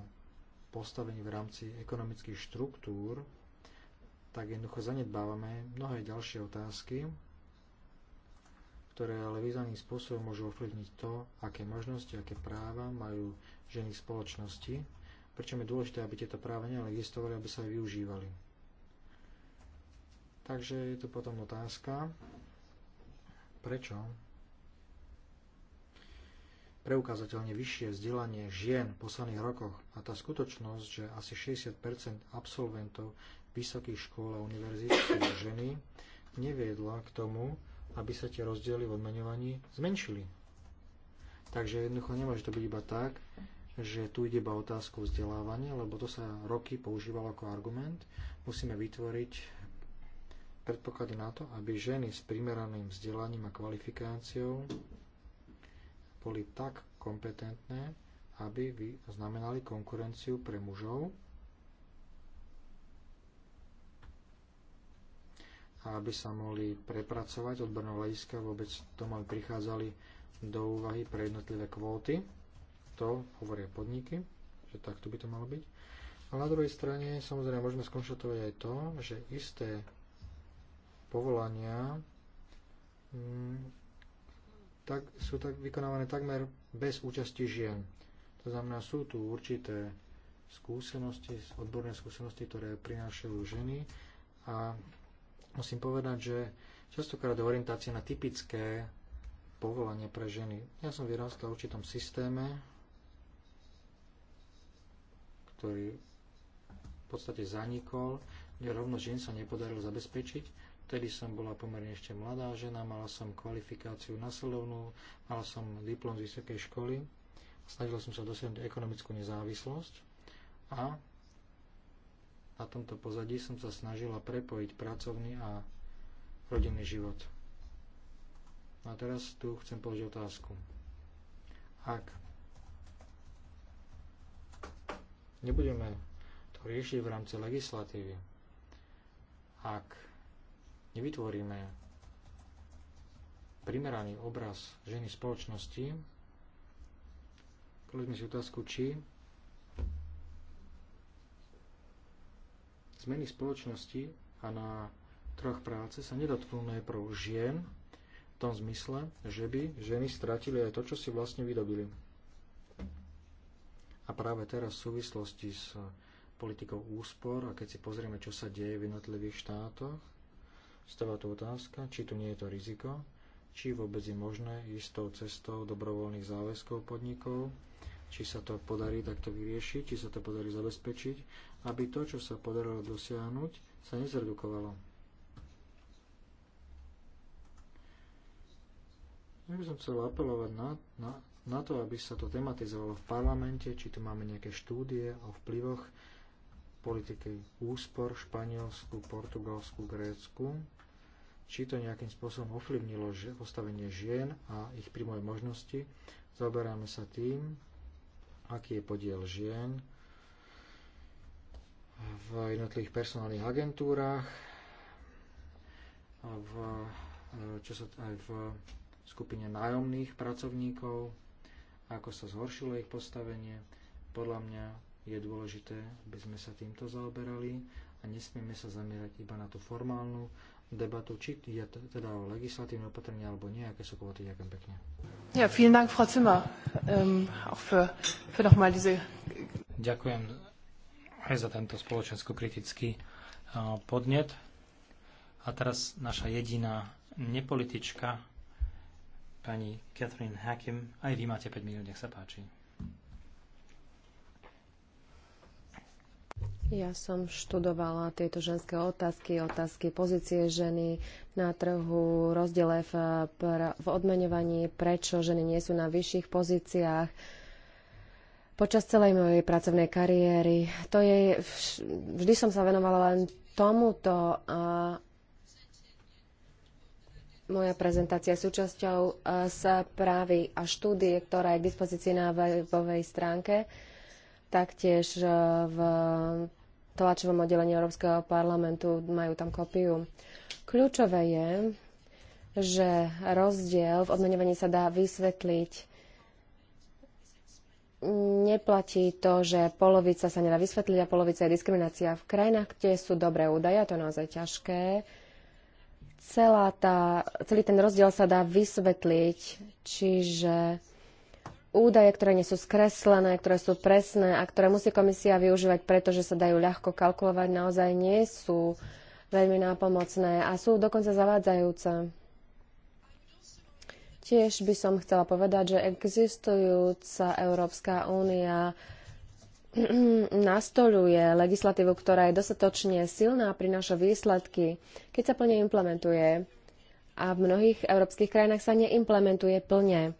postavení v rámci ekonomických štruktúr, tak jednoducho zanedbávame mnohé ďalšie otázky, ktoré ale významným spôsobom môžu ovplyvniť to, aké možnosti, aké práva majú ženy v spoločnosti, pričom je dôležité, aby tieto práva nielen existovali, aby sa aj využívali. Takže je tu potom otázka, prečo preukázateľne vyššie vzdelanie žien v posledných rokoch a tá skutočnosť, že asi 60 absolventov vysokých škôl a univerzít sú ženy, neviedla k tomu, aby sa tie rozdiely v odmeňovaní zmenšili. Takže jednoducho nemôže to byť iba tak, že tu ide iba otázku vzdelávania, lebo to sa roky používalo ako argument. Musíme vytvoriť predpoklady na to, aby ženy s primeraným vzdelaním a kvalifikáciou boli tak kompetentné, aby znamenali konkurenciu pre mužov a aby sa mohli prepracovať odborného hľadiska, vôbec tomu, aby prichádzali do úvahy pre jednotlivé kvóty. To hovoria podniky, že takto by to malo byť. A na druhej strane samozrejme môžeme skonštatovať aj to, že isté povolania m, mm, tak, sú tak vykonávané takmer bez účasti žien. To znamená, sú tu určité skúsenosti, odborné skúsenosti, ktoré prinášajú ženy a musím povedať, že častokrát je orientácia na typické povolanie pre ženy. Ja som vyrastal v určitom systéme, ktorý v podstate zanikol, kde rovno žien sa nepodarilo zabezpečiť. Vtedy som bola pomerne ešte mladá žena, mala som kvalifikáciu nasledovnú, mala som diplom z vysokej školy, snažila som sa dosiahnuť ekonomickú nezávislosť a na tomto pozadí som sa snažila prepojiť pracovný a rodinný život. A teraz tu chcem položiť otázku. Ak nebudeme to riešiť v rámci legislatívy, ak nevytvoríme primeraný obraz ženy spoločnosti, kladme si otázku, či zmeny spoločnosti a na trh práce sa nedotknú najprv žien, v tom zmysle, že by ženy stratili aj to, čo si vlastne vydobili. A práve teraz v súvislosti s politikou úspor a keď si pozrieme, čo sa deje v jednotlivých štátoch, stáva tu otázka, či tu nie je to riziko, či vôbec je možné ísť tou cestou dobrovoľných záväzkov podnikov, či sa to podarí takto vyriešiť, či sa to podarí zabezpečiť, aby to, čo sa podarilo dosiahnuť, sa nezredukovalo. Ja by som chcel apelovať na, na, na to, aby sa to tematizovalo v parlamente, či tu máme nejaké štúdie o vplyvoch politiky úspor Španielsku, Portugalsku, Grécku, či to nejakým spôsobom ovplyvnilo postavenie žien a ich príjmové možnosti. Zaoberáme sa tým, aký je podiel žien v jednotlivých personálnych agentúrach, v, čo sa, aj v skupine nájomných pracovníkov, ako sa zhoršilo ich postavenie. Podľa mňa je dôležité, aby sme sa týmto zaoberali a nesmieme sa zamerať iba na tú formálnu debatu, či je teda o legislatívne opatrenie alebo nie, aké sú kvóty. Ďakujem pekne. Ja, vielen Dank, Frau Zimmer, um, auch für, für nochmal diese... Ďakujem aj za tento spoločensko-kritický uh, podnet. A teraz naša jediná nepolitička, pani Catherine Hakim. Aj vy máte 5 minút, nech sa páči. Ja som študovala tieto ženské otázky, otázky pozície ženy na trhu, rozdiele v, v odmeňovaní, prečo ženy nie sú na vyšších pozíciách. Počas celej mojej pracovnej kariéry to je, vždy som sa venovala len tomuto a moja prezentácia je súčasťou e, správy a štúdie, ktorá je k dispozícii na webovej stránke taktiež e, v tlačovom oddelení Európskeho parlamentu, majú tam kopiu. Kľúčové je, že rozdiel v odmenovaní sa dá vysvetliť. Neplatí to, že polovica sa nedá vysvetliť a polovica je diskriminácia. V krajinách, kde sú dobré údaje, a to je naozaj ťažké, celá tá, celý ten rozdiel sa dá vysvetliť, čiže údaje, ktoré nie sú skreslené, ktoré sú presné a ktoré musí komisia využívať, pretože sa dajú ľahko kalkulovať, naozaj nie sú veľmi nápomocné a sú dokonca zavádzajúce. Tiež by som chcela povedať, že existujúca Európska únia nastoluje legislatívu, ktorá je dostatočne silná a prináša výsledky, keď sa plne implementuje. A v mnohých európskych krajinách sa neimplementuje plne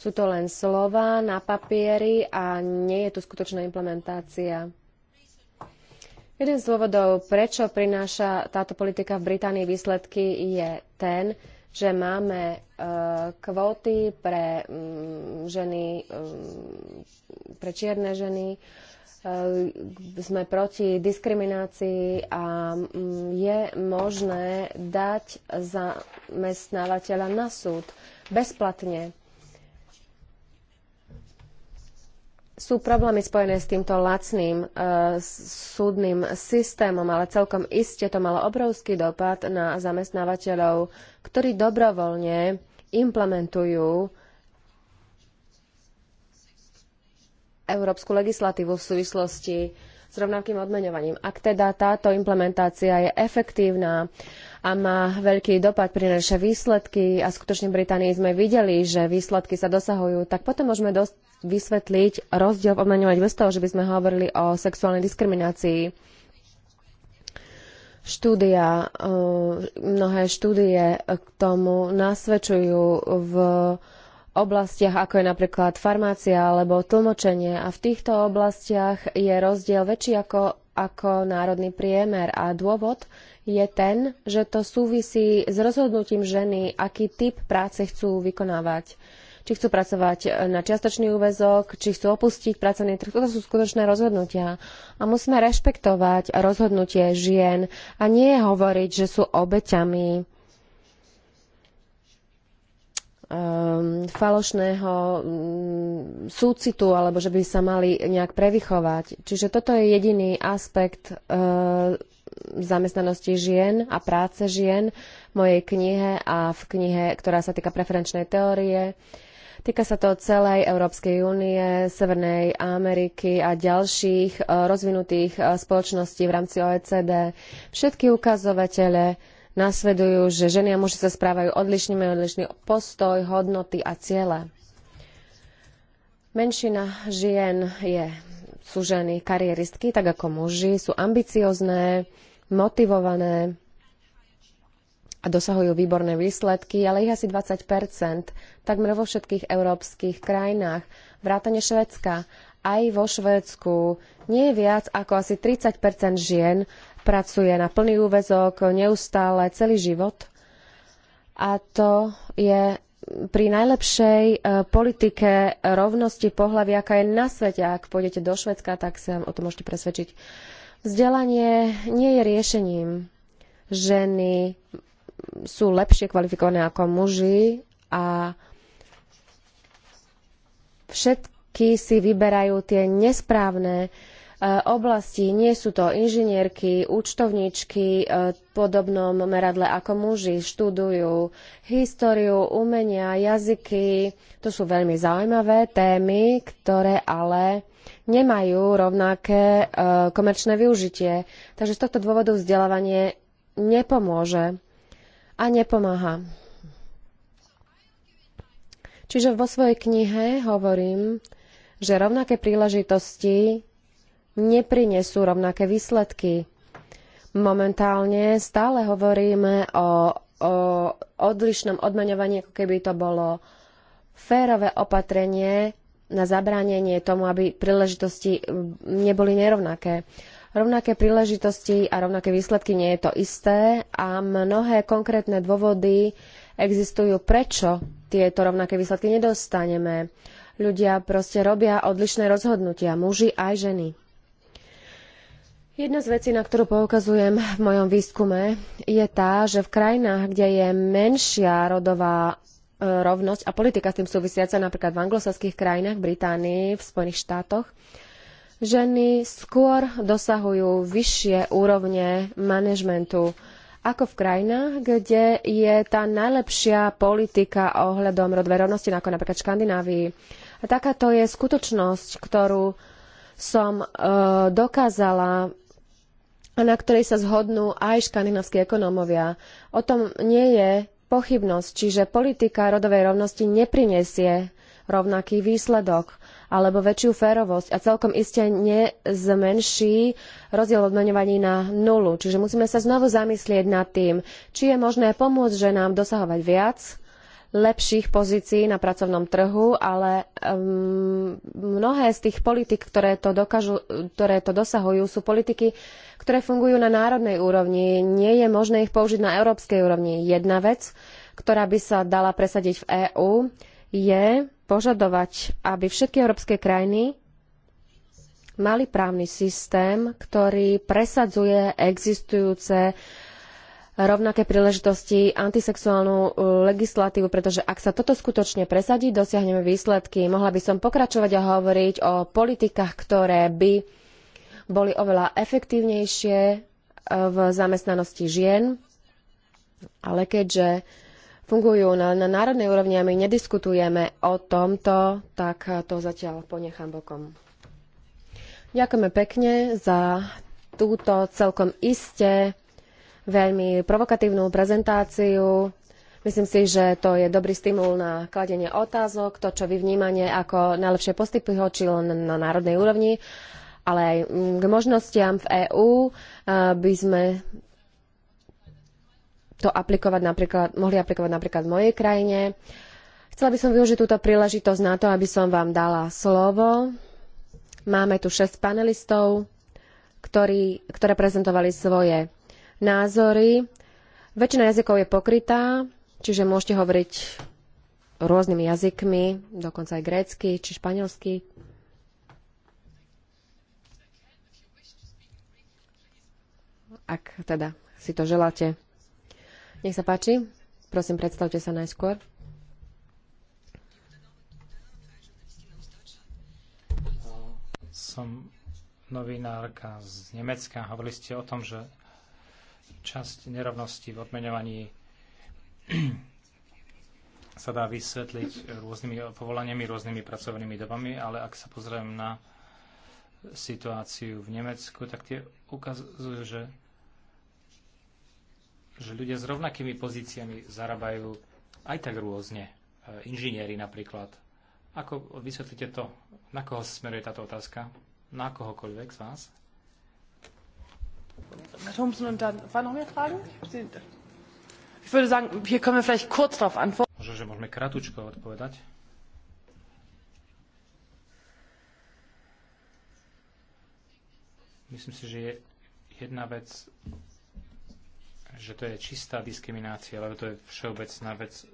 sú to len slova na papieri a nie je tu skutočná implementácia. Jeden z dôvodov, prečo prináša táto politika v Británii výsledky, je ten, že máme e, kvóty pre mm, ženy, e, pre čierne ženy. E, sme proti diskriminácii a mm, je možné dať zamestnávateľa na súd bezplatne. sú problémy spojené s týmto lacným e, súdnym systémom, ale celkom iste to malo obrovský dopad na zamestnávateľov, ktorí dobrovoľne implementujú európsku legislatívu v súvislosti s rovnakým odmeňovaním. Ak teda táto implementácia je efektívna a má veľký dopad, pri naše výsledky a skutočne v Británii sme videli, že výsledky sa dosahujú, tak potom môžeme dosť vysvetliť rozdiel v odmeňovaní bez toho, že by sme hovorili o sexuálnej diskriminácii. Štúdia, eh, mnohé štúdie k tomu nasvedčujú v oblastiach, ako je napríklad farmácia alebo tlmočenie. A v týchto oblastiach je rozdiel väčší ako, ako národný priemer. A dôvod je ten, že to súvisí s rozhodnutím ženy, aký typ práce chcú vykonávať či chcú pracovať e, na čiastočný úväzok, či chcú opustiť pracovný trh. Toto sú skutočné rozhodnutia. A musíme rešpektovať rozhodnutie žien a nie hovoriť, že sú obeťami um, falošného um, súcitu alebo že by sa mali nejak prevychovať. Čiže toto je jediný aspekt uh, zamestnanosti žien a práce žien v mojej knihe a v knihe, ktorá sa týka preferenčnej teórie. Týka sa to celej Európskej únie, Severnej Ameriky a ďalších e, rozvinutých e, spoločností v rámci OECD. Všetky ukazovatele nasvedujú, že ženy a muži sa správajú odlišne, majú odlišný postoj, hodnoty a ciele. Menšina žien je, sú ženy kariéristky, tak ako muži, sú ambiciozné, motivované, a dosahujú výborné výsledky, ale ich asi 20 takmer vo všetkých európskych krajinách, vrátane Švedska. Aj vo Švedsku nie je viac ako asi 30 žien pracuje na plný úvezok neustále celý život. A to je pri najlepšej e, politike rovnosti pohľavy, aká je na svete. Ak pôjdete do Švedska, tak sa o tom môžete presvedčiť. Vzdelanie nie je riešením ženy sú lepšie kvalifikované ako muži a všetky si vyberajú tie nesprávne e, oblasti. Nie sú to inžinierky, účtovníčky e, v podobnom meradle ako muži. Študujú históriu, umenia, jazyky. To sú veľmi zaujímavé témy, ktoré ale nemajú rovnaké e, komerčné využitie. Takže z tohto dôvodu vzdelávanie nepomôže a nepomáha. Čiže vo svojej knihe hovorím, že rovnaké príležitosti neprinesú rovnaké výsledky. Momentálne stále hovoríme o, o odlišnom odmaňovaní, ako keby to bolo férové opatrenie na zabránenie tomu, aby príležitosti neboli nerovnaké rovnaké príležitosti a rovnaké výsledky nie je to isté a mnohé konkrétne dôvody existujú, prečo tieto rovnaké výsledky nedostaneme. Ľudia proste robia odlišné rozhodnutia, muži aj ženy. Jedna z vecí, na ktorú poukazujem v mojom výskume, je tá, že v krajinách, kde je menšia rodová e, rovnosť a politika s tým súvisiaca, napríklad v anglosaských krajinách, Británii, v Spojených štátoch, ženy skôr dosahujú vyššie úrovne manažmentu ako v krajinách, kde je tá najlepšia politika ohľadom rodovej rovnosti, ako napríklad v Škandinávii. A takáto je skutočnosť, ktorú som e, dokázala a na ktorej sa zhodnú aj škandinávski ekonómovia. O tom nie je pochybnosť, čiže politika rodovej rovnosti neprinesie rovnaký výsledok alebo väčšiu férovosť a celkom iste nezmenší rozdiel odmeňovaní na nulu. Čiže musíme sa znovu zamyslieť nad tým, či je možné pomôcť ženám dosahovať viac lepších pozícií na pracovnom trhu, ale um, mnohé z tých politik, ktoré to, dokážu, ktoré to dosahujú, sú politiky, ktoré fungujú na národnej úrovni. Nie je možné ich použiť na európskej úrovni. Jedna vec, ktorá by sa dala presadiť v EÚ, je požadovať, aby všetky európske krajiny mali právny systém, ktorý presadzuje existujúce rovnaké príležitosti, antisexuálnu uh, legislatívu, pretože ak sa toto skutočne presadí, dosiahneme výsledky. Mohla by som pokračovať a hovoriť o politikách, ktoré by boli oveľa efektívnejšie uh, v zamestnanosti žien, ale keďže fungujú na, na národnej úrovni a my nediskutujeme o tomto, tak to zatiaľ ponechám bokom. Ďakujeme pekne za túto celkom iste veľmi provokatívnu prezentáciu. Myslím si, že to je dobrý stimul na kladenie otázok, to, čo vy vnímanie ako najlepšie postupy ho, či len na národnej úrovni, ale aj k možnostiam v EÚ eh, by sme to aplikovať napríklad, mohli aplikovať napríklad v mojej krajine. Chcela by som využiť túto príležitosť na to, aby som vám dala slovo. Máme tu 6 panelistov, ktorí, ktoré prezentovali svoje názory. Väčšina jazykov je pokrytá, čiže môžete hovoriť rôznymi jazykmi, dokonca aj grécky či španielsky. Ak teda si to želáte. Nech sa páči. Prosím, predstavte sa najskôr. Som novinárka z Nemecka. Hovorili ste o tom, že časť nerovnosti v odmeňovaní sa dá vysvetliť rôznymi povolaniami, rôznymi pracovnými dobami, ale ak sa pozriem na situáciu v Nemecku, tak tie ukazujú, že že ľudia s rovnakými pozíciami zarábajú aj tak rôzne. E, inžinieri napríklad. Ako vysvetlíte to? Na koho smeruje táto otázka? Na kohokoľvek z vás? dann, noch mehr Fragen? Ich würde sagen, hier können wir vielleicht kurz darauf antworten. Možno, že môžeme kratučko odpovedať. Myslím si, že je jedna vec, že to je čistá diskriminácia, lebo to je všeobecná vec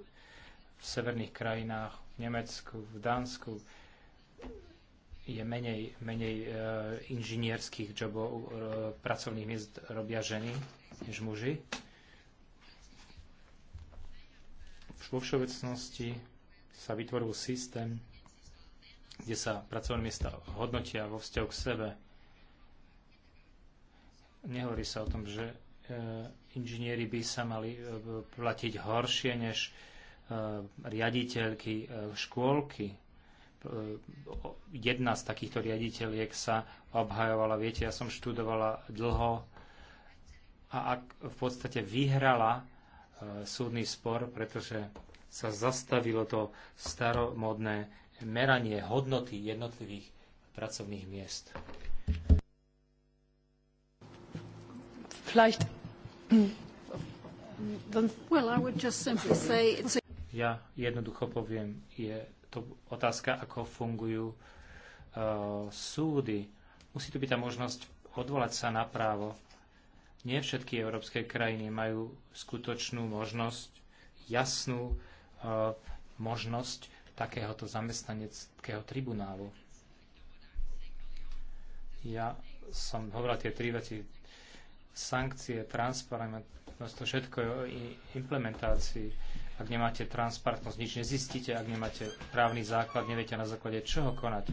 v severných krajinách, v Nemecku, v Dánsku je menej, menej e, inžinierských jobov, e, pracovných miest robia ženy než muži. Vo všeobecnosti sa vytvoril systém, kde sa pracovné miesta hodnotia vo vzťahu k sebe. Nehovorí sa o tom, že e, inžinieri by sa mali e, platiť horšie než e, riaditeľky e, škôlky. Jedna z takýchto riaditeľiek sa obhajovala, viete, ja som študovala dlho a ak v podstate vyhrala súdny spor, pretože sa zastavilo to staromodné meranie hodnoty jednotlivých pracovných miest. Vielleicht ja jednoducho poviem, je to otázka, ako fungujú uh, súdy. Musí tu byť tá možnosť odvolať sa na právo. Nie všetky európske krajiny majú skutočnú možnosť, jasnú uh, možnosť takéhoto zamestnaneckého tribunálu. Ja som hovoril tie tri veci sankcie, transparentnosť, to všetko je o implementácii. Ak nemáte transparentnosť, nič nezistíte, ak nemáte právny základ, neviete na základe čoho konať.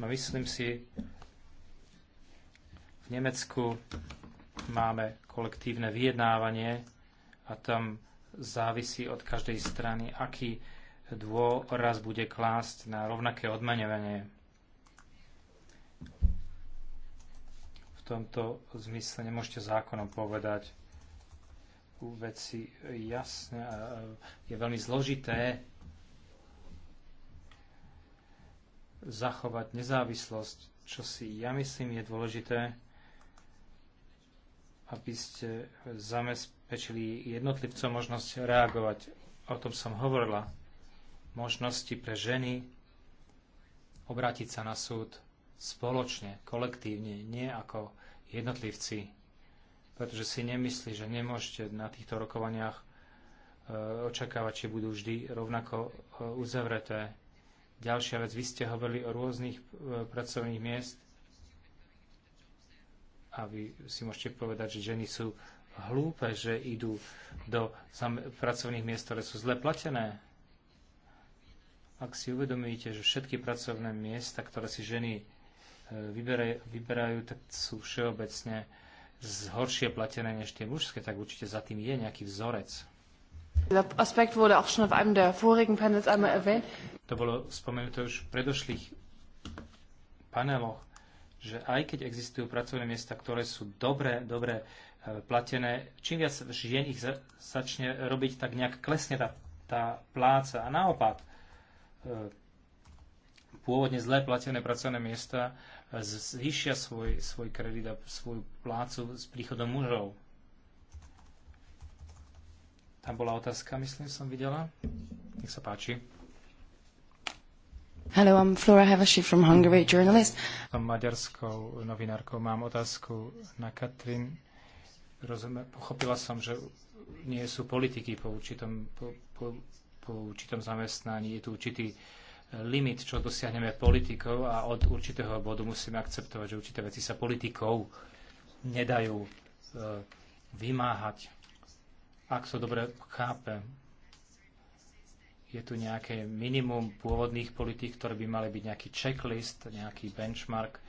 No myslím si, v Nemecku máme kolektívne vyjednávanie a tam závisí od každej strany, aký dôraz bude klásť na rovnaké odmenovanie tomto zmysle nemôžete zákonom povedať veci jasne. Je veľmi zložité zachovať nezávislosť, čo si ja myslím je dôležité, aby ste zamezpečili jednotlivcom možnosť reagovať. O tom som hovorila. Možnosti pre ženy obrátiť sa na súd, spoločne, kolektívne, nie ako jednotlivci. Pretože si nemyslí, že nemôžete na týchto rokovaniach e, očakávať, či budú vždy rovnako e, uzavreté. Ďalšia vec, vy ste hovorili o rôznych e, pracovných miest a vy si môžete povedať, že ženy sú hlúpe, že idú do pracovných miest, ktoré sú zle platené. Ak si uvedomíte, že všetky pracovné miesta, ktoré si ženy E, vyberajú, vyberajú tak sú všeobecne horšie platené než tie mužské, tak určite za tým je nejaký vzorec. To bolo spomenuté už v predošlých paneloch, že aj keď existujú pracovné miesta, ktoré sú dobre, dobre e, platené, čím viac žien ich začne robiť, tak nejak klesne tá, tá pláca. A naopak, e, pôvodne zlé platené pracovné miesta zvýšia svoj, svoj kredit a svoju plácu s príchodom mužov. Tam bola otázka, myslím, som videla. Nech sa páči. Hello, I'm Flora Havashi from Hungary, journalist. Som maďarskou novinárkou. Mám otázku na Katrin. Rozumie, pochopila som, že nie sú politiky po určitom, po, po, po určitom zamestnaní. Je tu určitý uh, limit, čo dosiahneme politikou a od určitého bodu musíme akceptovať, že určité veci sa politikou nedajú e, vymáhať. Ak to dobre chápem, je tu nejaké minimum pôvodných politík, ktoré by mali byť nejaký checklist, nejaký benchmark,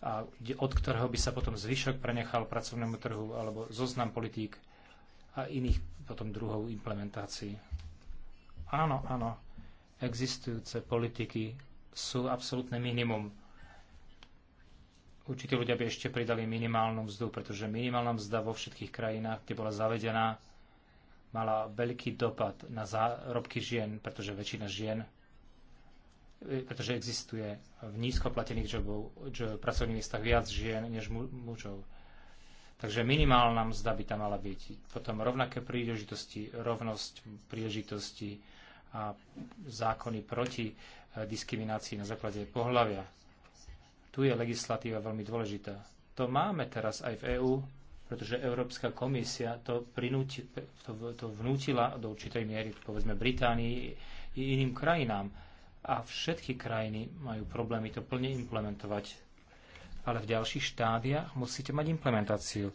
a od ktorého by sa potom zvyšok prenechal pracovnému trhu alebo zoznam politík a iných potom druhov implementácií. Áno, áno existujúce politiky sú absolútne minimum. Určití ľudia by ešte pridali minimálnu mzdu, pretože minimálna mzda vo všetkých krajinách, kde bola zavedená, mala veľký dopad na zárobky žien, pretože väčšina žien e, pretože existuje v nízko platených jobov, job, pracovných miestach viac žien než mužov. Takže minimálna mzda by tam mala byť. Potom rovnaké príležitosti, rovnosť príležitosti, a zákony proti e, diskriminácii na základe pohľavia. Tu je legislatíva veľmi dôležitá. To máme teraz aj v EÚ, pretože Európska komisia to, prinúti, to, to vnútila do určitej miery, povedzme, Británii i iným krajinám. A všetky krajiny majú problémy to plne implementovať. Ale v ďalších štádiách musíte mať implementáciu.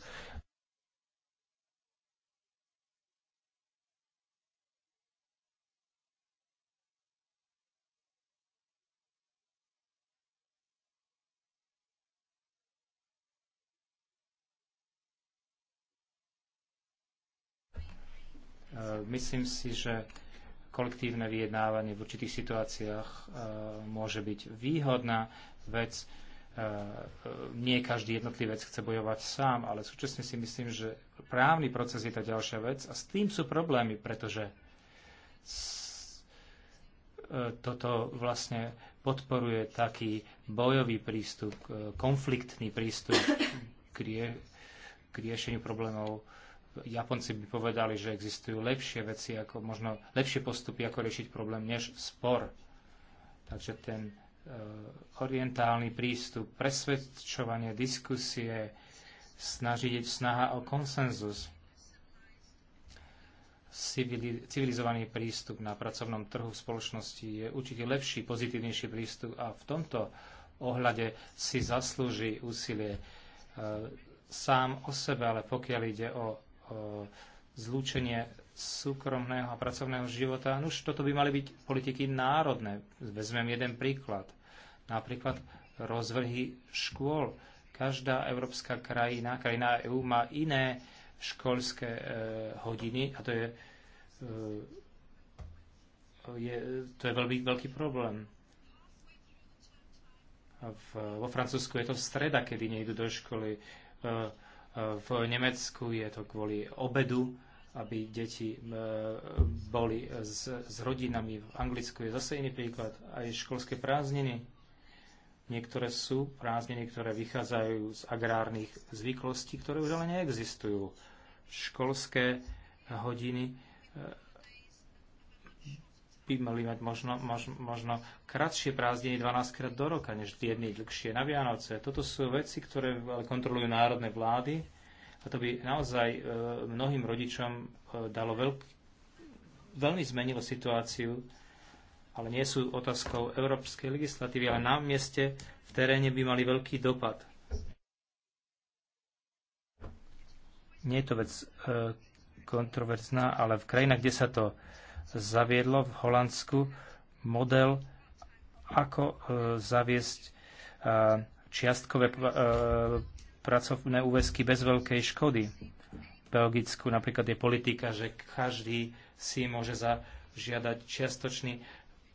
Myslím si, že kolektívne vyjednávanie v určitých situáciách e, môže byť výhodná vec. E, e, nie každý vec chce bojovať sám, ale súčasne si myslím, že právny proces je tá ďalšia vec a s tým sú problémy, pretože toto vlastne podporuje taký bojový prístup, konfliktný prístup k, riešeniu problémov Japonci by povedali, že existujú lepšie veci, ako možno lepšie postupy, ako riešiť problém, než spor. Takže ten e, orientálny prístup, presvedčovanie, diskusie, snažiť, snaha o konsenzus, civilizovaný prístup na pracovnom trhu v spoločnosti je určite lepší, pozitívnejší prístup a v tomto ohľade si zaslúži úsilie e, sám o sebe, ale pokiaľ ide o zlúčenie súkromného a pracovného života. No už toto by mali byť politiky národné. Vezmem jeden príklad. Napríklad rozvrhy škôl. Každá európska krajina, krajina EÚ má iné školské e, hodiny a to je, e, je, to je veľmi veľký problém. A v, vo Francúzsku je to streda, kedy nejdu do školy. E, v Nemecku je to kvôli obedu, aby deti e, boli s, s rodinami. V Anglicku je zase iný príklad, aj školské prázdniny. Niektoré sú prázdniny, ktoré vychádzajú z agrárnych zvyklostí, ktoré už ale neexistujú. Školské hodiny e, by mali mať možno, možno, možno kratšie prázdniny 12 krát do roka, než jedný dlhšie na Vianoce. Toto sú veci, ktoré kontrolujú národné vlády a to by naozaj e, mnohým rodičom e, dalo veľk, veľmi zmenilo situáciu, ale nie sú otázkou európskej legislatívy, ale na mieste v teréne by mali veľký dopad. Nie je to vec e, kontroverzná, ale v krajinách, kde sa to zaviedlo v Holandsku model, ako e, zaviesť e, čiastkové e, pracovné úväzky bez veľkej škody. V Belgicku napríklad je politika, že každý si môže zažiadať čiastočný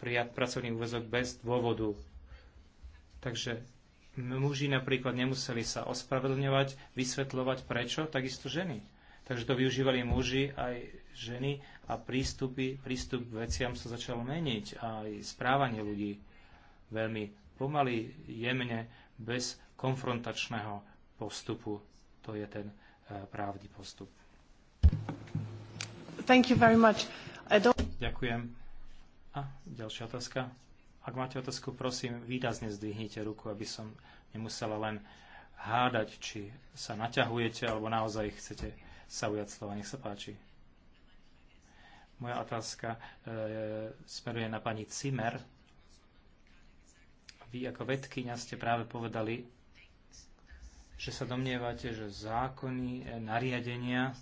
prijat pracovný úvezok bez dôvodu. Takže muži napríklad nemuseli sa ospravedlňovať, vysvetľovať prečo, takisto ženy. Takže to využívali muži aj ženy a prístupy, prístup k veciam sa začal meniť a aj správanie ľudí veľmi pomaly, jemne, bez konfrontačného postupu. To je ten e, právny postup. Thank you very much. Ďakujem. A ďalšia otázka. Ak máte otázku, prosím, výrazne zdvihnite ruku, aby som nemusela len hádať, či sa naťahujete, alebo naozaj chcete sa ujať slova. Nech sa páči. Moja otázka e, smeruje na pani Cimer. Vy ako vedkynia ste práve povedali, že sa domnievate, že zákony, e, nariadenia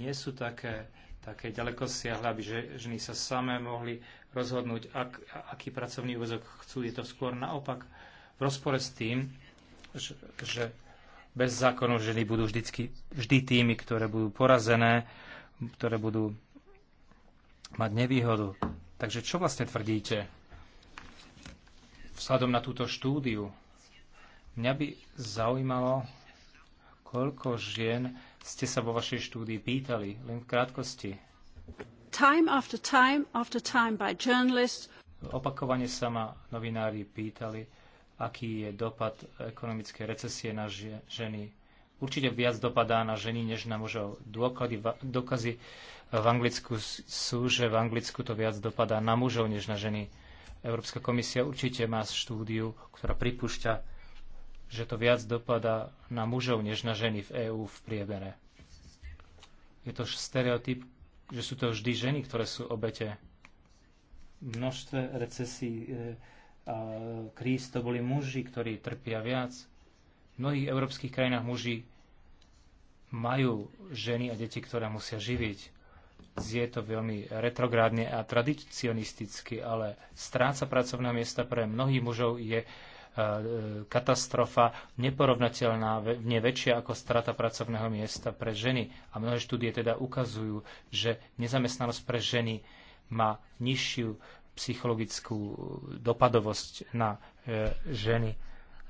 nie sú také, také ďaleko siahle, aby ženy sa samé mohli rozhodnúť, ak, aký pracovný úvezok chcú. Je to skôr naopak v rozpore s tým, že, že bez zákonov ženy budú vždycky, vždy tými, ktoré budú porazené, ktoré budú mať nevýhodu. Takže čo vlastne tvrdíte vzhľadom na túto štúdiu? Mňa by zaujímalo, koľko žien ste sa vo vašej štúdii pýtali, len v krátkosti. Time after time after time by journalists. Opakovane sa ma novinári pýtali, aký je dopad ekonomickej recesie na ženy určite viac dopadá na ženy než na mužov. Dôklady, dokazy v Anglicku sú, že v Anglicku to viac dopadá na mužov než na ženy. Európska komisia určite má štúdiu, ktorá pripúšťa, že to viac dopadá na mužov než na ženy v EÚ v priebere. Je to stereotyp, že sú to vždy ženy, ktoré sú obete množstve recesí e, a kríz to boli muži, ktorí trpia viac. V mnohých európskych krajinách muži majú ženy a deti, ktoré musia živiť. Je to veľmi retrográdne a tradicionisticky, ale stráca pracovná miesta pre mnohých mužov je e, katastrofa neporovnateľná, nie väčšia ako strata pracovného miesta pre ženy. A mnohé štúdie teda ukazujú, že nezamestnanosť pre ženy má nižšiu psychologickú dopadovosť na e, ženy.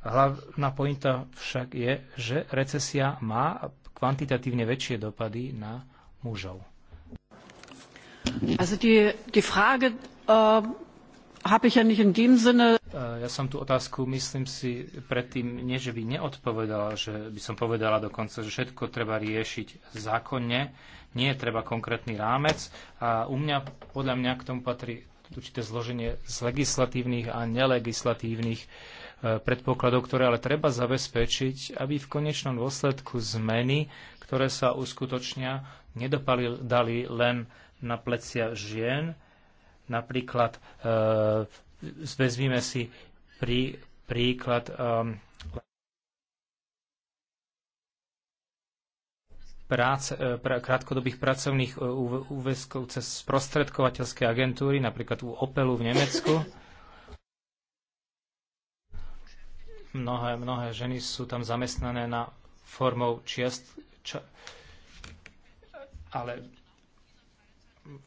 Hlavná pointa však je, že recesia má kvantitatívne väčšie dopady na mužov. Also die, die Frage, uh, äh, habe ich ja nicht in dem Sinne... Äh, ja som tú otázku, myslím si, predtým nie, že by neodpovedala, že by som povedala dokonca, že všetko treba riešiť zákonne, nie je treba konkrétny rámec a u mňa, podľa mňa k tomu patrí určité zloženie z legislatívnych a nelegislatívnych uh, predpokladov, ktoré ale treba zabezpečiť, aby v konečnom dôsledku zmeny, ktoré sa uskutočnia, nedopadali len na plecia žien. Napríklad e, vezmime si prí, príklad e, prác, e, pra, krátkodobých pracovných e, úväzkov cez sprostredkovateľské agentúry, napríklad u Opelu v Nemecku. Mnohé, mnohé ženy sú tam zamestnané na formou čiast, ča, ale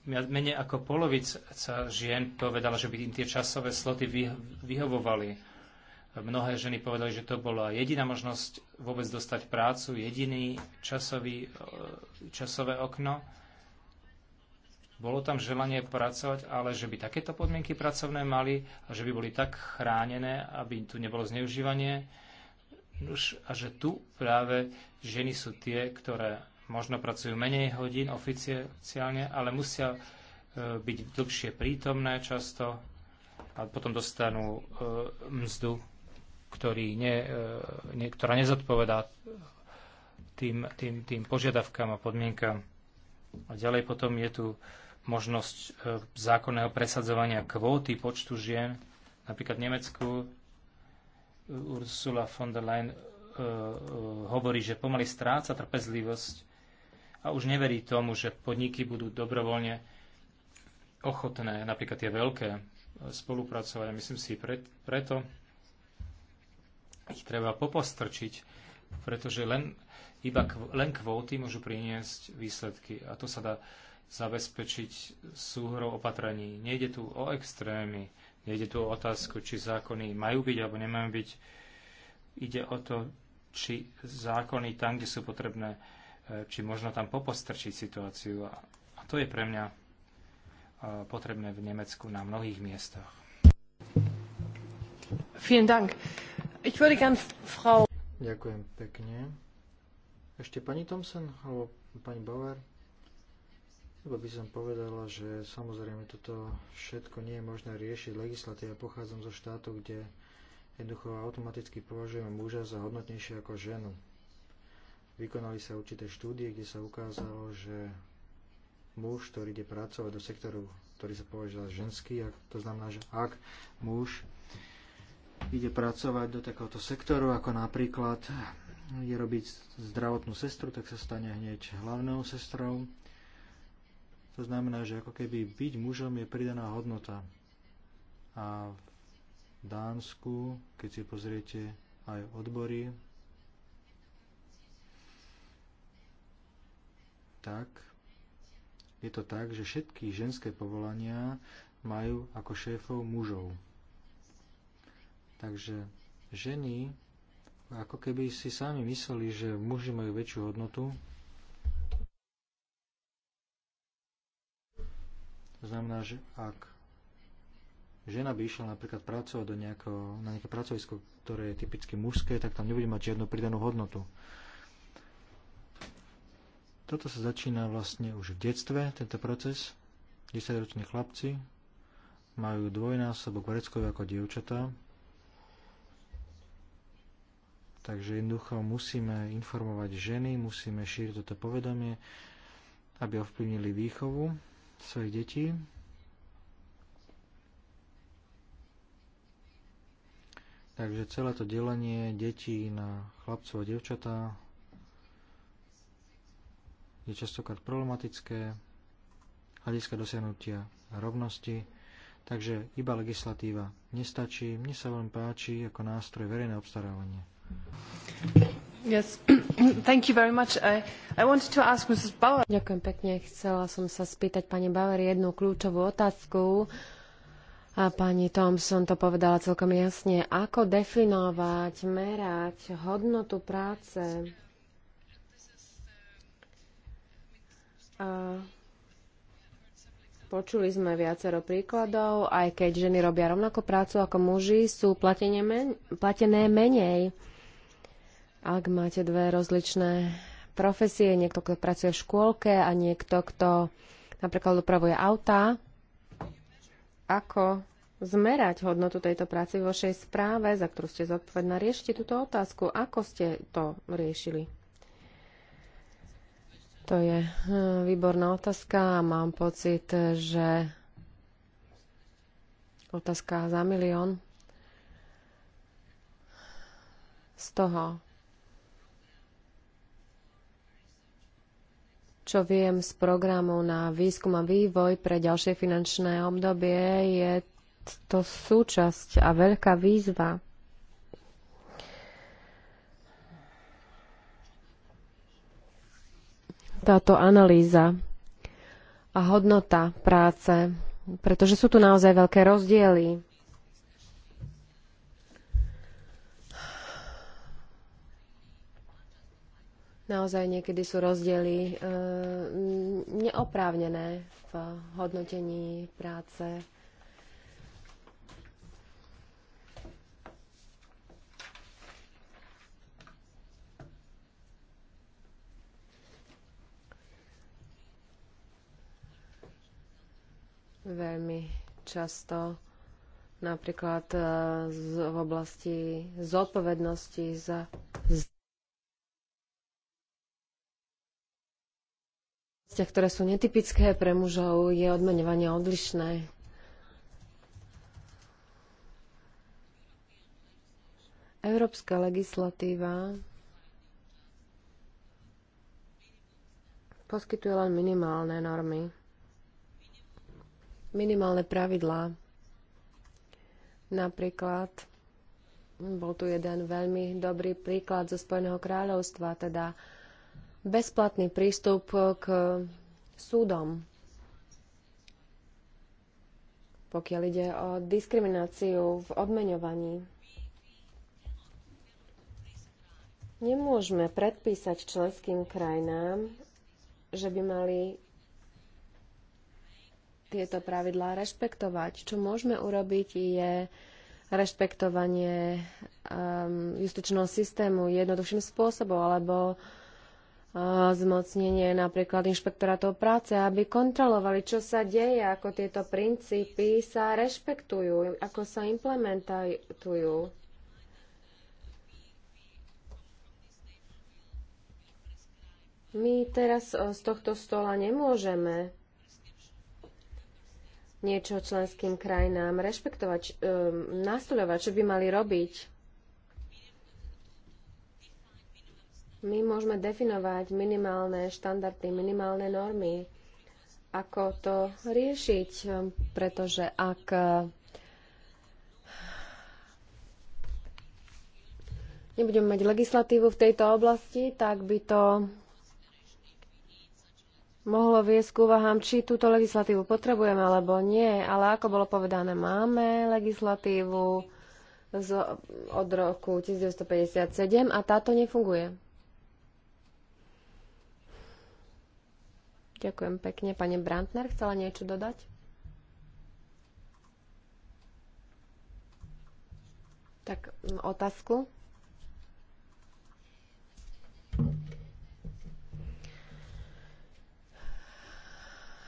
menej ako polovica žien povedala, že by im tie časové sloty vy, vyhovovali. Mnohé ženy povedali, že to bola jediná možnosť vôbec dostať prácu, jediný časový, e, časové okno. Bolo tam želanie pracovať, ale že by takéto podmienky pracovné mali a že by boli tak chránené, aby tu nebolo zneužívanie. Už, a že tu práve ženy sú tie, ktoré možno pracujú menej hodín oficiálne, ale musia e, byť dlhšie prítomné často a potom dostanú e, mzdu, ktorý ne, e, ne, ktorá nezodpovedá tým, tým, tým požiadavkám a podmienkam. A ďalej potom je tu možnosť e, zákonného presadzovania kvóty počtu žien. Napríklad v Nemecku e, Ursula von der Leyen e, hovorí, že pomaly stráca trpezlivosť a už neverí tomu, že podniky budú dobrovoľne ochotné, napríklad tie veľké, spolupracovať. Myslím si, pre, preto ich treba popostrčiť, pretože len, iba len kvóty môžu priniesť výsledky. A to sa dá zabezpečiť súhrou opatrení. Nejde tu o extrémy, nejde tu o otázku, či zákony majú byť alebo nemajú byť. Ide o to, či zákony tam, kde sú potrebné, e, či možno tam popostrčiť situáciu. A to je pre mňa e, potrebné v Nemecku na mnohých miestach. Vielen Dank. Ich würde gern Frau... Ďakujem pekne. Ešte pani Thompson alebo pani Bauer? Iba by som povedala, že samozrejme toto všetko nie je možné riešiť legislatíva. Ja pochádzam zo štátu, kde jednoducho automaticky považujeme muža za hodnotnejšie ako ženu. Vykonali sa určité štúdie, kde sa ukázalo, že muž, ktorý ide pracovať do sektoru, ktorý sa považuje za ženský, to znamená, že ak muž ide pracovať do takéhoto sektoru, ako napríklad je robiť zdravotnú sestru, tak sa stane hneď hlavnou sestrou. To znamená, že ako keby byť mužom je pridaná hodnota. A v Dánsku, keď si pozriete aj odbory, tak je to tak, že všetky ženské povolania majú ako šéfov mužov. Takže ženy ako keby si sami mysleli, že muži majú väčšiu hodnotu To znamená, že ak žena by išla napríklad pracovať do nejako, na nejaké pracovisko, ktoré je typicky mužské, tak tam nebude mať žiadnu pridanú hodnotu. Toto sa začína vlastne už v detstve, tento proces. 10-roční chlapci majú dvojnásobok vreckov ako dievčatá. Takže jednoducho musíme informovať ženy, musíme šíriť toto povedomie, aby ovplyvnili výchovu svojich detí. Takže celé to delenie detí na chlapcov a devčatá je častokrát problematické hľadiska dosiahnutia rovnosti. Takže iba legislatíva nestačí. Mne sa veľmi páči ako nástroj verejné obstarávanie. Ďakujem pekne. Chcela som sa spýtať pani Bauer jednu kľúčovú otázku. A pani Thompson to povedala celkom jasne. Ako definovať, merať hodnotu práce? A počuli sme viacero príkladov, aj keď ženy robia rovnakú prácu ako muži, sú platené menej. Ak máte dve rozličné profesie, niekto, kto pracuje v škôlke a niekto, kto napríklad dopravuje auta, ako zmerať hodnotu tejto práce vo vašej správe, za ktorú ste zodpovedná. Riešite túto otázku. Ako ste to riešili? To je hm, výborná otázka a mám pocit, že otázka za milión z toho Čo viem z programu na výskum a vývoj pre ďalšie finančné obdobie, je to súčasť a veľká výzva. Táto analýza a hodnota práce, pretože sú tu naozaj veľké rozdiely Naozaj niekedy sú rozdiely e, neoprávnené v hodnotení práce. Veľmi často napríklad e, z, v oblasti zodpovednosti za z, oblastiach, ktoré sú netypické pre mužov, je odmenovanie odlišné. Európska legislatíva poskytuje len minimálne normy, minimálne pravidlá. Napríklad bol tu jeden veľmi dobrý príklad zo Spojeného kráľovstva, teda bezplatný prístup k súdom, pokiaľ ide o diskrimináciu v odmeňovaní. Nemôžeme predpísať členským krajinám, že by mali tieto pravidlá rešpektovať. Čo môžeme urobiť je rešpektovanie um, justičného systému jednoduchším spôsobom alebo uh, zmocnenie napríklad inšpektorátov práce, aby kontrolovali, čo sa deje, ako tieto princípy sa rešpektujú, ako sa implementujú. My teraz e, z tohto stola nemôžeme niečo členským krajinám rešpektovať, e, nastoľovať, čo by mali robiť. My môžeme definovať minimálne štandardy, minimálne normy, ako to riešiť, pretože ak eh, nebudeme mať legislatívu v tejto oblasti, tak by to mohlo viesť k úvahám, či túto legislatívu potrebujeme alebo nie, ale ako bolo povedané, máme legislatívu z, od roku 1957 a táto nefunguje. Ďakujem pekne. Pani Brantner, chcela niečo dodať? Tak mm, otázku.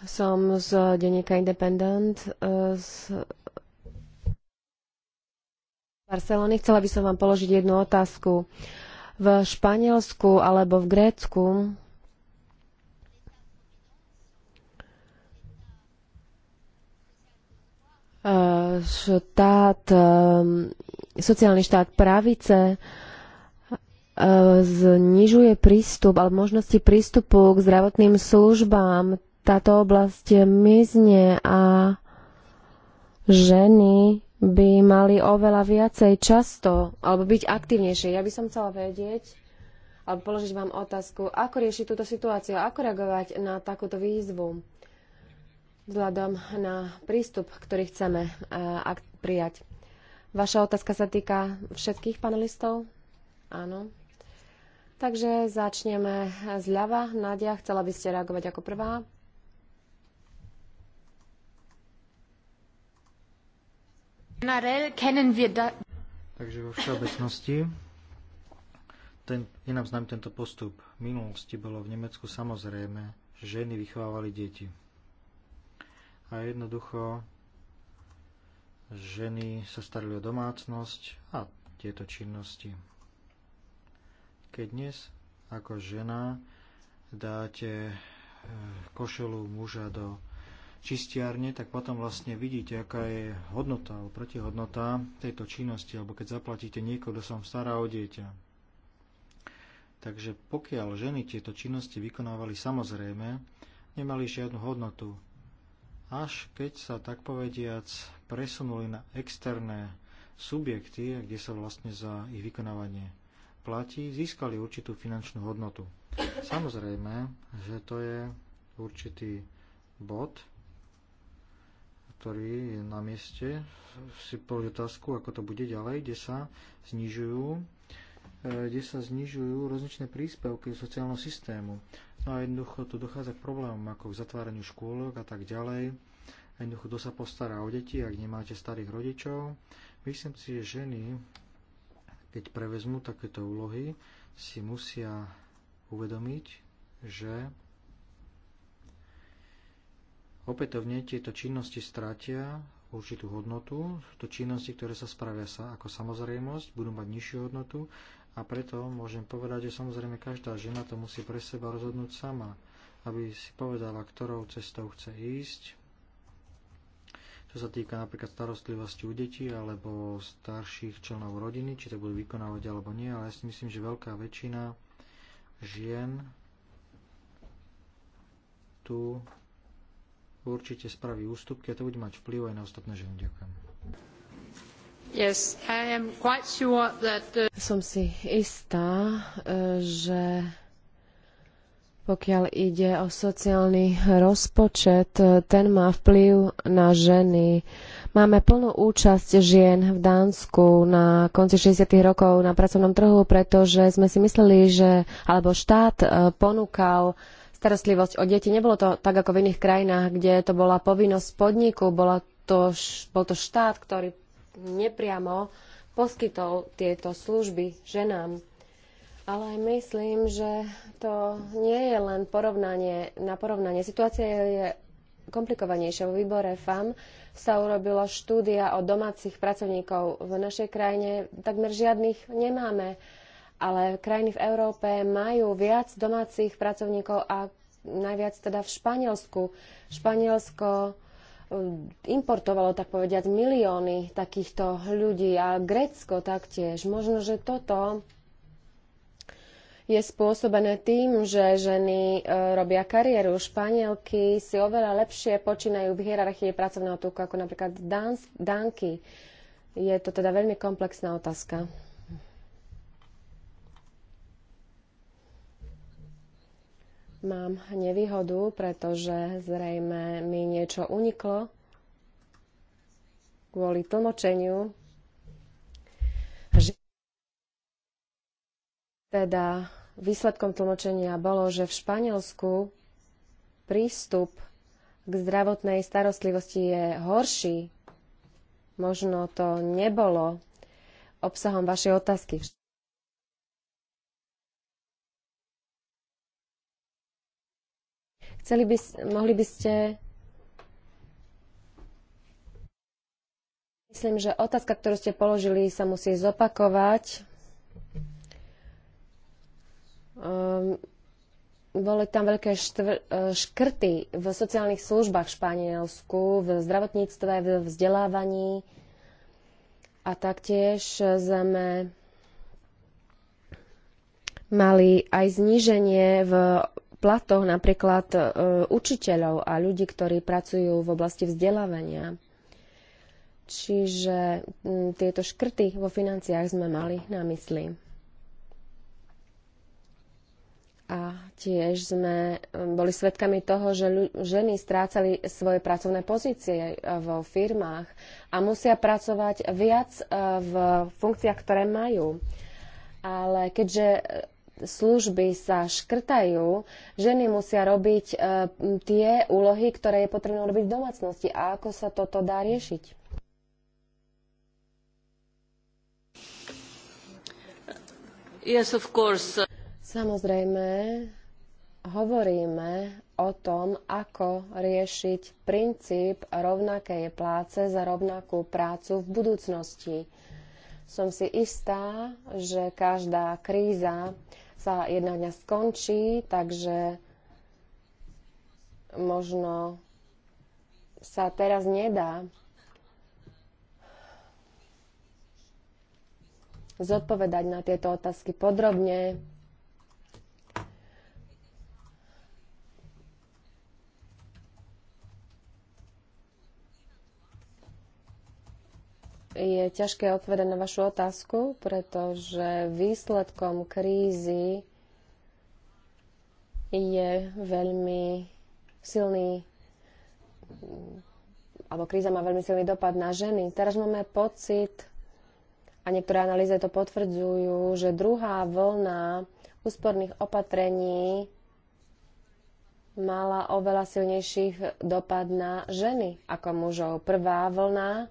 Som z denníka Independent e, z Barcelony. Chcela by som vám položiť jednu otázku. V Španielsku alebo v Grécku štát, ehm, sociálny štát pravice ehm, znižuje prístup alebo možnosti prístupu k zdravotným službám. Táto oblasť mizne a ženy by mali oveľa viacej často alebo byť aktívnejšie. Ja by som chcela vedieť alebo položiť vám otázku, ako riešiť túto situáciu, ako reagovať na takúto výzvu vzhľadom na prístup, ktorý chceme e, prijať. Vaša otázka sa týka všetkých panelistov? Áno. Takže začneme zľava. Nadia, chcela by ste reagovať ako prvá? Takže vo všeobecnosti ten, je nám známy tento postup. V minulosti bolo v Nemecku samozrejme, že ženy vychovávali deti a jednoducho ženy sa starali o domácnosť a tieto činnosti. Keď dnes ako žena dáte eh, košelu muža do čistiarne, tak potom vlastne vidíte, aká je hodnota alebo protihodnota tejto činnosti, alebo keď zaplatíte niekoho, kto sa vám stará o dieťa. Takže pokiaľ ženy tieto činnosti vykonávali samozrejme, nemali žiadnu hodnotu až keď sa tak povediac presunuli na externé subjekty, kde sa vlastne za ich vykonávanie platí, získali určitú finančnú hodnotu. Samozrejme, že to je určitý bod, ktorý je na mieste, si položil otázku, ako to bude ďalej, kde sa znižujú kde sa znižujú rozličné príspevky sociálneho systému. No a jednoducho tu dochádza k problémom ako k zatváraniu škôlok a tak ďalej. A jednoducho kto sa postará o deti, ak nemáte starých rodičov. Myslím si, že ženy, keď prevezmú takéto úlohy, si musia uvedomiť, že opätovne tieto činnosti stratia určitú hodnotu. Sú to činnosti, ktoré sa spravia sa ako samozrejmosť, budú mať nižšiu hodnotu a preto môžem povedať, že samozrejme každá žena to musí pre seba rozhodnúť sama, aby si povedala, ktorou cestou chce ísť, čo sa týka napríklad starostlivosti u detí alebo starších členov rodiny, či to budú vykonávať alebo nie, ale ja si myslím, že veľká väčšina žien tu určite spraví ústupky a to bude mať vplyv aj na ostatné ženy. Ďakujem. Yes, sure the... Som si istá, e, že pokiaľ ide o sociálny rozpočet, e, ten má vplyv na ženy. Máme plnú účasť žien v Dánsku na konci 60. rokov na pracovnom trhu, pretože sme si mysleli, že alebo štát e, ponúkal starostlivosť o deti. Nebolo to tak ako v iných krajinách, kde to bola povinnosť podniku, bola to, bol to štát, ktorý nepriamo poskytol tieto služby ženám. Ale myslím, že to nie je len porovnanie na porovnanie. Situácia je komplikovanejšia. Vo výbore FAM sa urobila štúdia o domácich pracovníkov. V našej krajine takmer žiadnych nemáme, ale krajiny v Európe majú viac domácich pracovníkov a najviac teda v Španielsku. Španielsko Eh, importovalo, tak povediať, milióny takýchto ľudí a Grécko taktiež. Možno, že toto je spôsobené tým, že ženy eh, robia kariéru. Španielky si oveľa lepšie počínajú v hierarchii pracovného tuku ako napríklad Dánky. Je to teda veľmi komplexná otázka. mám nevýhodu, pretože zrejme mi niečo uniklo kvôli tlmočeniu. Teda výsledkom tlmočenia bolo, že v Španielsku prístup k zdravotnej starostlivosti je horší. Možno to nebolo obsahom vašej otázky. Chceli by, mohli by ste Myslím, že otázka, ktorú ste položili, sa musí zopakovať. Um, boli tam veľké štvr- e, škrty v sociálnych službách v Španielsku, v zdravotníctve, v vzdelávaní a taktiež sme mali aj zníženie v platoch napríklad e, učiteľov a ľudí, ktorí pracujú v oblasti vzdelávania. Čiže tieto škrty vo financiách sme mali na mysli. A tiež sme boli svedkami toho, že ženy strácali svoje pracovné pozície e, vo firmách a musia pracovať viac e, v funkciách, ktoré majú. Ale keďže služby sa škrtajú, ženy musia robiť e, tie úlohy, ktoré je potrebné robiť v domácnosti. A ako sa toto dá riešiť? Yes, of course. Samozrejme, hovoríme o tom, ako riešiť princíp rovnakej pláce za rovnakú prácu v budúcnosti. Som si istá, že každá kríza sa jedného dňa skončí, takže možno sa teraz nedá zodpovedať na tieto otázky podrobne, je ťažké odpovedať na vašu otázku, pretože výsledkom krízy je veľmi silný alebo kríza má veľmi silný dopad na ženy. Teraz máme pocit, a niektoré analýzy to potvrdzujú, že druhá vlna úsporných opatrení mala oveľa silnejších dopad na ženy ako mužov. Prvá vlna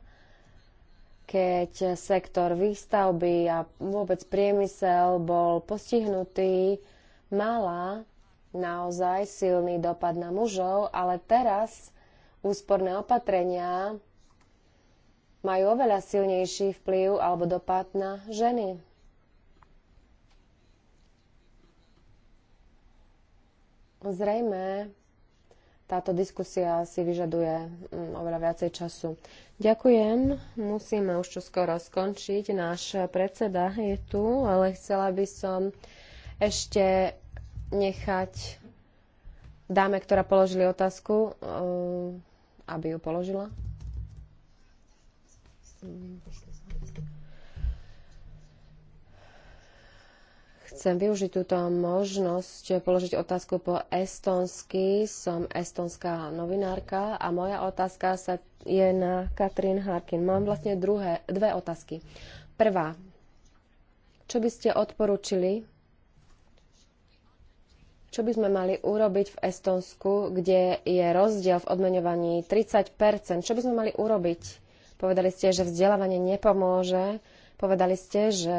keď sektor výstavby a vôbec priemysel bol postihnutý, mala naozaj silný dopad na mužov, ale teraz úsporné opatrenia majú oveľa silnejší vplyv alebo dopad na ženy. Zrejme táto diskusia si vyžaduje mm, oveľa viacej času. Ďakujem. Musíme už čoskoro skončiť. Náš predseda je tu, ale chcela by som ešte nechať dáme, ktorá položili otázku, eh, aby ju položila. Chcem využiť túto možnosť položiť otázku po estonsky. Som estonská novinárka a moja otázka sa je na Katrin Harkin. Mám vlastne druhé, dve otázky. Prvá. Čo by ste odporučili čo by sme mali urobiť v Estonsku, kde je rozdiel v odmeňovaní 30 Čo by sme mali urobiť? Povedali ste, že vzdelávanie nepomôže. Povedali ste, že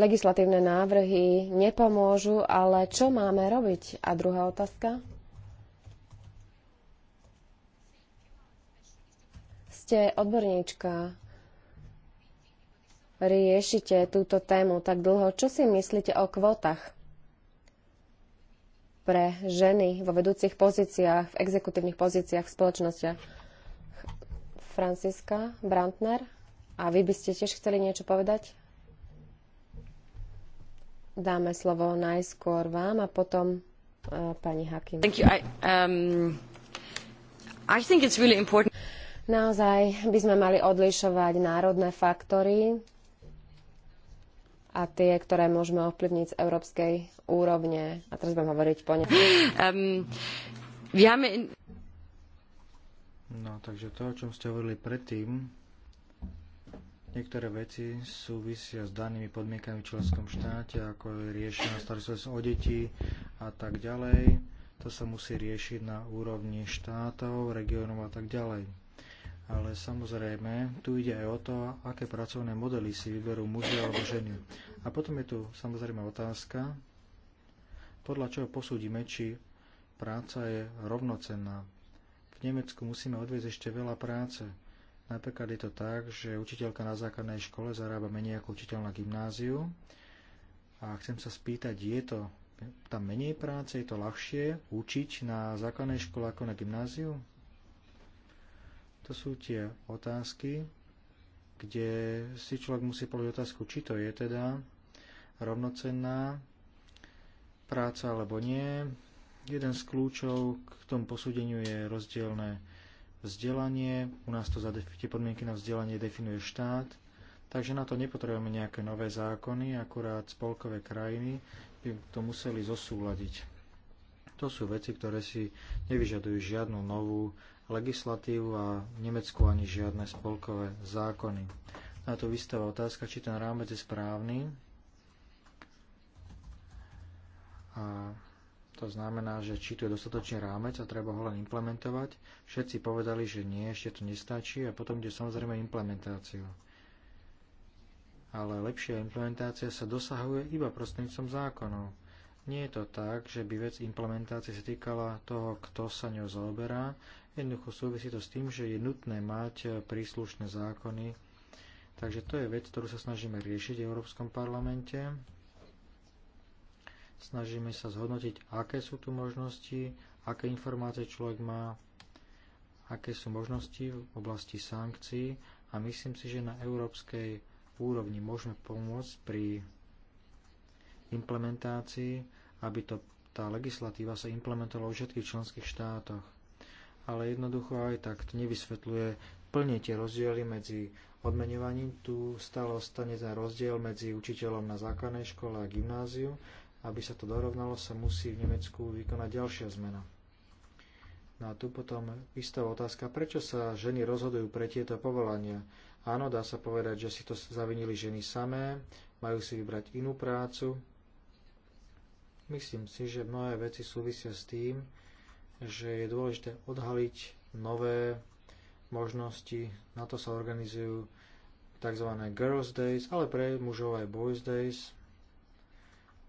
legislatívne návrhy nepomôžu, ale čo máme robiť? A druhá otázka? Ste odborníčka, riešite túto tému tak dlho. Čo si myslíte o kvotách pre ženy vo vedúcich pozíciách, v exekutívnych pozíciách v spoločnostiach? Franciska Brantner, a vy by ste tiež chceli niečo povedať? Dáme slovo najskôr vám a potom uh, pani Hakim. I, um, I really Naozaj by sme mali odlišovať národné faktory a tie, ktoré môžeme ovplyvniť z európskej úrovne. A teraz budem hovoriť po ne. Um, No, takže to, o čom ste hovorili predtým, Niektoré veci súvisia s danými podmienkami v členskom štáte, ako je riešená starostlivosť o deti a tak ďalej. To sa musí riešiť na úrovni štátov, regiónov a tak ďalej. Ale samozrejme, tu ide aj o to, aké pracovné modely si vyberú muži alebo ženy. A potom je tu samozrejme otázka, podľa čoho posúdime, či práca je rovnocenná. V Nemecku musíme odviezť ešte veľa práce Napríklad je to tak, že učiteľka na základnej škole zarába menej ako učiteľ na gymnáziu. A chcem sa spýtať, je to tam menej práce, je to ľahšie učiť na základnej škole ako na gymnáziu? To sú tie otázky, kde si človek musí položiť otázku, či to je teda rovnocenná práca alebo nie. Jeden z kľúčov k tomu posúdeniu je rozdielne Vzdelanie, u nás to za tie podmienky na vzdelanie definuje štát, takže na to nepotrebujeme nejaké nové zákony, akurát spolkové krajiny by to museli zosúľadiť. To sú veci, ktoré si nevyžadujú žiadnu novú legislatívu a v Nemecku ani žiadne spolkové zákony. Na to vystáva otázka, či ten rámec je správny, a to znamená, že či tu je dostatočný rámec a treba ho len implementovať. Všetci povedali, že nie, ešte to nestačí a potom ide samozrejme implementáciu. Ale lepšia implementácia sa dosahuje iba prostredníctvom zákonov. Nie je to tak, že by vec implementácie sa týkala toho, kto sa ňou zaoberá. Jednoducho súvisí to s tým, že je nutné mať príslušné zákony. Takže to je vec, ktorú sa snažíme riešiť v Európskom parlamente snažíme sa zhodnotiť, aké sú tu možnosti, aké informácie človek má, aké sú možnosti v oblasti sankcií a myslím si, že na európskej úrovni môžeme pomôcť pri implementácii, aby to, tá legislatíva sa implementovala vo všetkých členských štátoch. Ale jednoducho aj tak to nevysvetľuje plne tie rozdiely medzi odmenovaním. Tu stále ostane ten rozdiel medzi učiteľom na základnej škole a gymnáziu aby sa to dorovnalo, sa musí v Nemecku vykonať ďalšia zmena. No a tu potom istá otázka, prečo sa ženy rozhodujú pre tieto povolania. Áno, dá sa povedať, že si to zavinili ženy samé, majú si vybrať inú prácu. Myslím si, že mnohé veci súvisia s tým, že je dôležité odhaliť nové možnosti. Na to sa organizujú tzv. Girls Days, ale pre mužov aj Boys Days.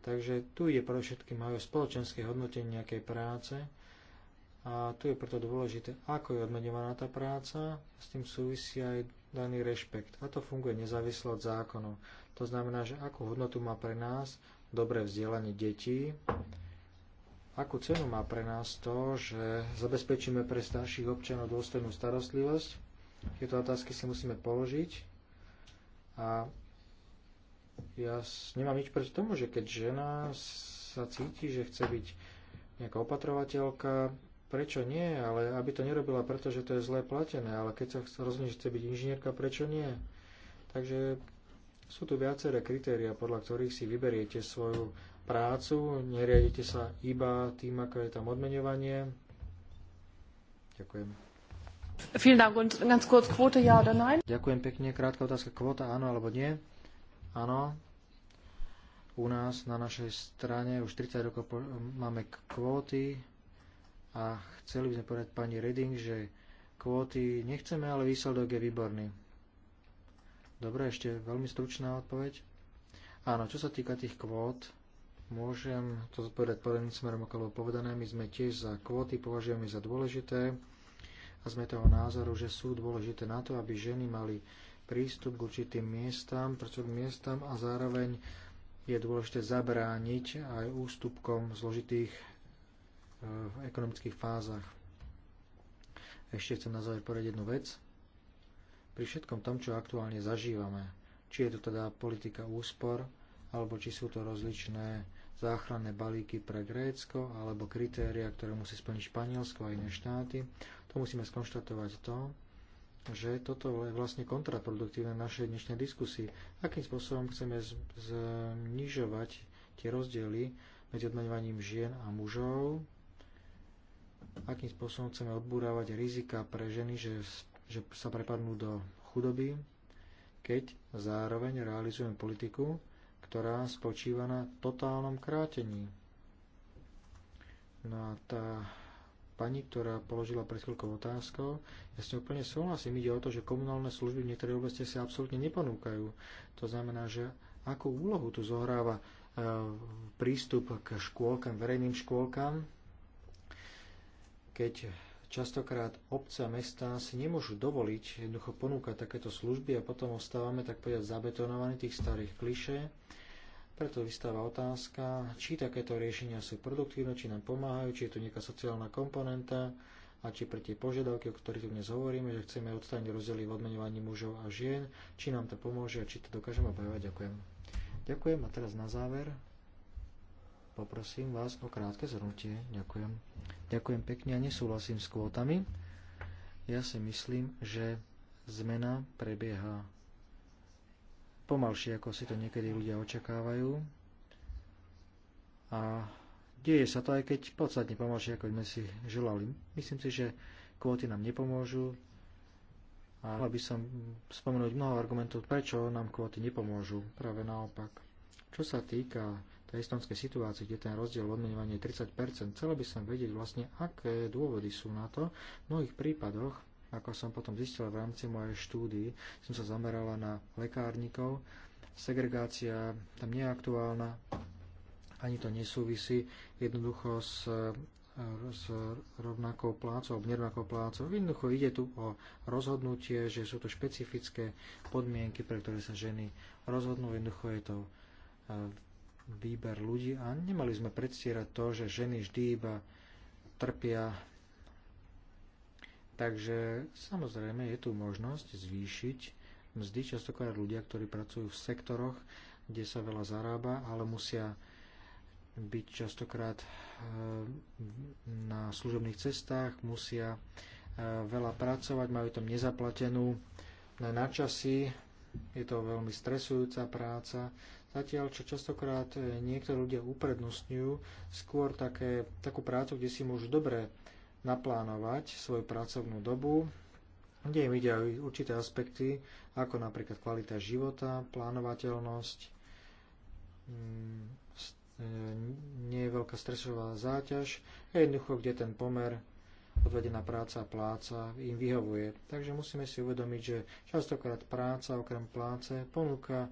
Takže tu je pre všetky majú spoločenské hodnotenie nejakej práce a tu je preto dôležité, ako je odmenovaná tá práca, s tým súvisí aj daný rešpekt. A to funguje nezávisle od zákonov. To znamená, že akú hodnotu má pre nás dobré vzdelanie detí, akú cenu má pre nás to, že zabezpečíme pre starších občanov dôstojnú starostlivosť. Tieto otázky si musíme položiť a ja nemám nič proti tomu, že keď žena sa cíti, že chce byť nejaká opatrovateľka, prečo nie, ale aby to nerobila, pretože to je zlé platené, ale keď sa rozhodne, že chce byť inžinierka, prečo nie? Takže sú tu viaceré kritéria, podľa ktorých si vyberiete svoju prácu, neriadite sa iba tým, ako je tam odmeňovanie. Ďakujem. Ďakujem pekne, krátka otázka, kvota áno alebo nie? Áno, u nás na našej strane už 30 rokov máme kvóty a chceli by sme povedať pani Reding, že kvóty nechceme, ale výsledok je výborný. Dobre, ešte veľmi stručná odpoveď. Áno, čo sa týka tých kvót, môžem to zodpovedať podobným smerom okolo povedané. My sme tiež za kvóty, považujeme za dôležité a sme toho názoru, že sú dôležité na to, aby ženy mali prístup k určitým miestam, prístup k miestam a zároveň je dôležité zabrániť aj ústupkom v zložitých e, v ekonomických fázach. Ešte chcem na záver povedať jednu vec. Pri všetkom tom, čo aktuálne zažívame, či je to teda politika úspor, alebo či sú to rozličné záchranné balíky pre Grécko, alebo kritéria, ktoré musí splniť Španielsko a iné štáty, to musíme skonštatovať to, že toto je vlastne kontraproduktívne našej dnešnej diskusii. Akým spôsobom chceme znižovať tie rozdiely medzi odmeňovaním žien a mužov, akým spôsobom chceme odbúravať rizika pre ženy, že, že sa prepadnú do chudoby, keď zároveň realizujeme politiku, ktorá spočíva na totálnom krátení. No a tá pani, ktorá položila pred chvíľkou otázkou. Ja s ňou úplne súhlasím. Ide o to, že komunálne služby v niektorej oblasti sa absolútne neponúkajú. To znamená, že akú úlohu tu zohráva e, prístup k škôlkam, verejným škôlkam, keď častokrát obce a mesta si nemôžu dovoliť jednoducho ponúkať takéto služby a potom ostávame tak povedať zabetonovaní tých starých klišé preto vystáva otázka, či takéto riešenia sú produktívne, či nám pomáhajú, či je tu nejaká sociálna komponenta a či pre tie požiadavky, o ktorých tu dnes hovoríme, že chceme odstrániť rozdiely v odmenovaní mužov a žien, či nám to pomôže a či to dokážeme obhajovať. Ďakujem. Ďakujem a teraz na záver poprosím vás o krátke zhrnutie. Ďakujem. Ďakujem pekne a nesúhlasím s kvótami. Ja si myslím, že zmena prebieha pomalšie, ako si to niekedy ľudia očakávajú. A deje sa to, aj keď podstatne pomalšie, ako sme si želali. Myslím si, že kvóty nám nepomôžu. A by som spomenúť mnoho argumentov, prečo nám kvóty nepomôžu. Práve naopak. Čo sa týka tej estonskej situácie, kde ten rozdiel odmenovaní je 30%, chcel by som vedieť vlastne, aké dôvody sú na to. V mnohých prípadoch ako som potom zistila v rámci mojej štúdii, som sa zamerala na lekárnikov. Segregácia tam nie je aktuálna, ani to nesúvisí jednoducho s, s rovnakou plácou, nerovnakou plácou. Jednoducho ide tu o rozhodnutie, že sú to špecifické podmienky, pre ktoré sa ženy rozhodnú. Jednoducho je to e, výber ľudí a nemali sme predstierať to, že ženy vždy iba trpia Takže samozrejme je tu možnosť zvýšiť mzdy. Častokrát ľudia, ktorí pracujú v sektoroch, kde sa veľa zarába, ale musia byť častokrát eh, na služobných cestách, musia eh, veľa pracovať, majú tam nezaplatenú na načasy, je to veľmi stresujúca práca. Zatiaľ, čo častokrát eh, niektorí ľudia uprednostňujú skôr také, takú prácu, kde si môžu dobre naplánovať svoju pracovnú dobu, kde im ide aj určité aspekty, ako napríklad kvalita života, plánovateľnosť, mm, e, nie je veľká stresová záťaž a jednoducho, kde ten pomer odvedená práca a pláca im vyhovuje. Takže musíme si uvedomiť, že častokrát práca okrem pláce ponúka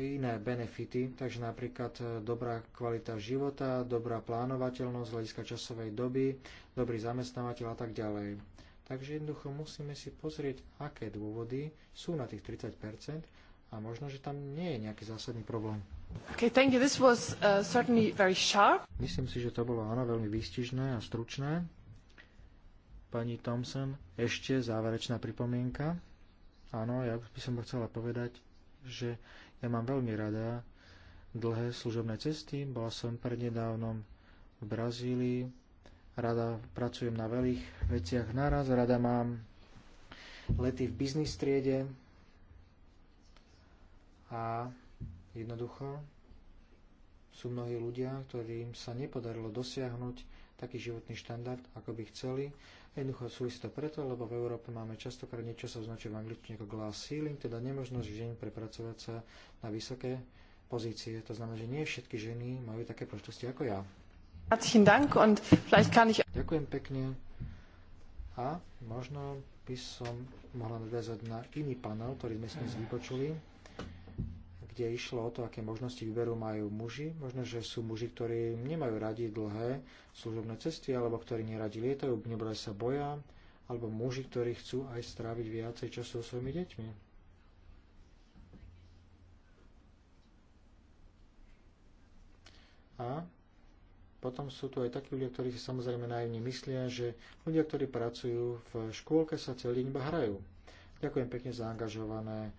iné benefity, takže napríklad e, dobrá kvalita života, dobrá plánovateľnosť z hľadiska časovej doby, dobrý zamestnávateľ a tak ďalej. Takže jednoducho musíme si pozrieť, aké dôvody sú na tých 30 a možno, že tam nie je nejaký zásadný problém. Okay, thank you. This was, uh, certainly very sharp. Myslím si, že to bolo áno, veľmi výstižné a stručné. Pani Thompson, ešte záverečná pripomienka. Áno, ja by som chcela povedať, že uh, ja mám veľmi rada dlhé služobné cesty. Bola som prednedávnom v Brazílii. Rada pracujem na veľých veciach naraz. Rada mám lety v biznis triede. A jednoducho sú mnohí ľudia, ktorým sa nepodarilo dosiahnuť taký životný štandard, ako by chceli. Jednoducho sú isté preto, lebo v Európe máme častokrát niečo sa označuje v angličtine ako glass ceiling, teda nemožnosť žien prepracovať sa na vysoké pozície. To znamená, že nie všetky ženy majú také prostosti ako ja. Ďakujem pekne. A možno by som mohla nadviazať na iný panel, ktorý sme si dnes vypočuli kde išlo o to, aké možnosti výberu majú muži. Možno, že sú muži, ktorí nemajú radi dlhé služobné cesty, alebo ktorí neradi lietajú, nebo sa boja, alebo muži, ktorí chcú aj stráviť viacej času so svojimi deťmi. A potom sú tu aj takí ľudia, ktorí si samozrejme naivne myslia, že ľudia, ktorí pracujú v škôlke, sa celý deň hrajú. Ďakujem pekne za angažované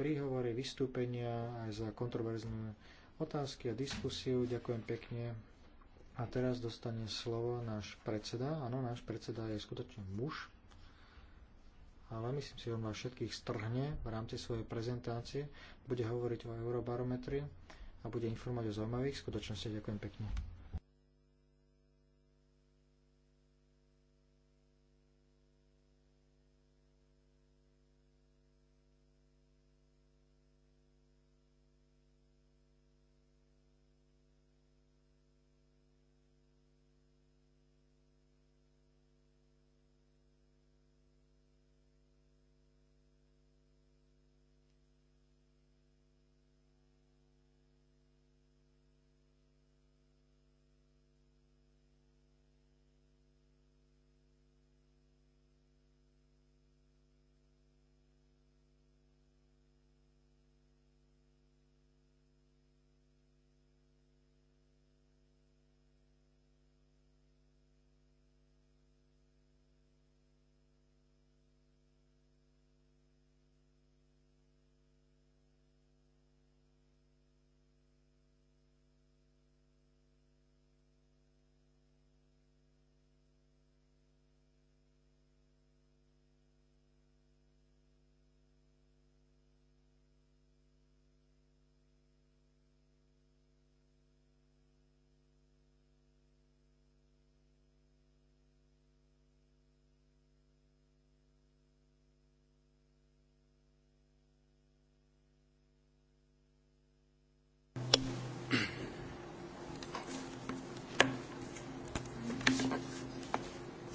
príhovory, vystúpenia, aj za kontroverzné otázky a diskusiu. Ďakujem pekne. A teraz dostane slovo náš predseda. Áno, náš predseda je skutočne muž, ale myslím si, že on vás všetkých strhne v rámci svojej prezentácie. Bude hovoriť o eurobarometri a bude informovať o zaujímavých skutočnostiach. Ďakujem pekne.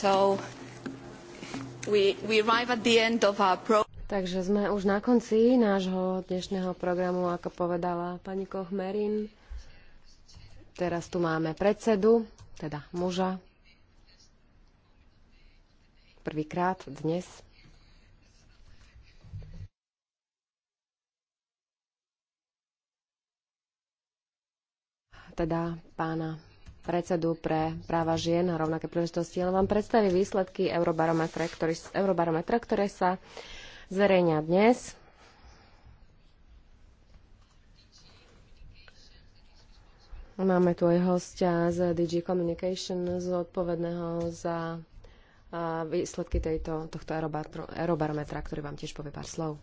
So we, we arrive at the end of our pro- Takže sme už na konci nášho dnešného programu, ako povedala pani Kochmerin. Teraz tu máme predsedu, teda muža. Prvýkrát dnes. Teda pána predsedu pre práva žien a rovnaké príležitosti, ale vám predstaví výsledky Eurobarometra, ktorý, Eurobarometra, ktoré sa zverejňa dnes. Máme tu aj hostia z DG Communication, zodpovedného za výsledky tejto, tohto aerobarometra, ktorý vám tiež povie pár slov.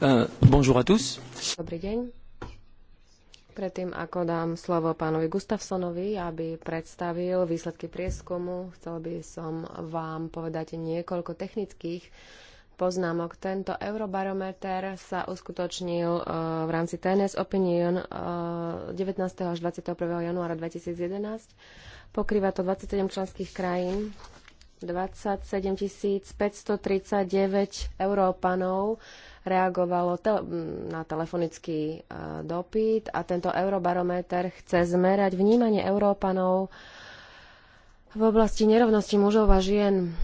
Uh, bonjour à tous. Dobrý deň. Predtým, ako dám slovo pánovi Gustafsonovi, aby predstavil výsledky prieskumu, chcel by som vám povedať niekoľko technických poznámok. Tento eurobarometer sa uskutočnil e, v rámci TNS Opinion 19. E, až 21. januára 2011. Pokrýva to 27 členských krajín, 27 539 Európanov, reagovalo te- na telefonický uh, dopyt a tento eurobarometer chce zmerať vnímanie Európanov v oblasti nerovnosti mužov a žien.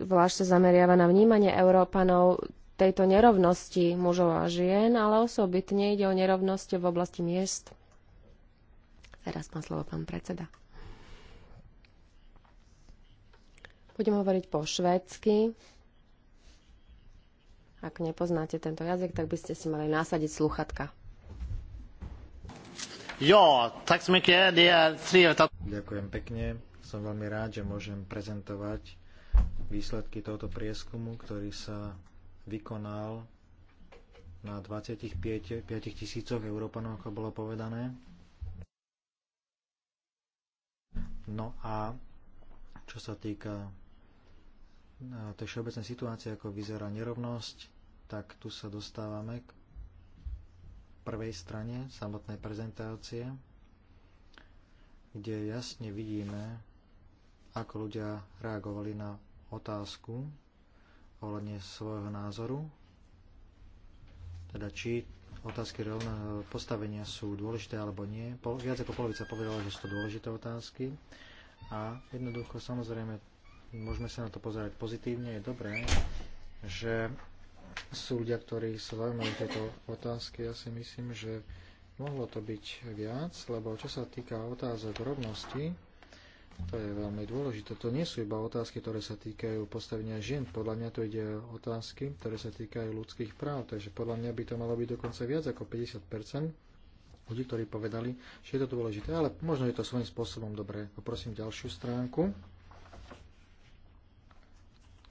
Zvlášť sa zameriava na vnímanie Európanov tejto nerovnosti mužov a žien, ale osobitne ide o nerovnosti v oblasti miest. Teraz má slovo pán predseda. Budem hovoriť po švédsky. Ak nepoznáte tento jazyk, tak by ste si mali nasadiť sluchatka. Jo, tak smyke, Ďakujem pekne. Som veľmi rád, že môžem prezentovať výsledky tohoto prieskumu, ktorý sa vykonal na 25 tisícoch Európanov, ako bolo povedané. No a čo sa týka eh, tej všeobecnej situácie, ako vyzerá nerovnosť, tak tu sa dostávame k prvej strane samotnej prezentácie, kde jasne vidíme, ako ľudia reagovali na otázku ohľadne svojho názoru, teda či otázky rovného postavenia sú dôležité alebo nie. Viac ako polovica povedala, že sú to dôležité otázky a jednoducho samozrejme môžeme sa na to pozerať pozitívne. Je dobré, že sú ľudia, ktorí sa zaujímajú tieto otázky. Ja si myslím, že mohlo to byť viac, lebo čo sa týka otázok rovnosti, to je veľmi dôležité. To nie sú iba otázky, ktoré sa týkajú postavenia žien. Podľa mňa to ide o otázky, ktoré sa týkajú ľudských práv. Takže podľa mňa by to malo byť dokonca viac ako 50 ľudí, ktorí povedali, že je to dôležité. Ale možno je to svojím spôsobom dobré. Poprosím ďalšiu stránku.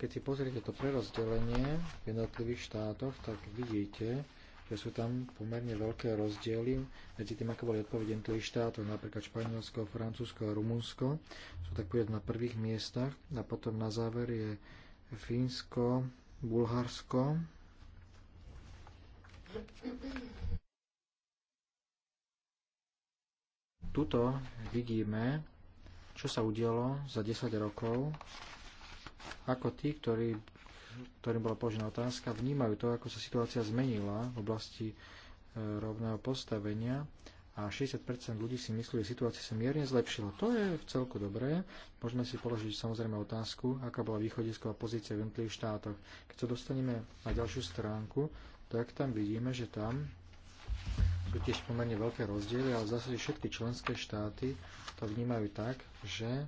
Keď si pozriete to prerozdelenie v jednotlivých štátoch, tak vidíte, že sú tam pomerne veľké rozdiely medzi tým, ako boli odpovede jednotlivých štátov, napríklad Španielsko, Francúzsko a Rumunsko sú tak povedať na prvých miestach a potom na záver je Fínsko, Bulharsko. Tuto vidíme, čo sa udialo za 10 rokov ako tí, ktorí, ktorým bola položená otázka, vnímajú to, ako sa situácia zmenila v oblasti e, rovného postavenia a 60% ľudí si myslí, že situácia sa mierne zlepšila. To je v celku dobré. Môžeme si položiť samozrejme otázku, aká bola východisková pozícia v jednotlivých štátoch. Keď sa dostaneme na ďalšiu stránku, tak tam vidíme, že tam sú tiež pomerne veľké rozdiely, ale v všetky členské štáty to vnímajú tak, že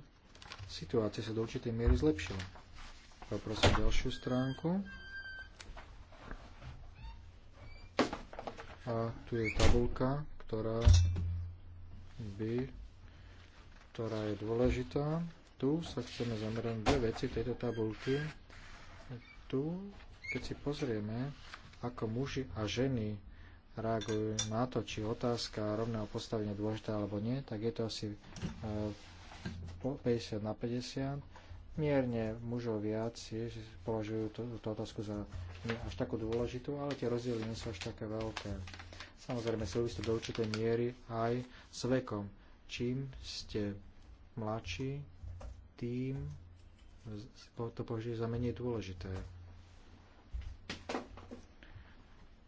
situácia sa do určitej miery zlepšila. Poprosím ďalšiu stránku. A tu je tabulka, ktorá by, ktorá je dôležitá. Tu sa chceme zamerať na dve veci tejto tabulky. Tu, keď si pozrieme, ako muži a ženy reagujú na to, či otázka rovného postavenia dôležitá alebo nie, tak je to asi 50 eh, na 50 mierne mužov viac je, že považujú túto otázku za nie až takú dôležitú, ale tie rozdiely nie sú až také veľké. Samozrejme súvisí to do určitej miery aj s vekom. Čím ste mladší, tým to považuje za menej dôležité.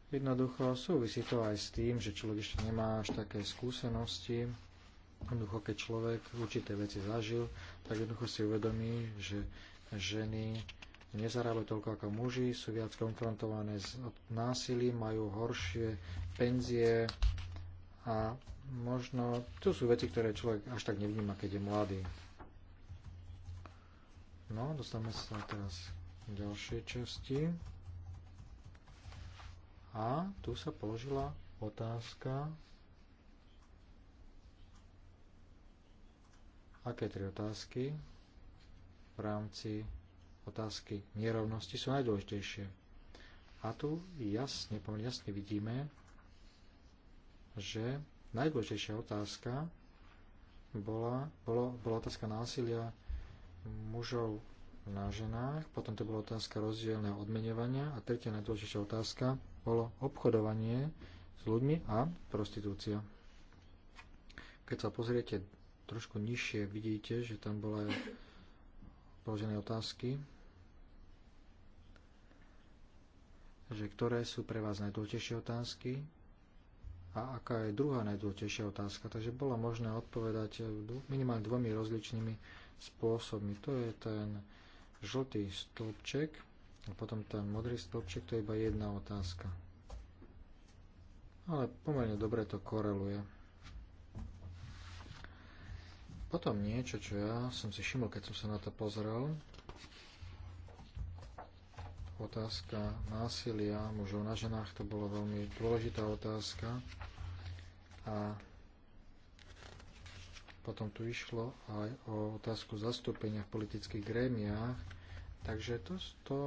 Jednoducho súvisí to aj s tým, že človek ešte nemá až také skúsenosti, Jednoducho, keď človek určité veci zažil, tak jednoducho si uvedomí, že ženy nezarábajú toľko ako muži, sú viac konfrontované s násilím, majú horšie penzie a možno tu sú veci, ktoré človek až tak nevníma, keď je mladý. No, dostaneme sa teraz k ďalšej časti. A tu sa položila otázka, aké tri otázky v rámci otázky nerovnosti sú najdôležitejšie. A tu jasne, pomerne jasne vidíme, že najdôležitejšia otázka bola, bolo, bola otázka násilia mužov na ženách, potom to bola otázka rozdielného odmenovania a tretia najdôležitejšia otázka bolo obchodovanie s ľuďmi a prostitúcia. Keď sa pozriete trošku nižšie vidíte, že tam bola položené otázky, že ktoré sú pre vás najdôležitejšie otázky a aká je druhá najdôležitejšia otázka. Takže bolo možné odpovedať eh, minimálne dvomi rozličnými spôsobmi. To je ten žltý stĺpček a potom ten modrý stĺpček, to je iba jedna otázka. Ale pomerne dobre to koreluje. Potom niečo, čo ja som si všimol, keď som sa na to pozrel, otázka násilia mužov na ženách, to bola veľmi dôležitá otázka. A potom tu išlo aj o otázku zastúpenia v politických grémiách. Takže to, to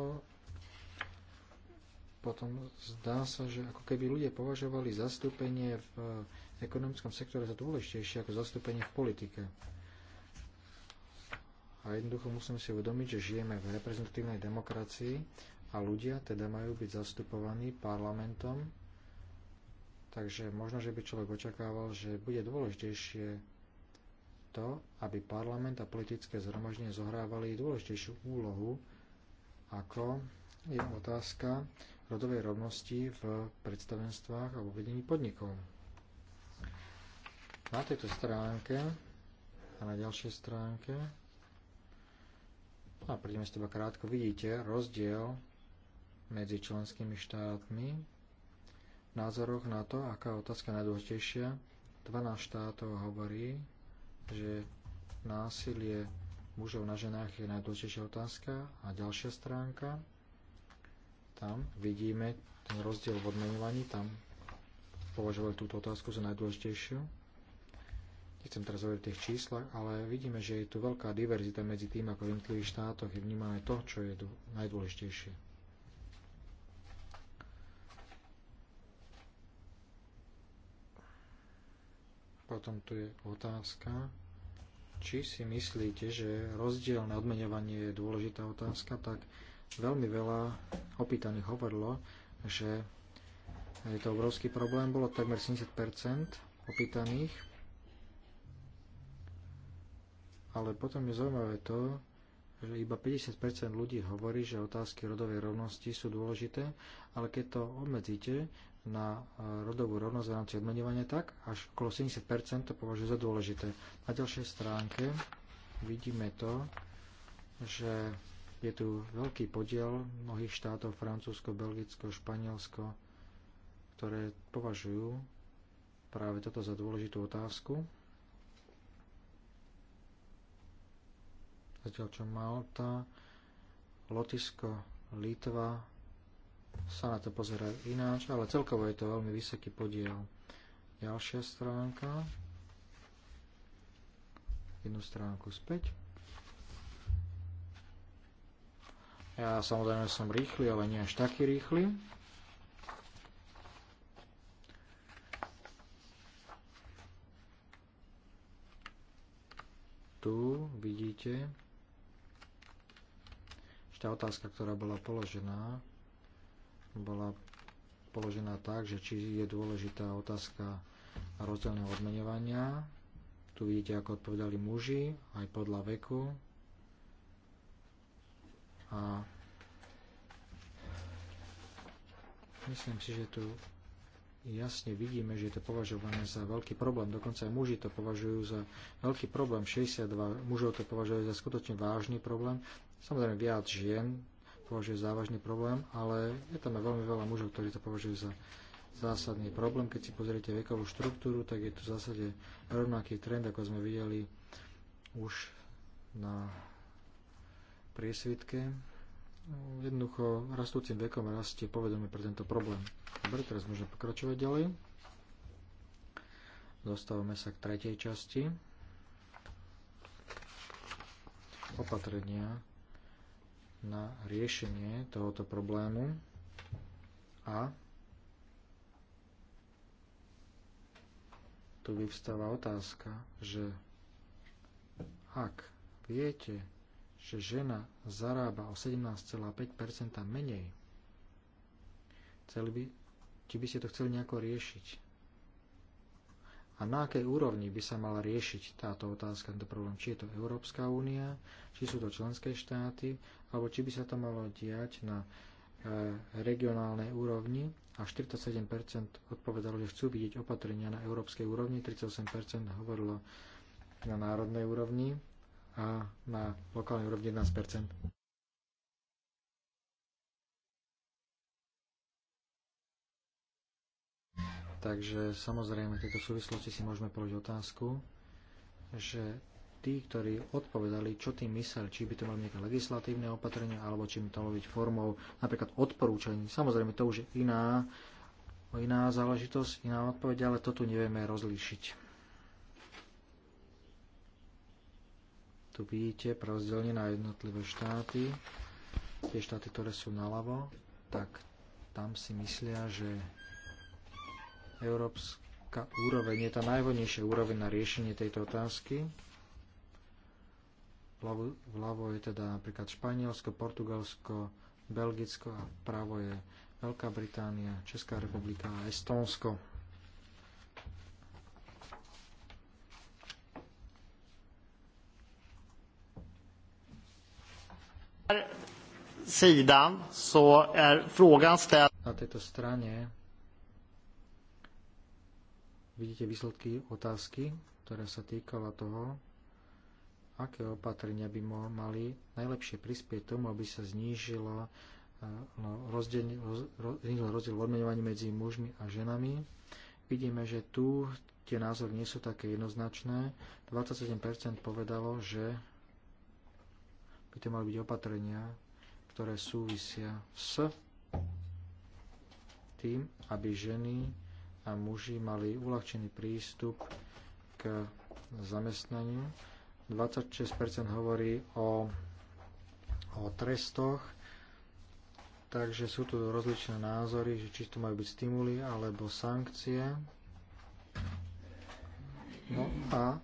potom zdá sa, že ako keby ľudia považovali zastúpenie eh, v ekonomickom sektore za dôležitejšie ako zastúpenie v politike. A jednoducho musíme si uvedomiť, že žijeme v reprezentatívnej demokracii a ľudia teda majú byť zastupovaní parlamentom, takže možno, že by človek očakával, že bude dôležitejšie to, aby parlament a politické zhromaždenie zohrávali dôležitejšiu úlohu ako je otázka rodovej rovnosti v predstavenstvách a vo vedení podnikov. Na tejto stránke a na ďalšej stránke a prídeme z teba krátko, vidíte rozdiel medzi členskými štátmi v názoroch na to, aká otázka najdôležitejšia. 12 štátov hovorí, že násilie mužov na ženách je najdôležitejšia otázka a ďalšia stránka tam vidíme ten rozdiel v odmenovaní, tam považovali túto otázku za najdôležitejšiu. Nechcem teraz hovoriť o tých číslach, ale vidíme, že je tu veľká diverzita medzi tým, ako v jednotlivých štátoch je vnímané to, čo je najdôležitejšie. Potom tu je otázka, či si myslíte, že rozdielne odmeňovanie je dôležitá otázka, tak Veľmi veľa opýtaných hovorilo, že je to obrovský problém, bolo takmer 70% opýtaných. Ale potom je zaujímavé to, že iba 50% ľudí hovorí, že otázky rodovej rovnosti sú dôležité, ale keď to obmedzíte na e, rodovú rovnosť v rámci odmenovania, tak až okolo 70% to považuje za dôležité. Na ďalšej stránke vidíme to, že je tu veľký podiel mnohých štátov, Francúzsko, Belgicko, Španielsko, ktoré považujú práve toto za dôležitú otázku. Zatiaľ čo Malta, Lotisko, Litva sa na to pozerajú ináč, ale celkovo je to veľmi vysoký podiel. Ďalšia stránka. Jednu stránku späť. Ja samozrejme som rýchly, ale nie až taký rýchly. Tu vidíte ešte otázka, ktorá bola položená. Bola položená tak, že či je dôležitá otázka rozdielneho odmenovania. Tu vidíte, ako odpovedali muži, aj podľa veku, a myslím si, že tu jasne vidíme, že je to považované za veľký problém. Dokonca aj muži to považujú za veľký problém. 62 mužov to považujú za skutočne vážny problém. Samozrejme viac žien považuje za vážny problém, ale je tam aj veľmi veľa mužov, ktorí to považujú za zásadný problém. Keď si pozriete vekovú štruktúru, tak je tu v zásade rovnaký trend, ako sme videli už na priesvitke. Jednoducho rastúcim vekom rastie povedomie pre tento problém. Dobre, teraz môžeme pokračovať ďalej. Dostávame sa k tretej časti. Opatrenia na riešenie tohoto problému a tu vyvstáva otázka, že ak viete, že žena zarába o 17,5% menej, chceli by, či by ste to chceli nejako riešiť? A na akej úrovni by sa mala riešiť táto otázka, tento problém? Či je to Európska únia, či sú to členské štáty, alebo či by sa to malo diať na e, regionálnej úrovni a 47% odpovedalo, že chcú vidieť opatrenia na európskej úrovni, 38% hovorilo na národnej úrovni a na lokálnej úrovni 11 Takže samozrejme v tejto súvislosti si môžeme položiť otázku, že tí, ktorí odpovedali, čo tým mysleli, či by to mali nejaké legislatívne opatrenie, alebo či by to malo byť formou napríklad odporúčaní. Samozrejme, to už je iná, iná záležitosť, iná odpoveď, ale to tu nevieme rozlíšiť. Tu vidíte pravzdelne na jednotlivé štáty. Tie štáty, ktoré sú naľavo, tak tam si myslia, že európska úroveň je tá najvodnejšia úroveň na riešenie tejto otázky. Vľavo, vľavo je teda napríklad Španielsko, Portugalsko, Belgicko a vpravo je Veľká Británia, Česká republika a Estónsko. sidan så är frågan ställd... Na tejto strane vidíte výsledky otázky, ktorá sa týkala toho, aké opatrenia by mali najlepšie prispieť tomu, aby sa znížilo eh, no, rozdiel, roz, rozdiel odmenovaní medzi mužmi a ženami. Vidíme, že tu tie názory nie sú také jednoznačné. 27% povedalo, že by to mali byť opatrenia ktoré súvisia s tým, aby ženy a muži mali uľahčený prístup k zamestnaniu. 26% hovorí o, o trestoch, takže sú tu rozličné názory, že či to majú byť stimuly alebo sankcie. No a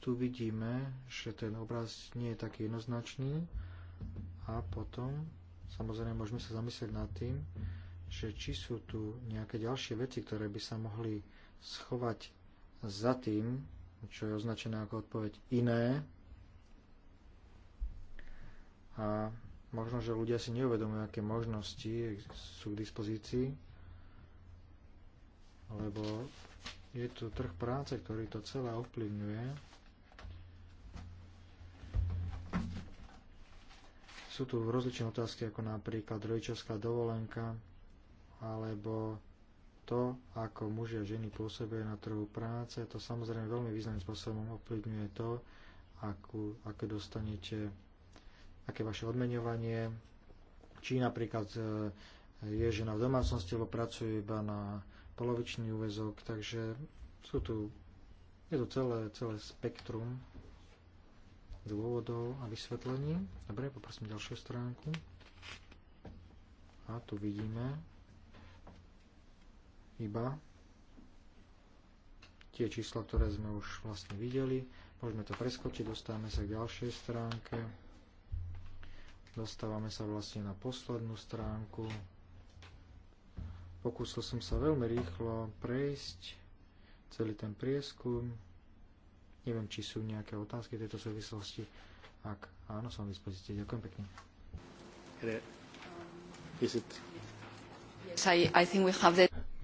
tu vidíme, že ten obraz nie je taký jednoznačný. A potom, samozrejme, môžeme sa zamyslieť nad tým, že či sú tu nejaké ďalšie veci, ktoré by sa mohli schovať za tým, čo je označené ako odpoveď iné. A možno, že ľudia si neuvedomujú, aké možnosti sú k dispozícii, lebo je tu trh práce, ktorý to celé ovplyvňuje sú tu rozličné otázky, ako napríklad rodičovská dovolenka, alebo to, ako muži a ženy pôsobia na trhu práce. To samozrejme veľmi významným spôsobom ovplyvňuje to, akú, aké dostanete, aké vaše odmeňovanie, či napríklad e, je žena v domácnosti, lebo pracuje iba na polovičný úvezok, takže sú tu, je to celé, celé spektrum dôvodov a vysvetlení. Dobre, poprosím ďalšiu stránku. A tu vidíme iba tie čísla, ktoré sme už vlastne videli. Môžeme to preskočiť, dostávame sa k ďalšej stránke. Dostávame sa vlastne na poslednú stránku. Pokúsil som sa veľmi rýchlo prejsť celý ten prieskum. Neviem, či sú nejaké otázky v tejto súvislosti. Ak áno, som v dispozícii. Ďakujem pekne.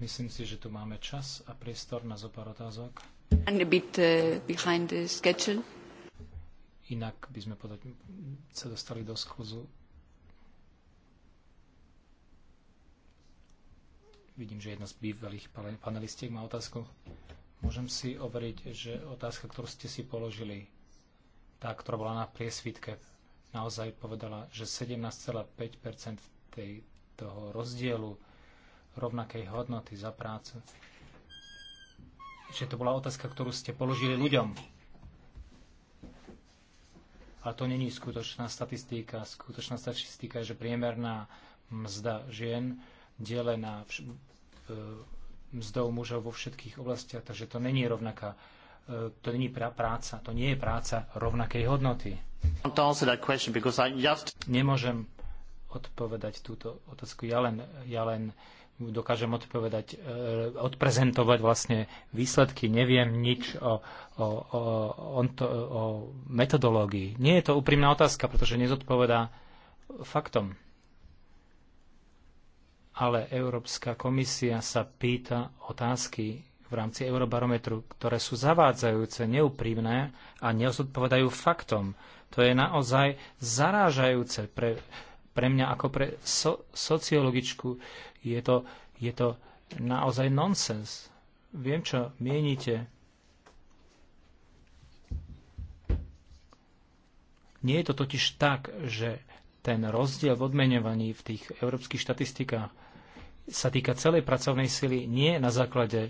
Myslím si, že tu máme čas a priestor na zopár otázok. Uh, Inak by sme podať, sa dostali do skluzu. Vidím, že jedna z bývalých panelistiek má otázku. Môžem si overiť, že otázka, ktorú ste si položili, tá, ktorá bola na priesvitke, naozaj povedala, že 17,5 tej, toho rozdielu rovnakej hodnoty za prácu. Že to bola otázka, ktorú ste položili ľuďom. Ale to není skutočná statistika. Skutočná statistika je, že priemerná mzda žien delená vš- e mzdou mužov vo všetkých oblastiach, takže to není rovnaká e, to není práca, to nie je práca rovnakej hodnoty. Nemôžem odpovedať túto otázku. Ja len, ja len dokážem odpovedať, e, odprezentovať vlastne výsledky. Neviem nič o, o, o, o, o metodológii. Nie je to úprimná otázka, pretože nezodpovedá faktom ale Európska komisia sa pýta otázky v rámci Eurobarometru, ktoré sú zavádzajúce, neúprimné a neodpovedajú faktom. To je naozaj zarážajúce pre, pre mňa ako pre so, sociologičku. Je to, je to naozaj nonsens. Viem, čo mienite. Nie je to totiž tak, že ten rozdiel v odmeňovaní v tých európskych štatistikách sa týka celej pracovnej sily, nie na základe e,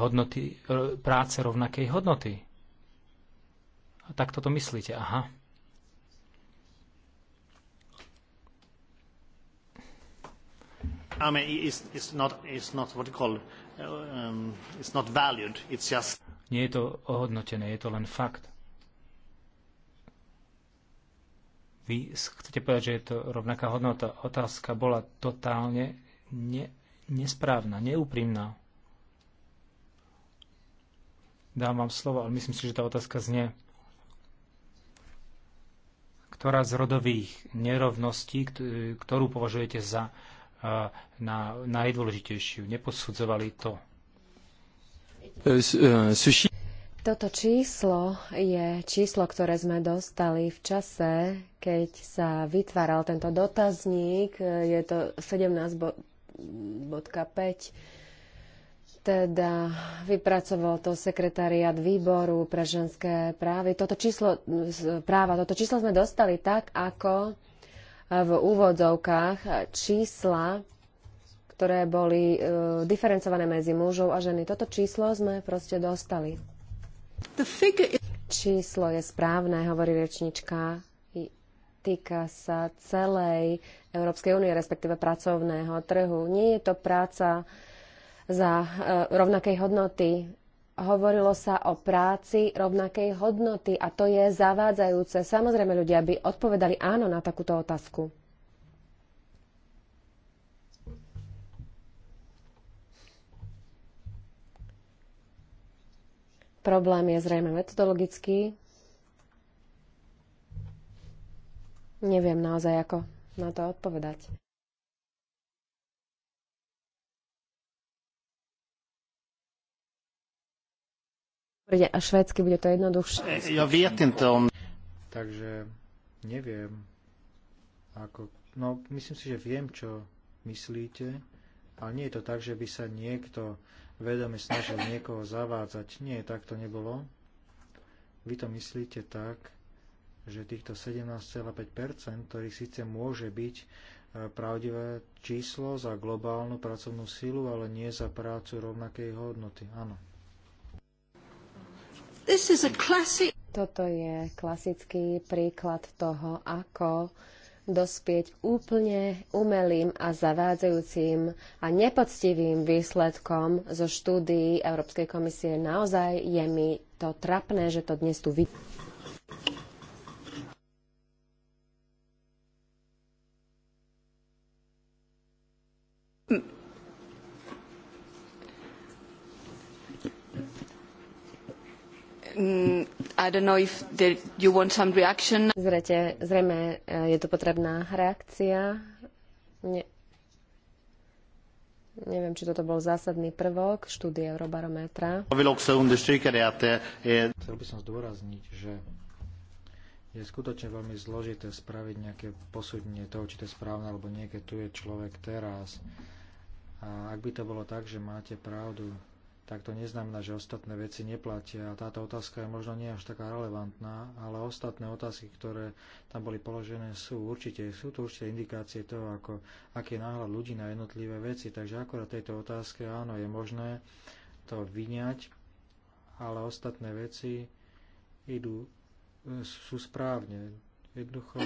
hodnoty, e, práce rovnakej hodnoty. A tak toto myslíte. Aha. I mean, it's, it's not, it's not what you call, um, it's not valued, it's just... Nie je to ohodnotené, je to len fakt. Vy chcete povedať, že je to rovnaká hodnota. Otázka bola totálne ne, nesprávna, neúprimná. Dám vám slovo, ale myslím si, že tá otázka znie. Ktorá z rodových nerovností, ktorú považujete za na najdôležitejšiu? Neposudzovali to. E, e, Toto číslo je číslo, ktoré sme dostali v čase, keď sa vytváral tento dotazník. E, je to 17 bo- bodka 5. Teda vypracoval to sekretariat výboru pre ženské právy. Toto číslo, práva, toto číslo sme dostali tak, ako v úvodzovkách čísla, ktoré boli uh, diferencované medzi mužov a ženy. Toto číslo sme proste dostali. Číslo je správne, hovorí rečnička týka sa celej Európskej únie, respektíve pracovného trhu. Nie je to práca za e, rovnakej hodnoty. Hovorilo sa o práci rovnakej hodnoty a to je zavádzajúce. Samozrejme, ľudia by odpovedali áno na takúto otázku. Problém je zrejme metodologický. Neviem naozaj, ako na to odpovedať. Príde a švédsky bude to jednoduchšie. Eh, ja viem to. Takže neviem, ako... No, myslím si, že viem, čo myslíte, ale nie je to tak, že by sa niekto vedome snažil niekoho zavádzať. Nie, tak to nebolo. Vy to myslíte tak, že týchto 17,5%, ktorý síce môže byť e, pravdivé číslo za globálnu pracovnú silu, ale nie za prácu rovnakej hodnoty. Áno. Toto je klasický príklad toho, ako dospieť úplne umelým a zavádzajúcim a nepoctivým výsledkom zo štúdií Európskej komisie. Naozaj je mi to trapné, že to dnes tu vidím. Mm, zrejme eh, je tu potrebná reakcia. neviem, či toto bol zásadný prvok štúdie Eurobarometra. Chcel by som zdôrazniť, že je skutočne veľmi zložité spraviť nejaké posúdenie toho, či to je správne alebo nie, keď tu je človek teraz. A ak by to bolo tak, že máte pravdu, tak to neznamená, že ostatné veci neplatia. A táto otázka je možno nie až taká relevantná, ale ostatné otázky, ktoré tam boli položené, sú určite, sú to určité indikácie toho, ako, aký je náhľad ľudí na jednotlivé veci. Takže akorát tejto otázke áno, je možné to vyňať, ale ostatné veci idú, sú správne. Jednoducho,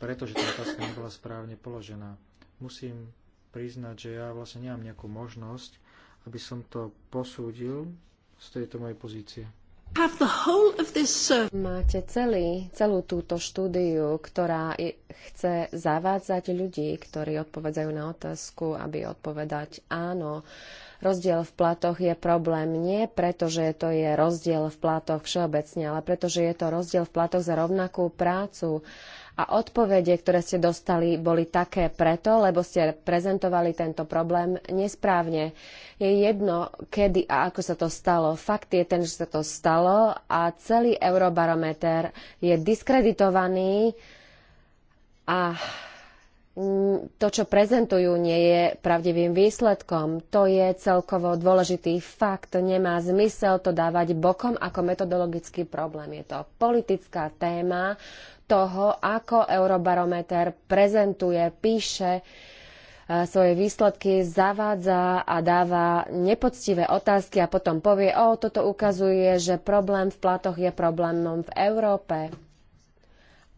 pretože tá otázka nebola správne položená. Musím priznať, že ja vlastne nemám nejakú možnosť aby som to posúdil z tejto mojej pozície. Máte celý, celú túto štúdiu, ktorá chce zavádzať ľudí, ktorí odpovedajú na otázku, aby odpovedať áno. Rozdiel v platoch je problém nie preto, že to je rozdiel v platoch všeobecne, ale preto, že je to rozdiel v platoch za rovnakú prácu a odpovede, ktoré ste dostali, boli také preto, lebo ste prezentovali tento problém nesprávne. Je jedno, kedy a ako sa to stalo. Fakt je ten, že sa to stalo a celý eurobarometer je diskreditovaný a to, čo prezentujú, nie je pravdivým výsledkom. To je celkovo dôležitý fakt. Nemá zmysel to dávať bokom ako metodologický problém. Je to politická téma, toho, ako Eurobarometer prezentuje, píše e, svoje výsledky, zavádza a dáva nepoctivé otázky a potom povie, o, toto ukazuje, že problém v platoch je problémom v Európe.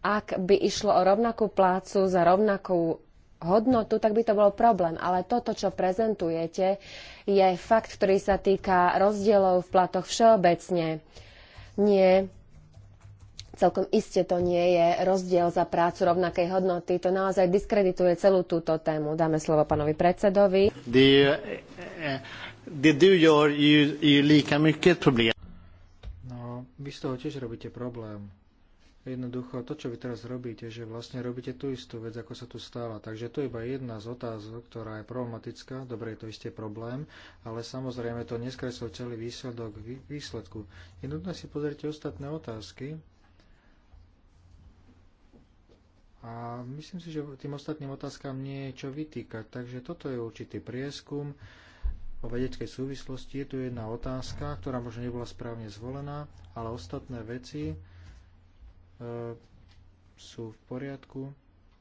Ak by išlo o rovnakú plácu za rovnakú hodnotu, tak by to bol problém. Ale toto, čo prezentujete, je fakt, ktorý sa týka rozdielov v platoch všeobecne. Nie Celkom iste to nie je rozdiel za prácu rovnakej hodnoty. To naozaj diskredituje celú túto tému. Dáme slovo pánovi predsedovi. Eh, eh, no, vy z toho tiež robíte problém. Jednoducho to, čo vy teraz robíte, že vlastne robíte tú istú vec, ako sa tu stala. Takže to je iba jedna z otázok, ktorá je problematická. Dobre, je to isté problém, ale samozrejme to neskreslo celý výsledok výsledku. Jednoducho si pozrite ostatné otázky, A myslím si, že tým ostatným otázkam nie je čo vytýkať. Takže toto je určitý prieskum o vedeckej súvislosti. Je tu jedna otázka, ktorá možno nebola správne zvolená, ale ostatné veci e, sú v poriadku.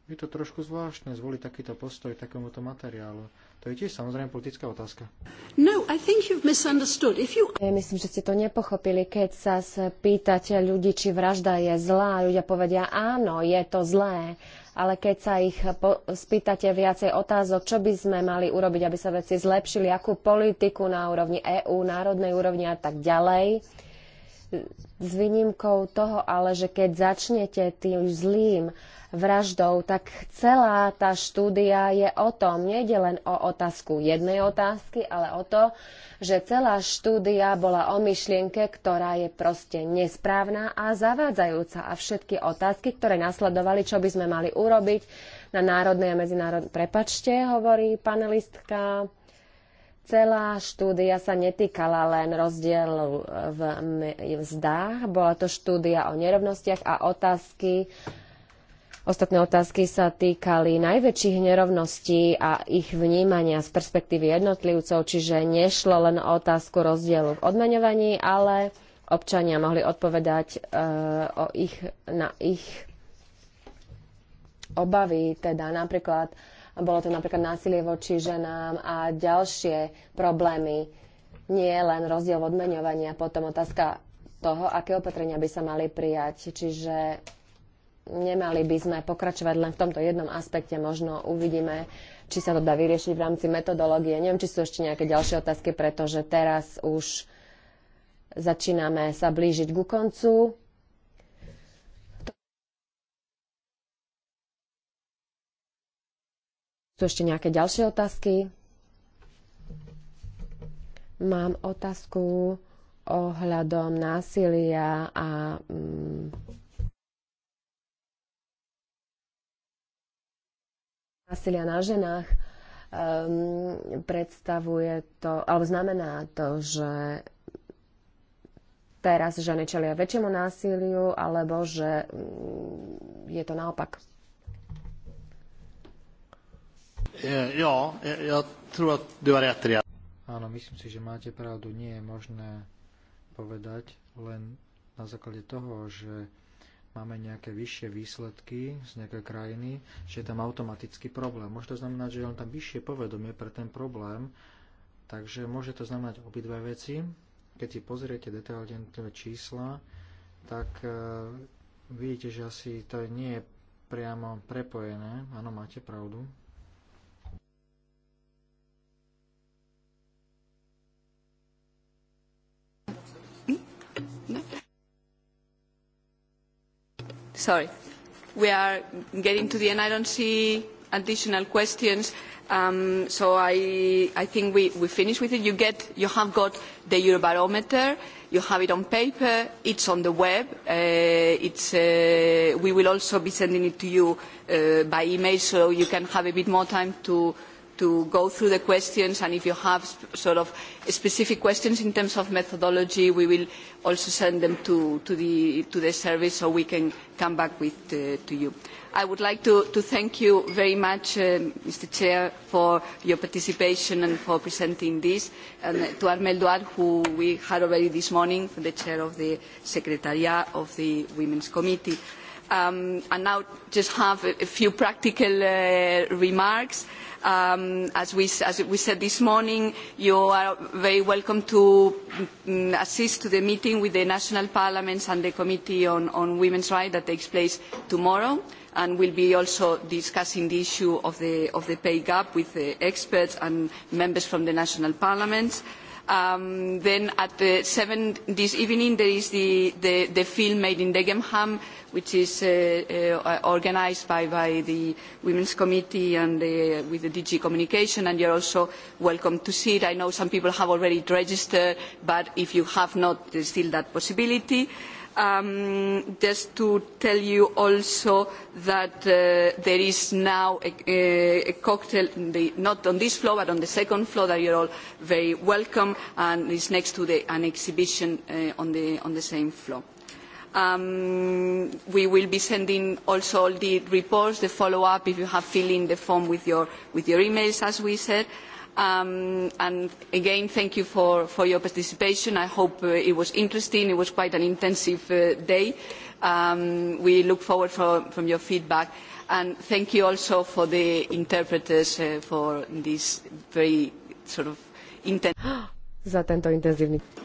Je to trošku zvláštne zvoliť takýto postoj takémuto materiálu. To je tiež samozrejme politická otázka. No, I think you've If you... Ja myslím, že ste to nepochopili, keď sa pýtate ľudí, či vražda je zlá. Ľudia povedia, áno, je to zlé. Ale keď sa ich po- spýtate viacej otázok, čo by sme mali urobiť, aby sa veci zlepšili, akú politiku na úrovni EÚ, národnej úrovni a tak ďalej, s výnimkou toho ale, že keď začnete tým zlým, vraždou, tak celá tá štúdia je o tom, nejde len o otázku jednej otázky, ale o to, že celá štúdia bola o myšlienke, ktorá je proste nesprávna a zavádzajúca a všetky otázky, ktoré nasledovali, čo by sme mali urobiť na národnej a medzinárodnej... Prepačte, hovorí panelistka. Celá štúdia sa netýkala len rozdiel v mzdách, bola to štúdia o nerovnostiach a otázky Ostatné otázky sa týkali najväčších nerovností a ich vnímania z perspektívy jednotlivcov, čiže nešlo len o otázku rozdielu v odmeňovaní, ale občania mohli odpovedať uh, o ich, na ich obavy, teda napríklad bolo to napríklad násilie voči ženám a ďalšie problémy. Nie len rozdiel v a potom otázka toho, aké opatrenia by sa mali prijať. Čiže nemali by sme pokračovať len v tomto jednom aspekte. Možno uvidíme, či sa to dá vyriešiť v rámci metodológie. Neviem, či sú ešte nejaké ďalšie otázky, pretože teraz už začíname sa blížiť ku koncu. Sú ešte nejaké ďalšie otázky? Mám otázku ohľadom násilia a mm, násilia na ženách, um, predstavuje to, alebo znamená to, že teraz ženy čelia väčšiemu násiliu, alebo že mm, je to naopak? E, jo, e, ja tror dva du Áno, myslím si, že máte pravdu. Nie je možné povedať len na základe toho, že máme nejaké vyššie výsledky z nejakej krajiny, že je tam automatický problém. Môže to znamenať, že je len tam vyššie povedomie pre ten problém, takže môže to znamenať obidve veci. Keď si pozriete detailne tie čísla, tak uh, vidíte, že asi to nie je priamo prepojené. Áno, máte pravdu. Sorry. We are getting to the end. I don't see additional questions. Um, so I, I think we, we finished with it. You, get, you have got the Eurobarometer. You have it on paper. It's on the web. Uh, it's, uh, we will also be sending it to you uh, by email so you can have a bit more time to to go through the questions and if you have sort of specific questions in terms of methodology we will also send them to, to, the, to the service so we can come back with, uh, to you. I would like to, to thank you very much, uh, Mr. Chair, for your participation and for presenting this, and to Armel Duar, who we had already this morning, the Chair of the Secretariat of the Women's Committee. Um, and now just have a, a few practical uh, remarks. Um, as, we, as, we, said this morning, you are very welcome to um, assist to the meeting with the national parliaments and the Committee on, on Women's Rights that takes place tomorrow and will be also discussing the issue of the, of the pay gap with the experts and members from the national parliaments. Um, then at the seven this evening there is the, the, the film made in Degenham, which is uh, uh, organised by, by the Women's Committee and the, with the DG Communication, and you are also welcome to see it. I know some people have already registered, but if you have not, there is still that possibility. Uh, Um, just to tell you also that uh, there is now a, a cocktail, the, not on this floor, but on the second floor, that you are all very welcome, and is next to the, an exhibition uh, on, the, on the same floor. Um, we will be sending also all the reports, the follow-up, if you have filled in the form with your, with your emails, as we said. Um, and again, thank you for, for your participation. I hope uh, it was interesting. It was quite an intensive uh, day. Um, we look forward for, from your feedback. And thank you also for the interpreters uh, for this very sort of intense... za tento intenzívny...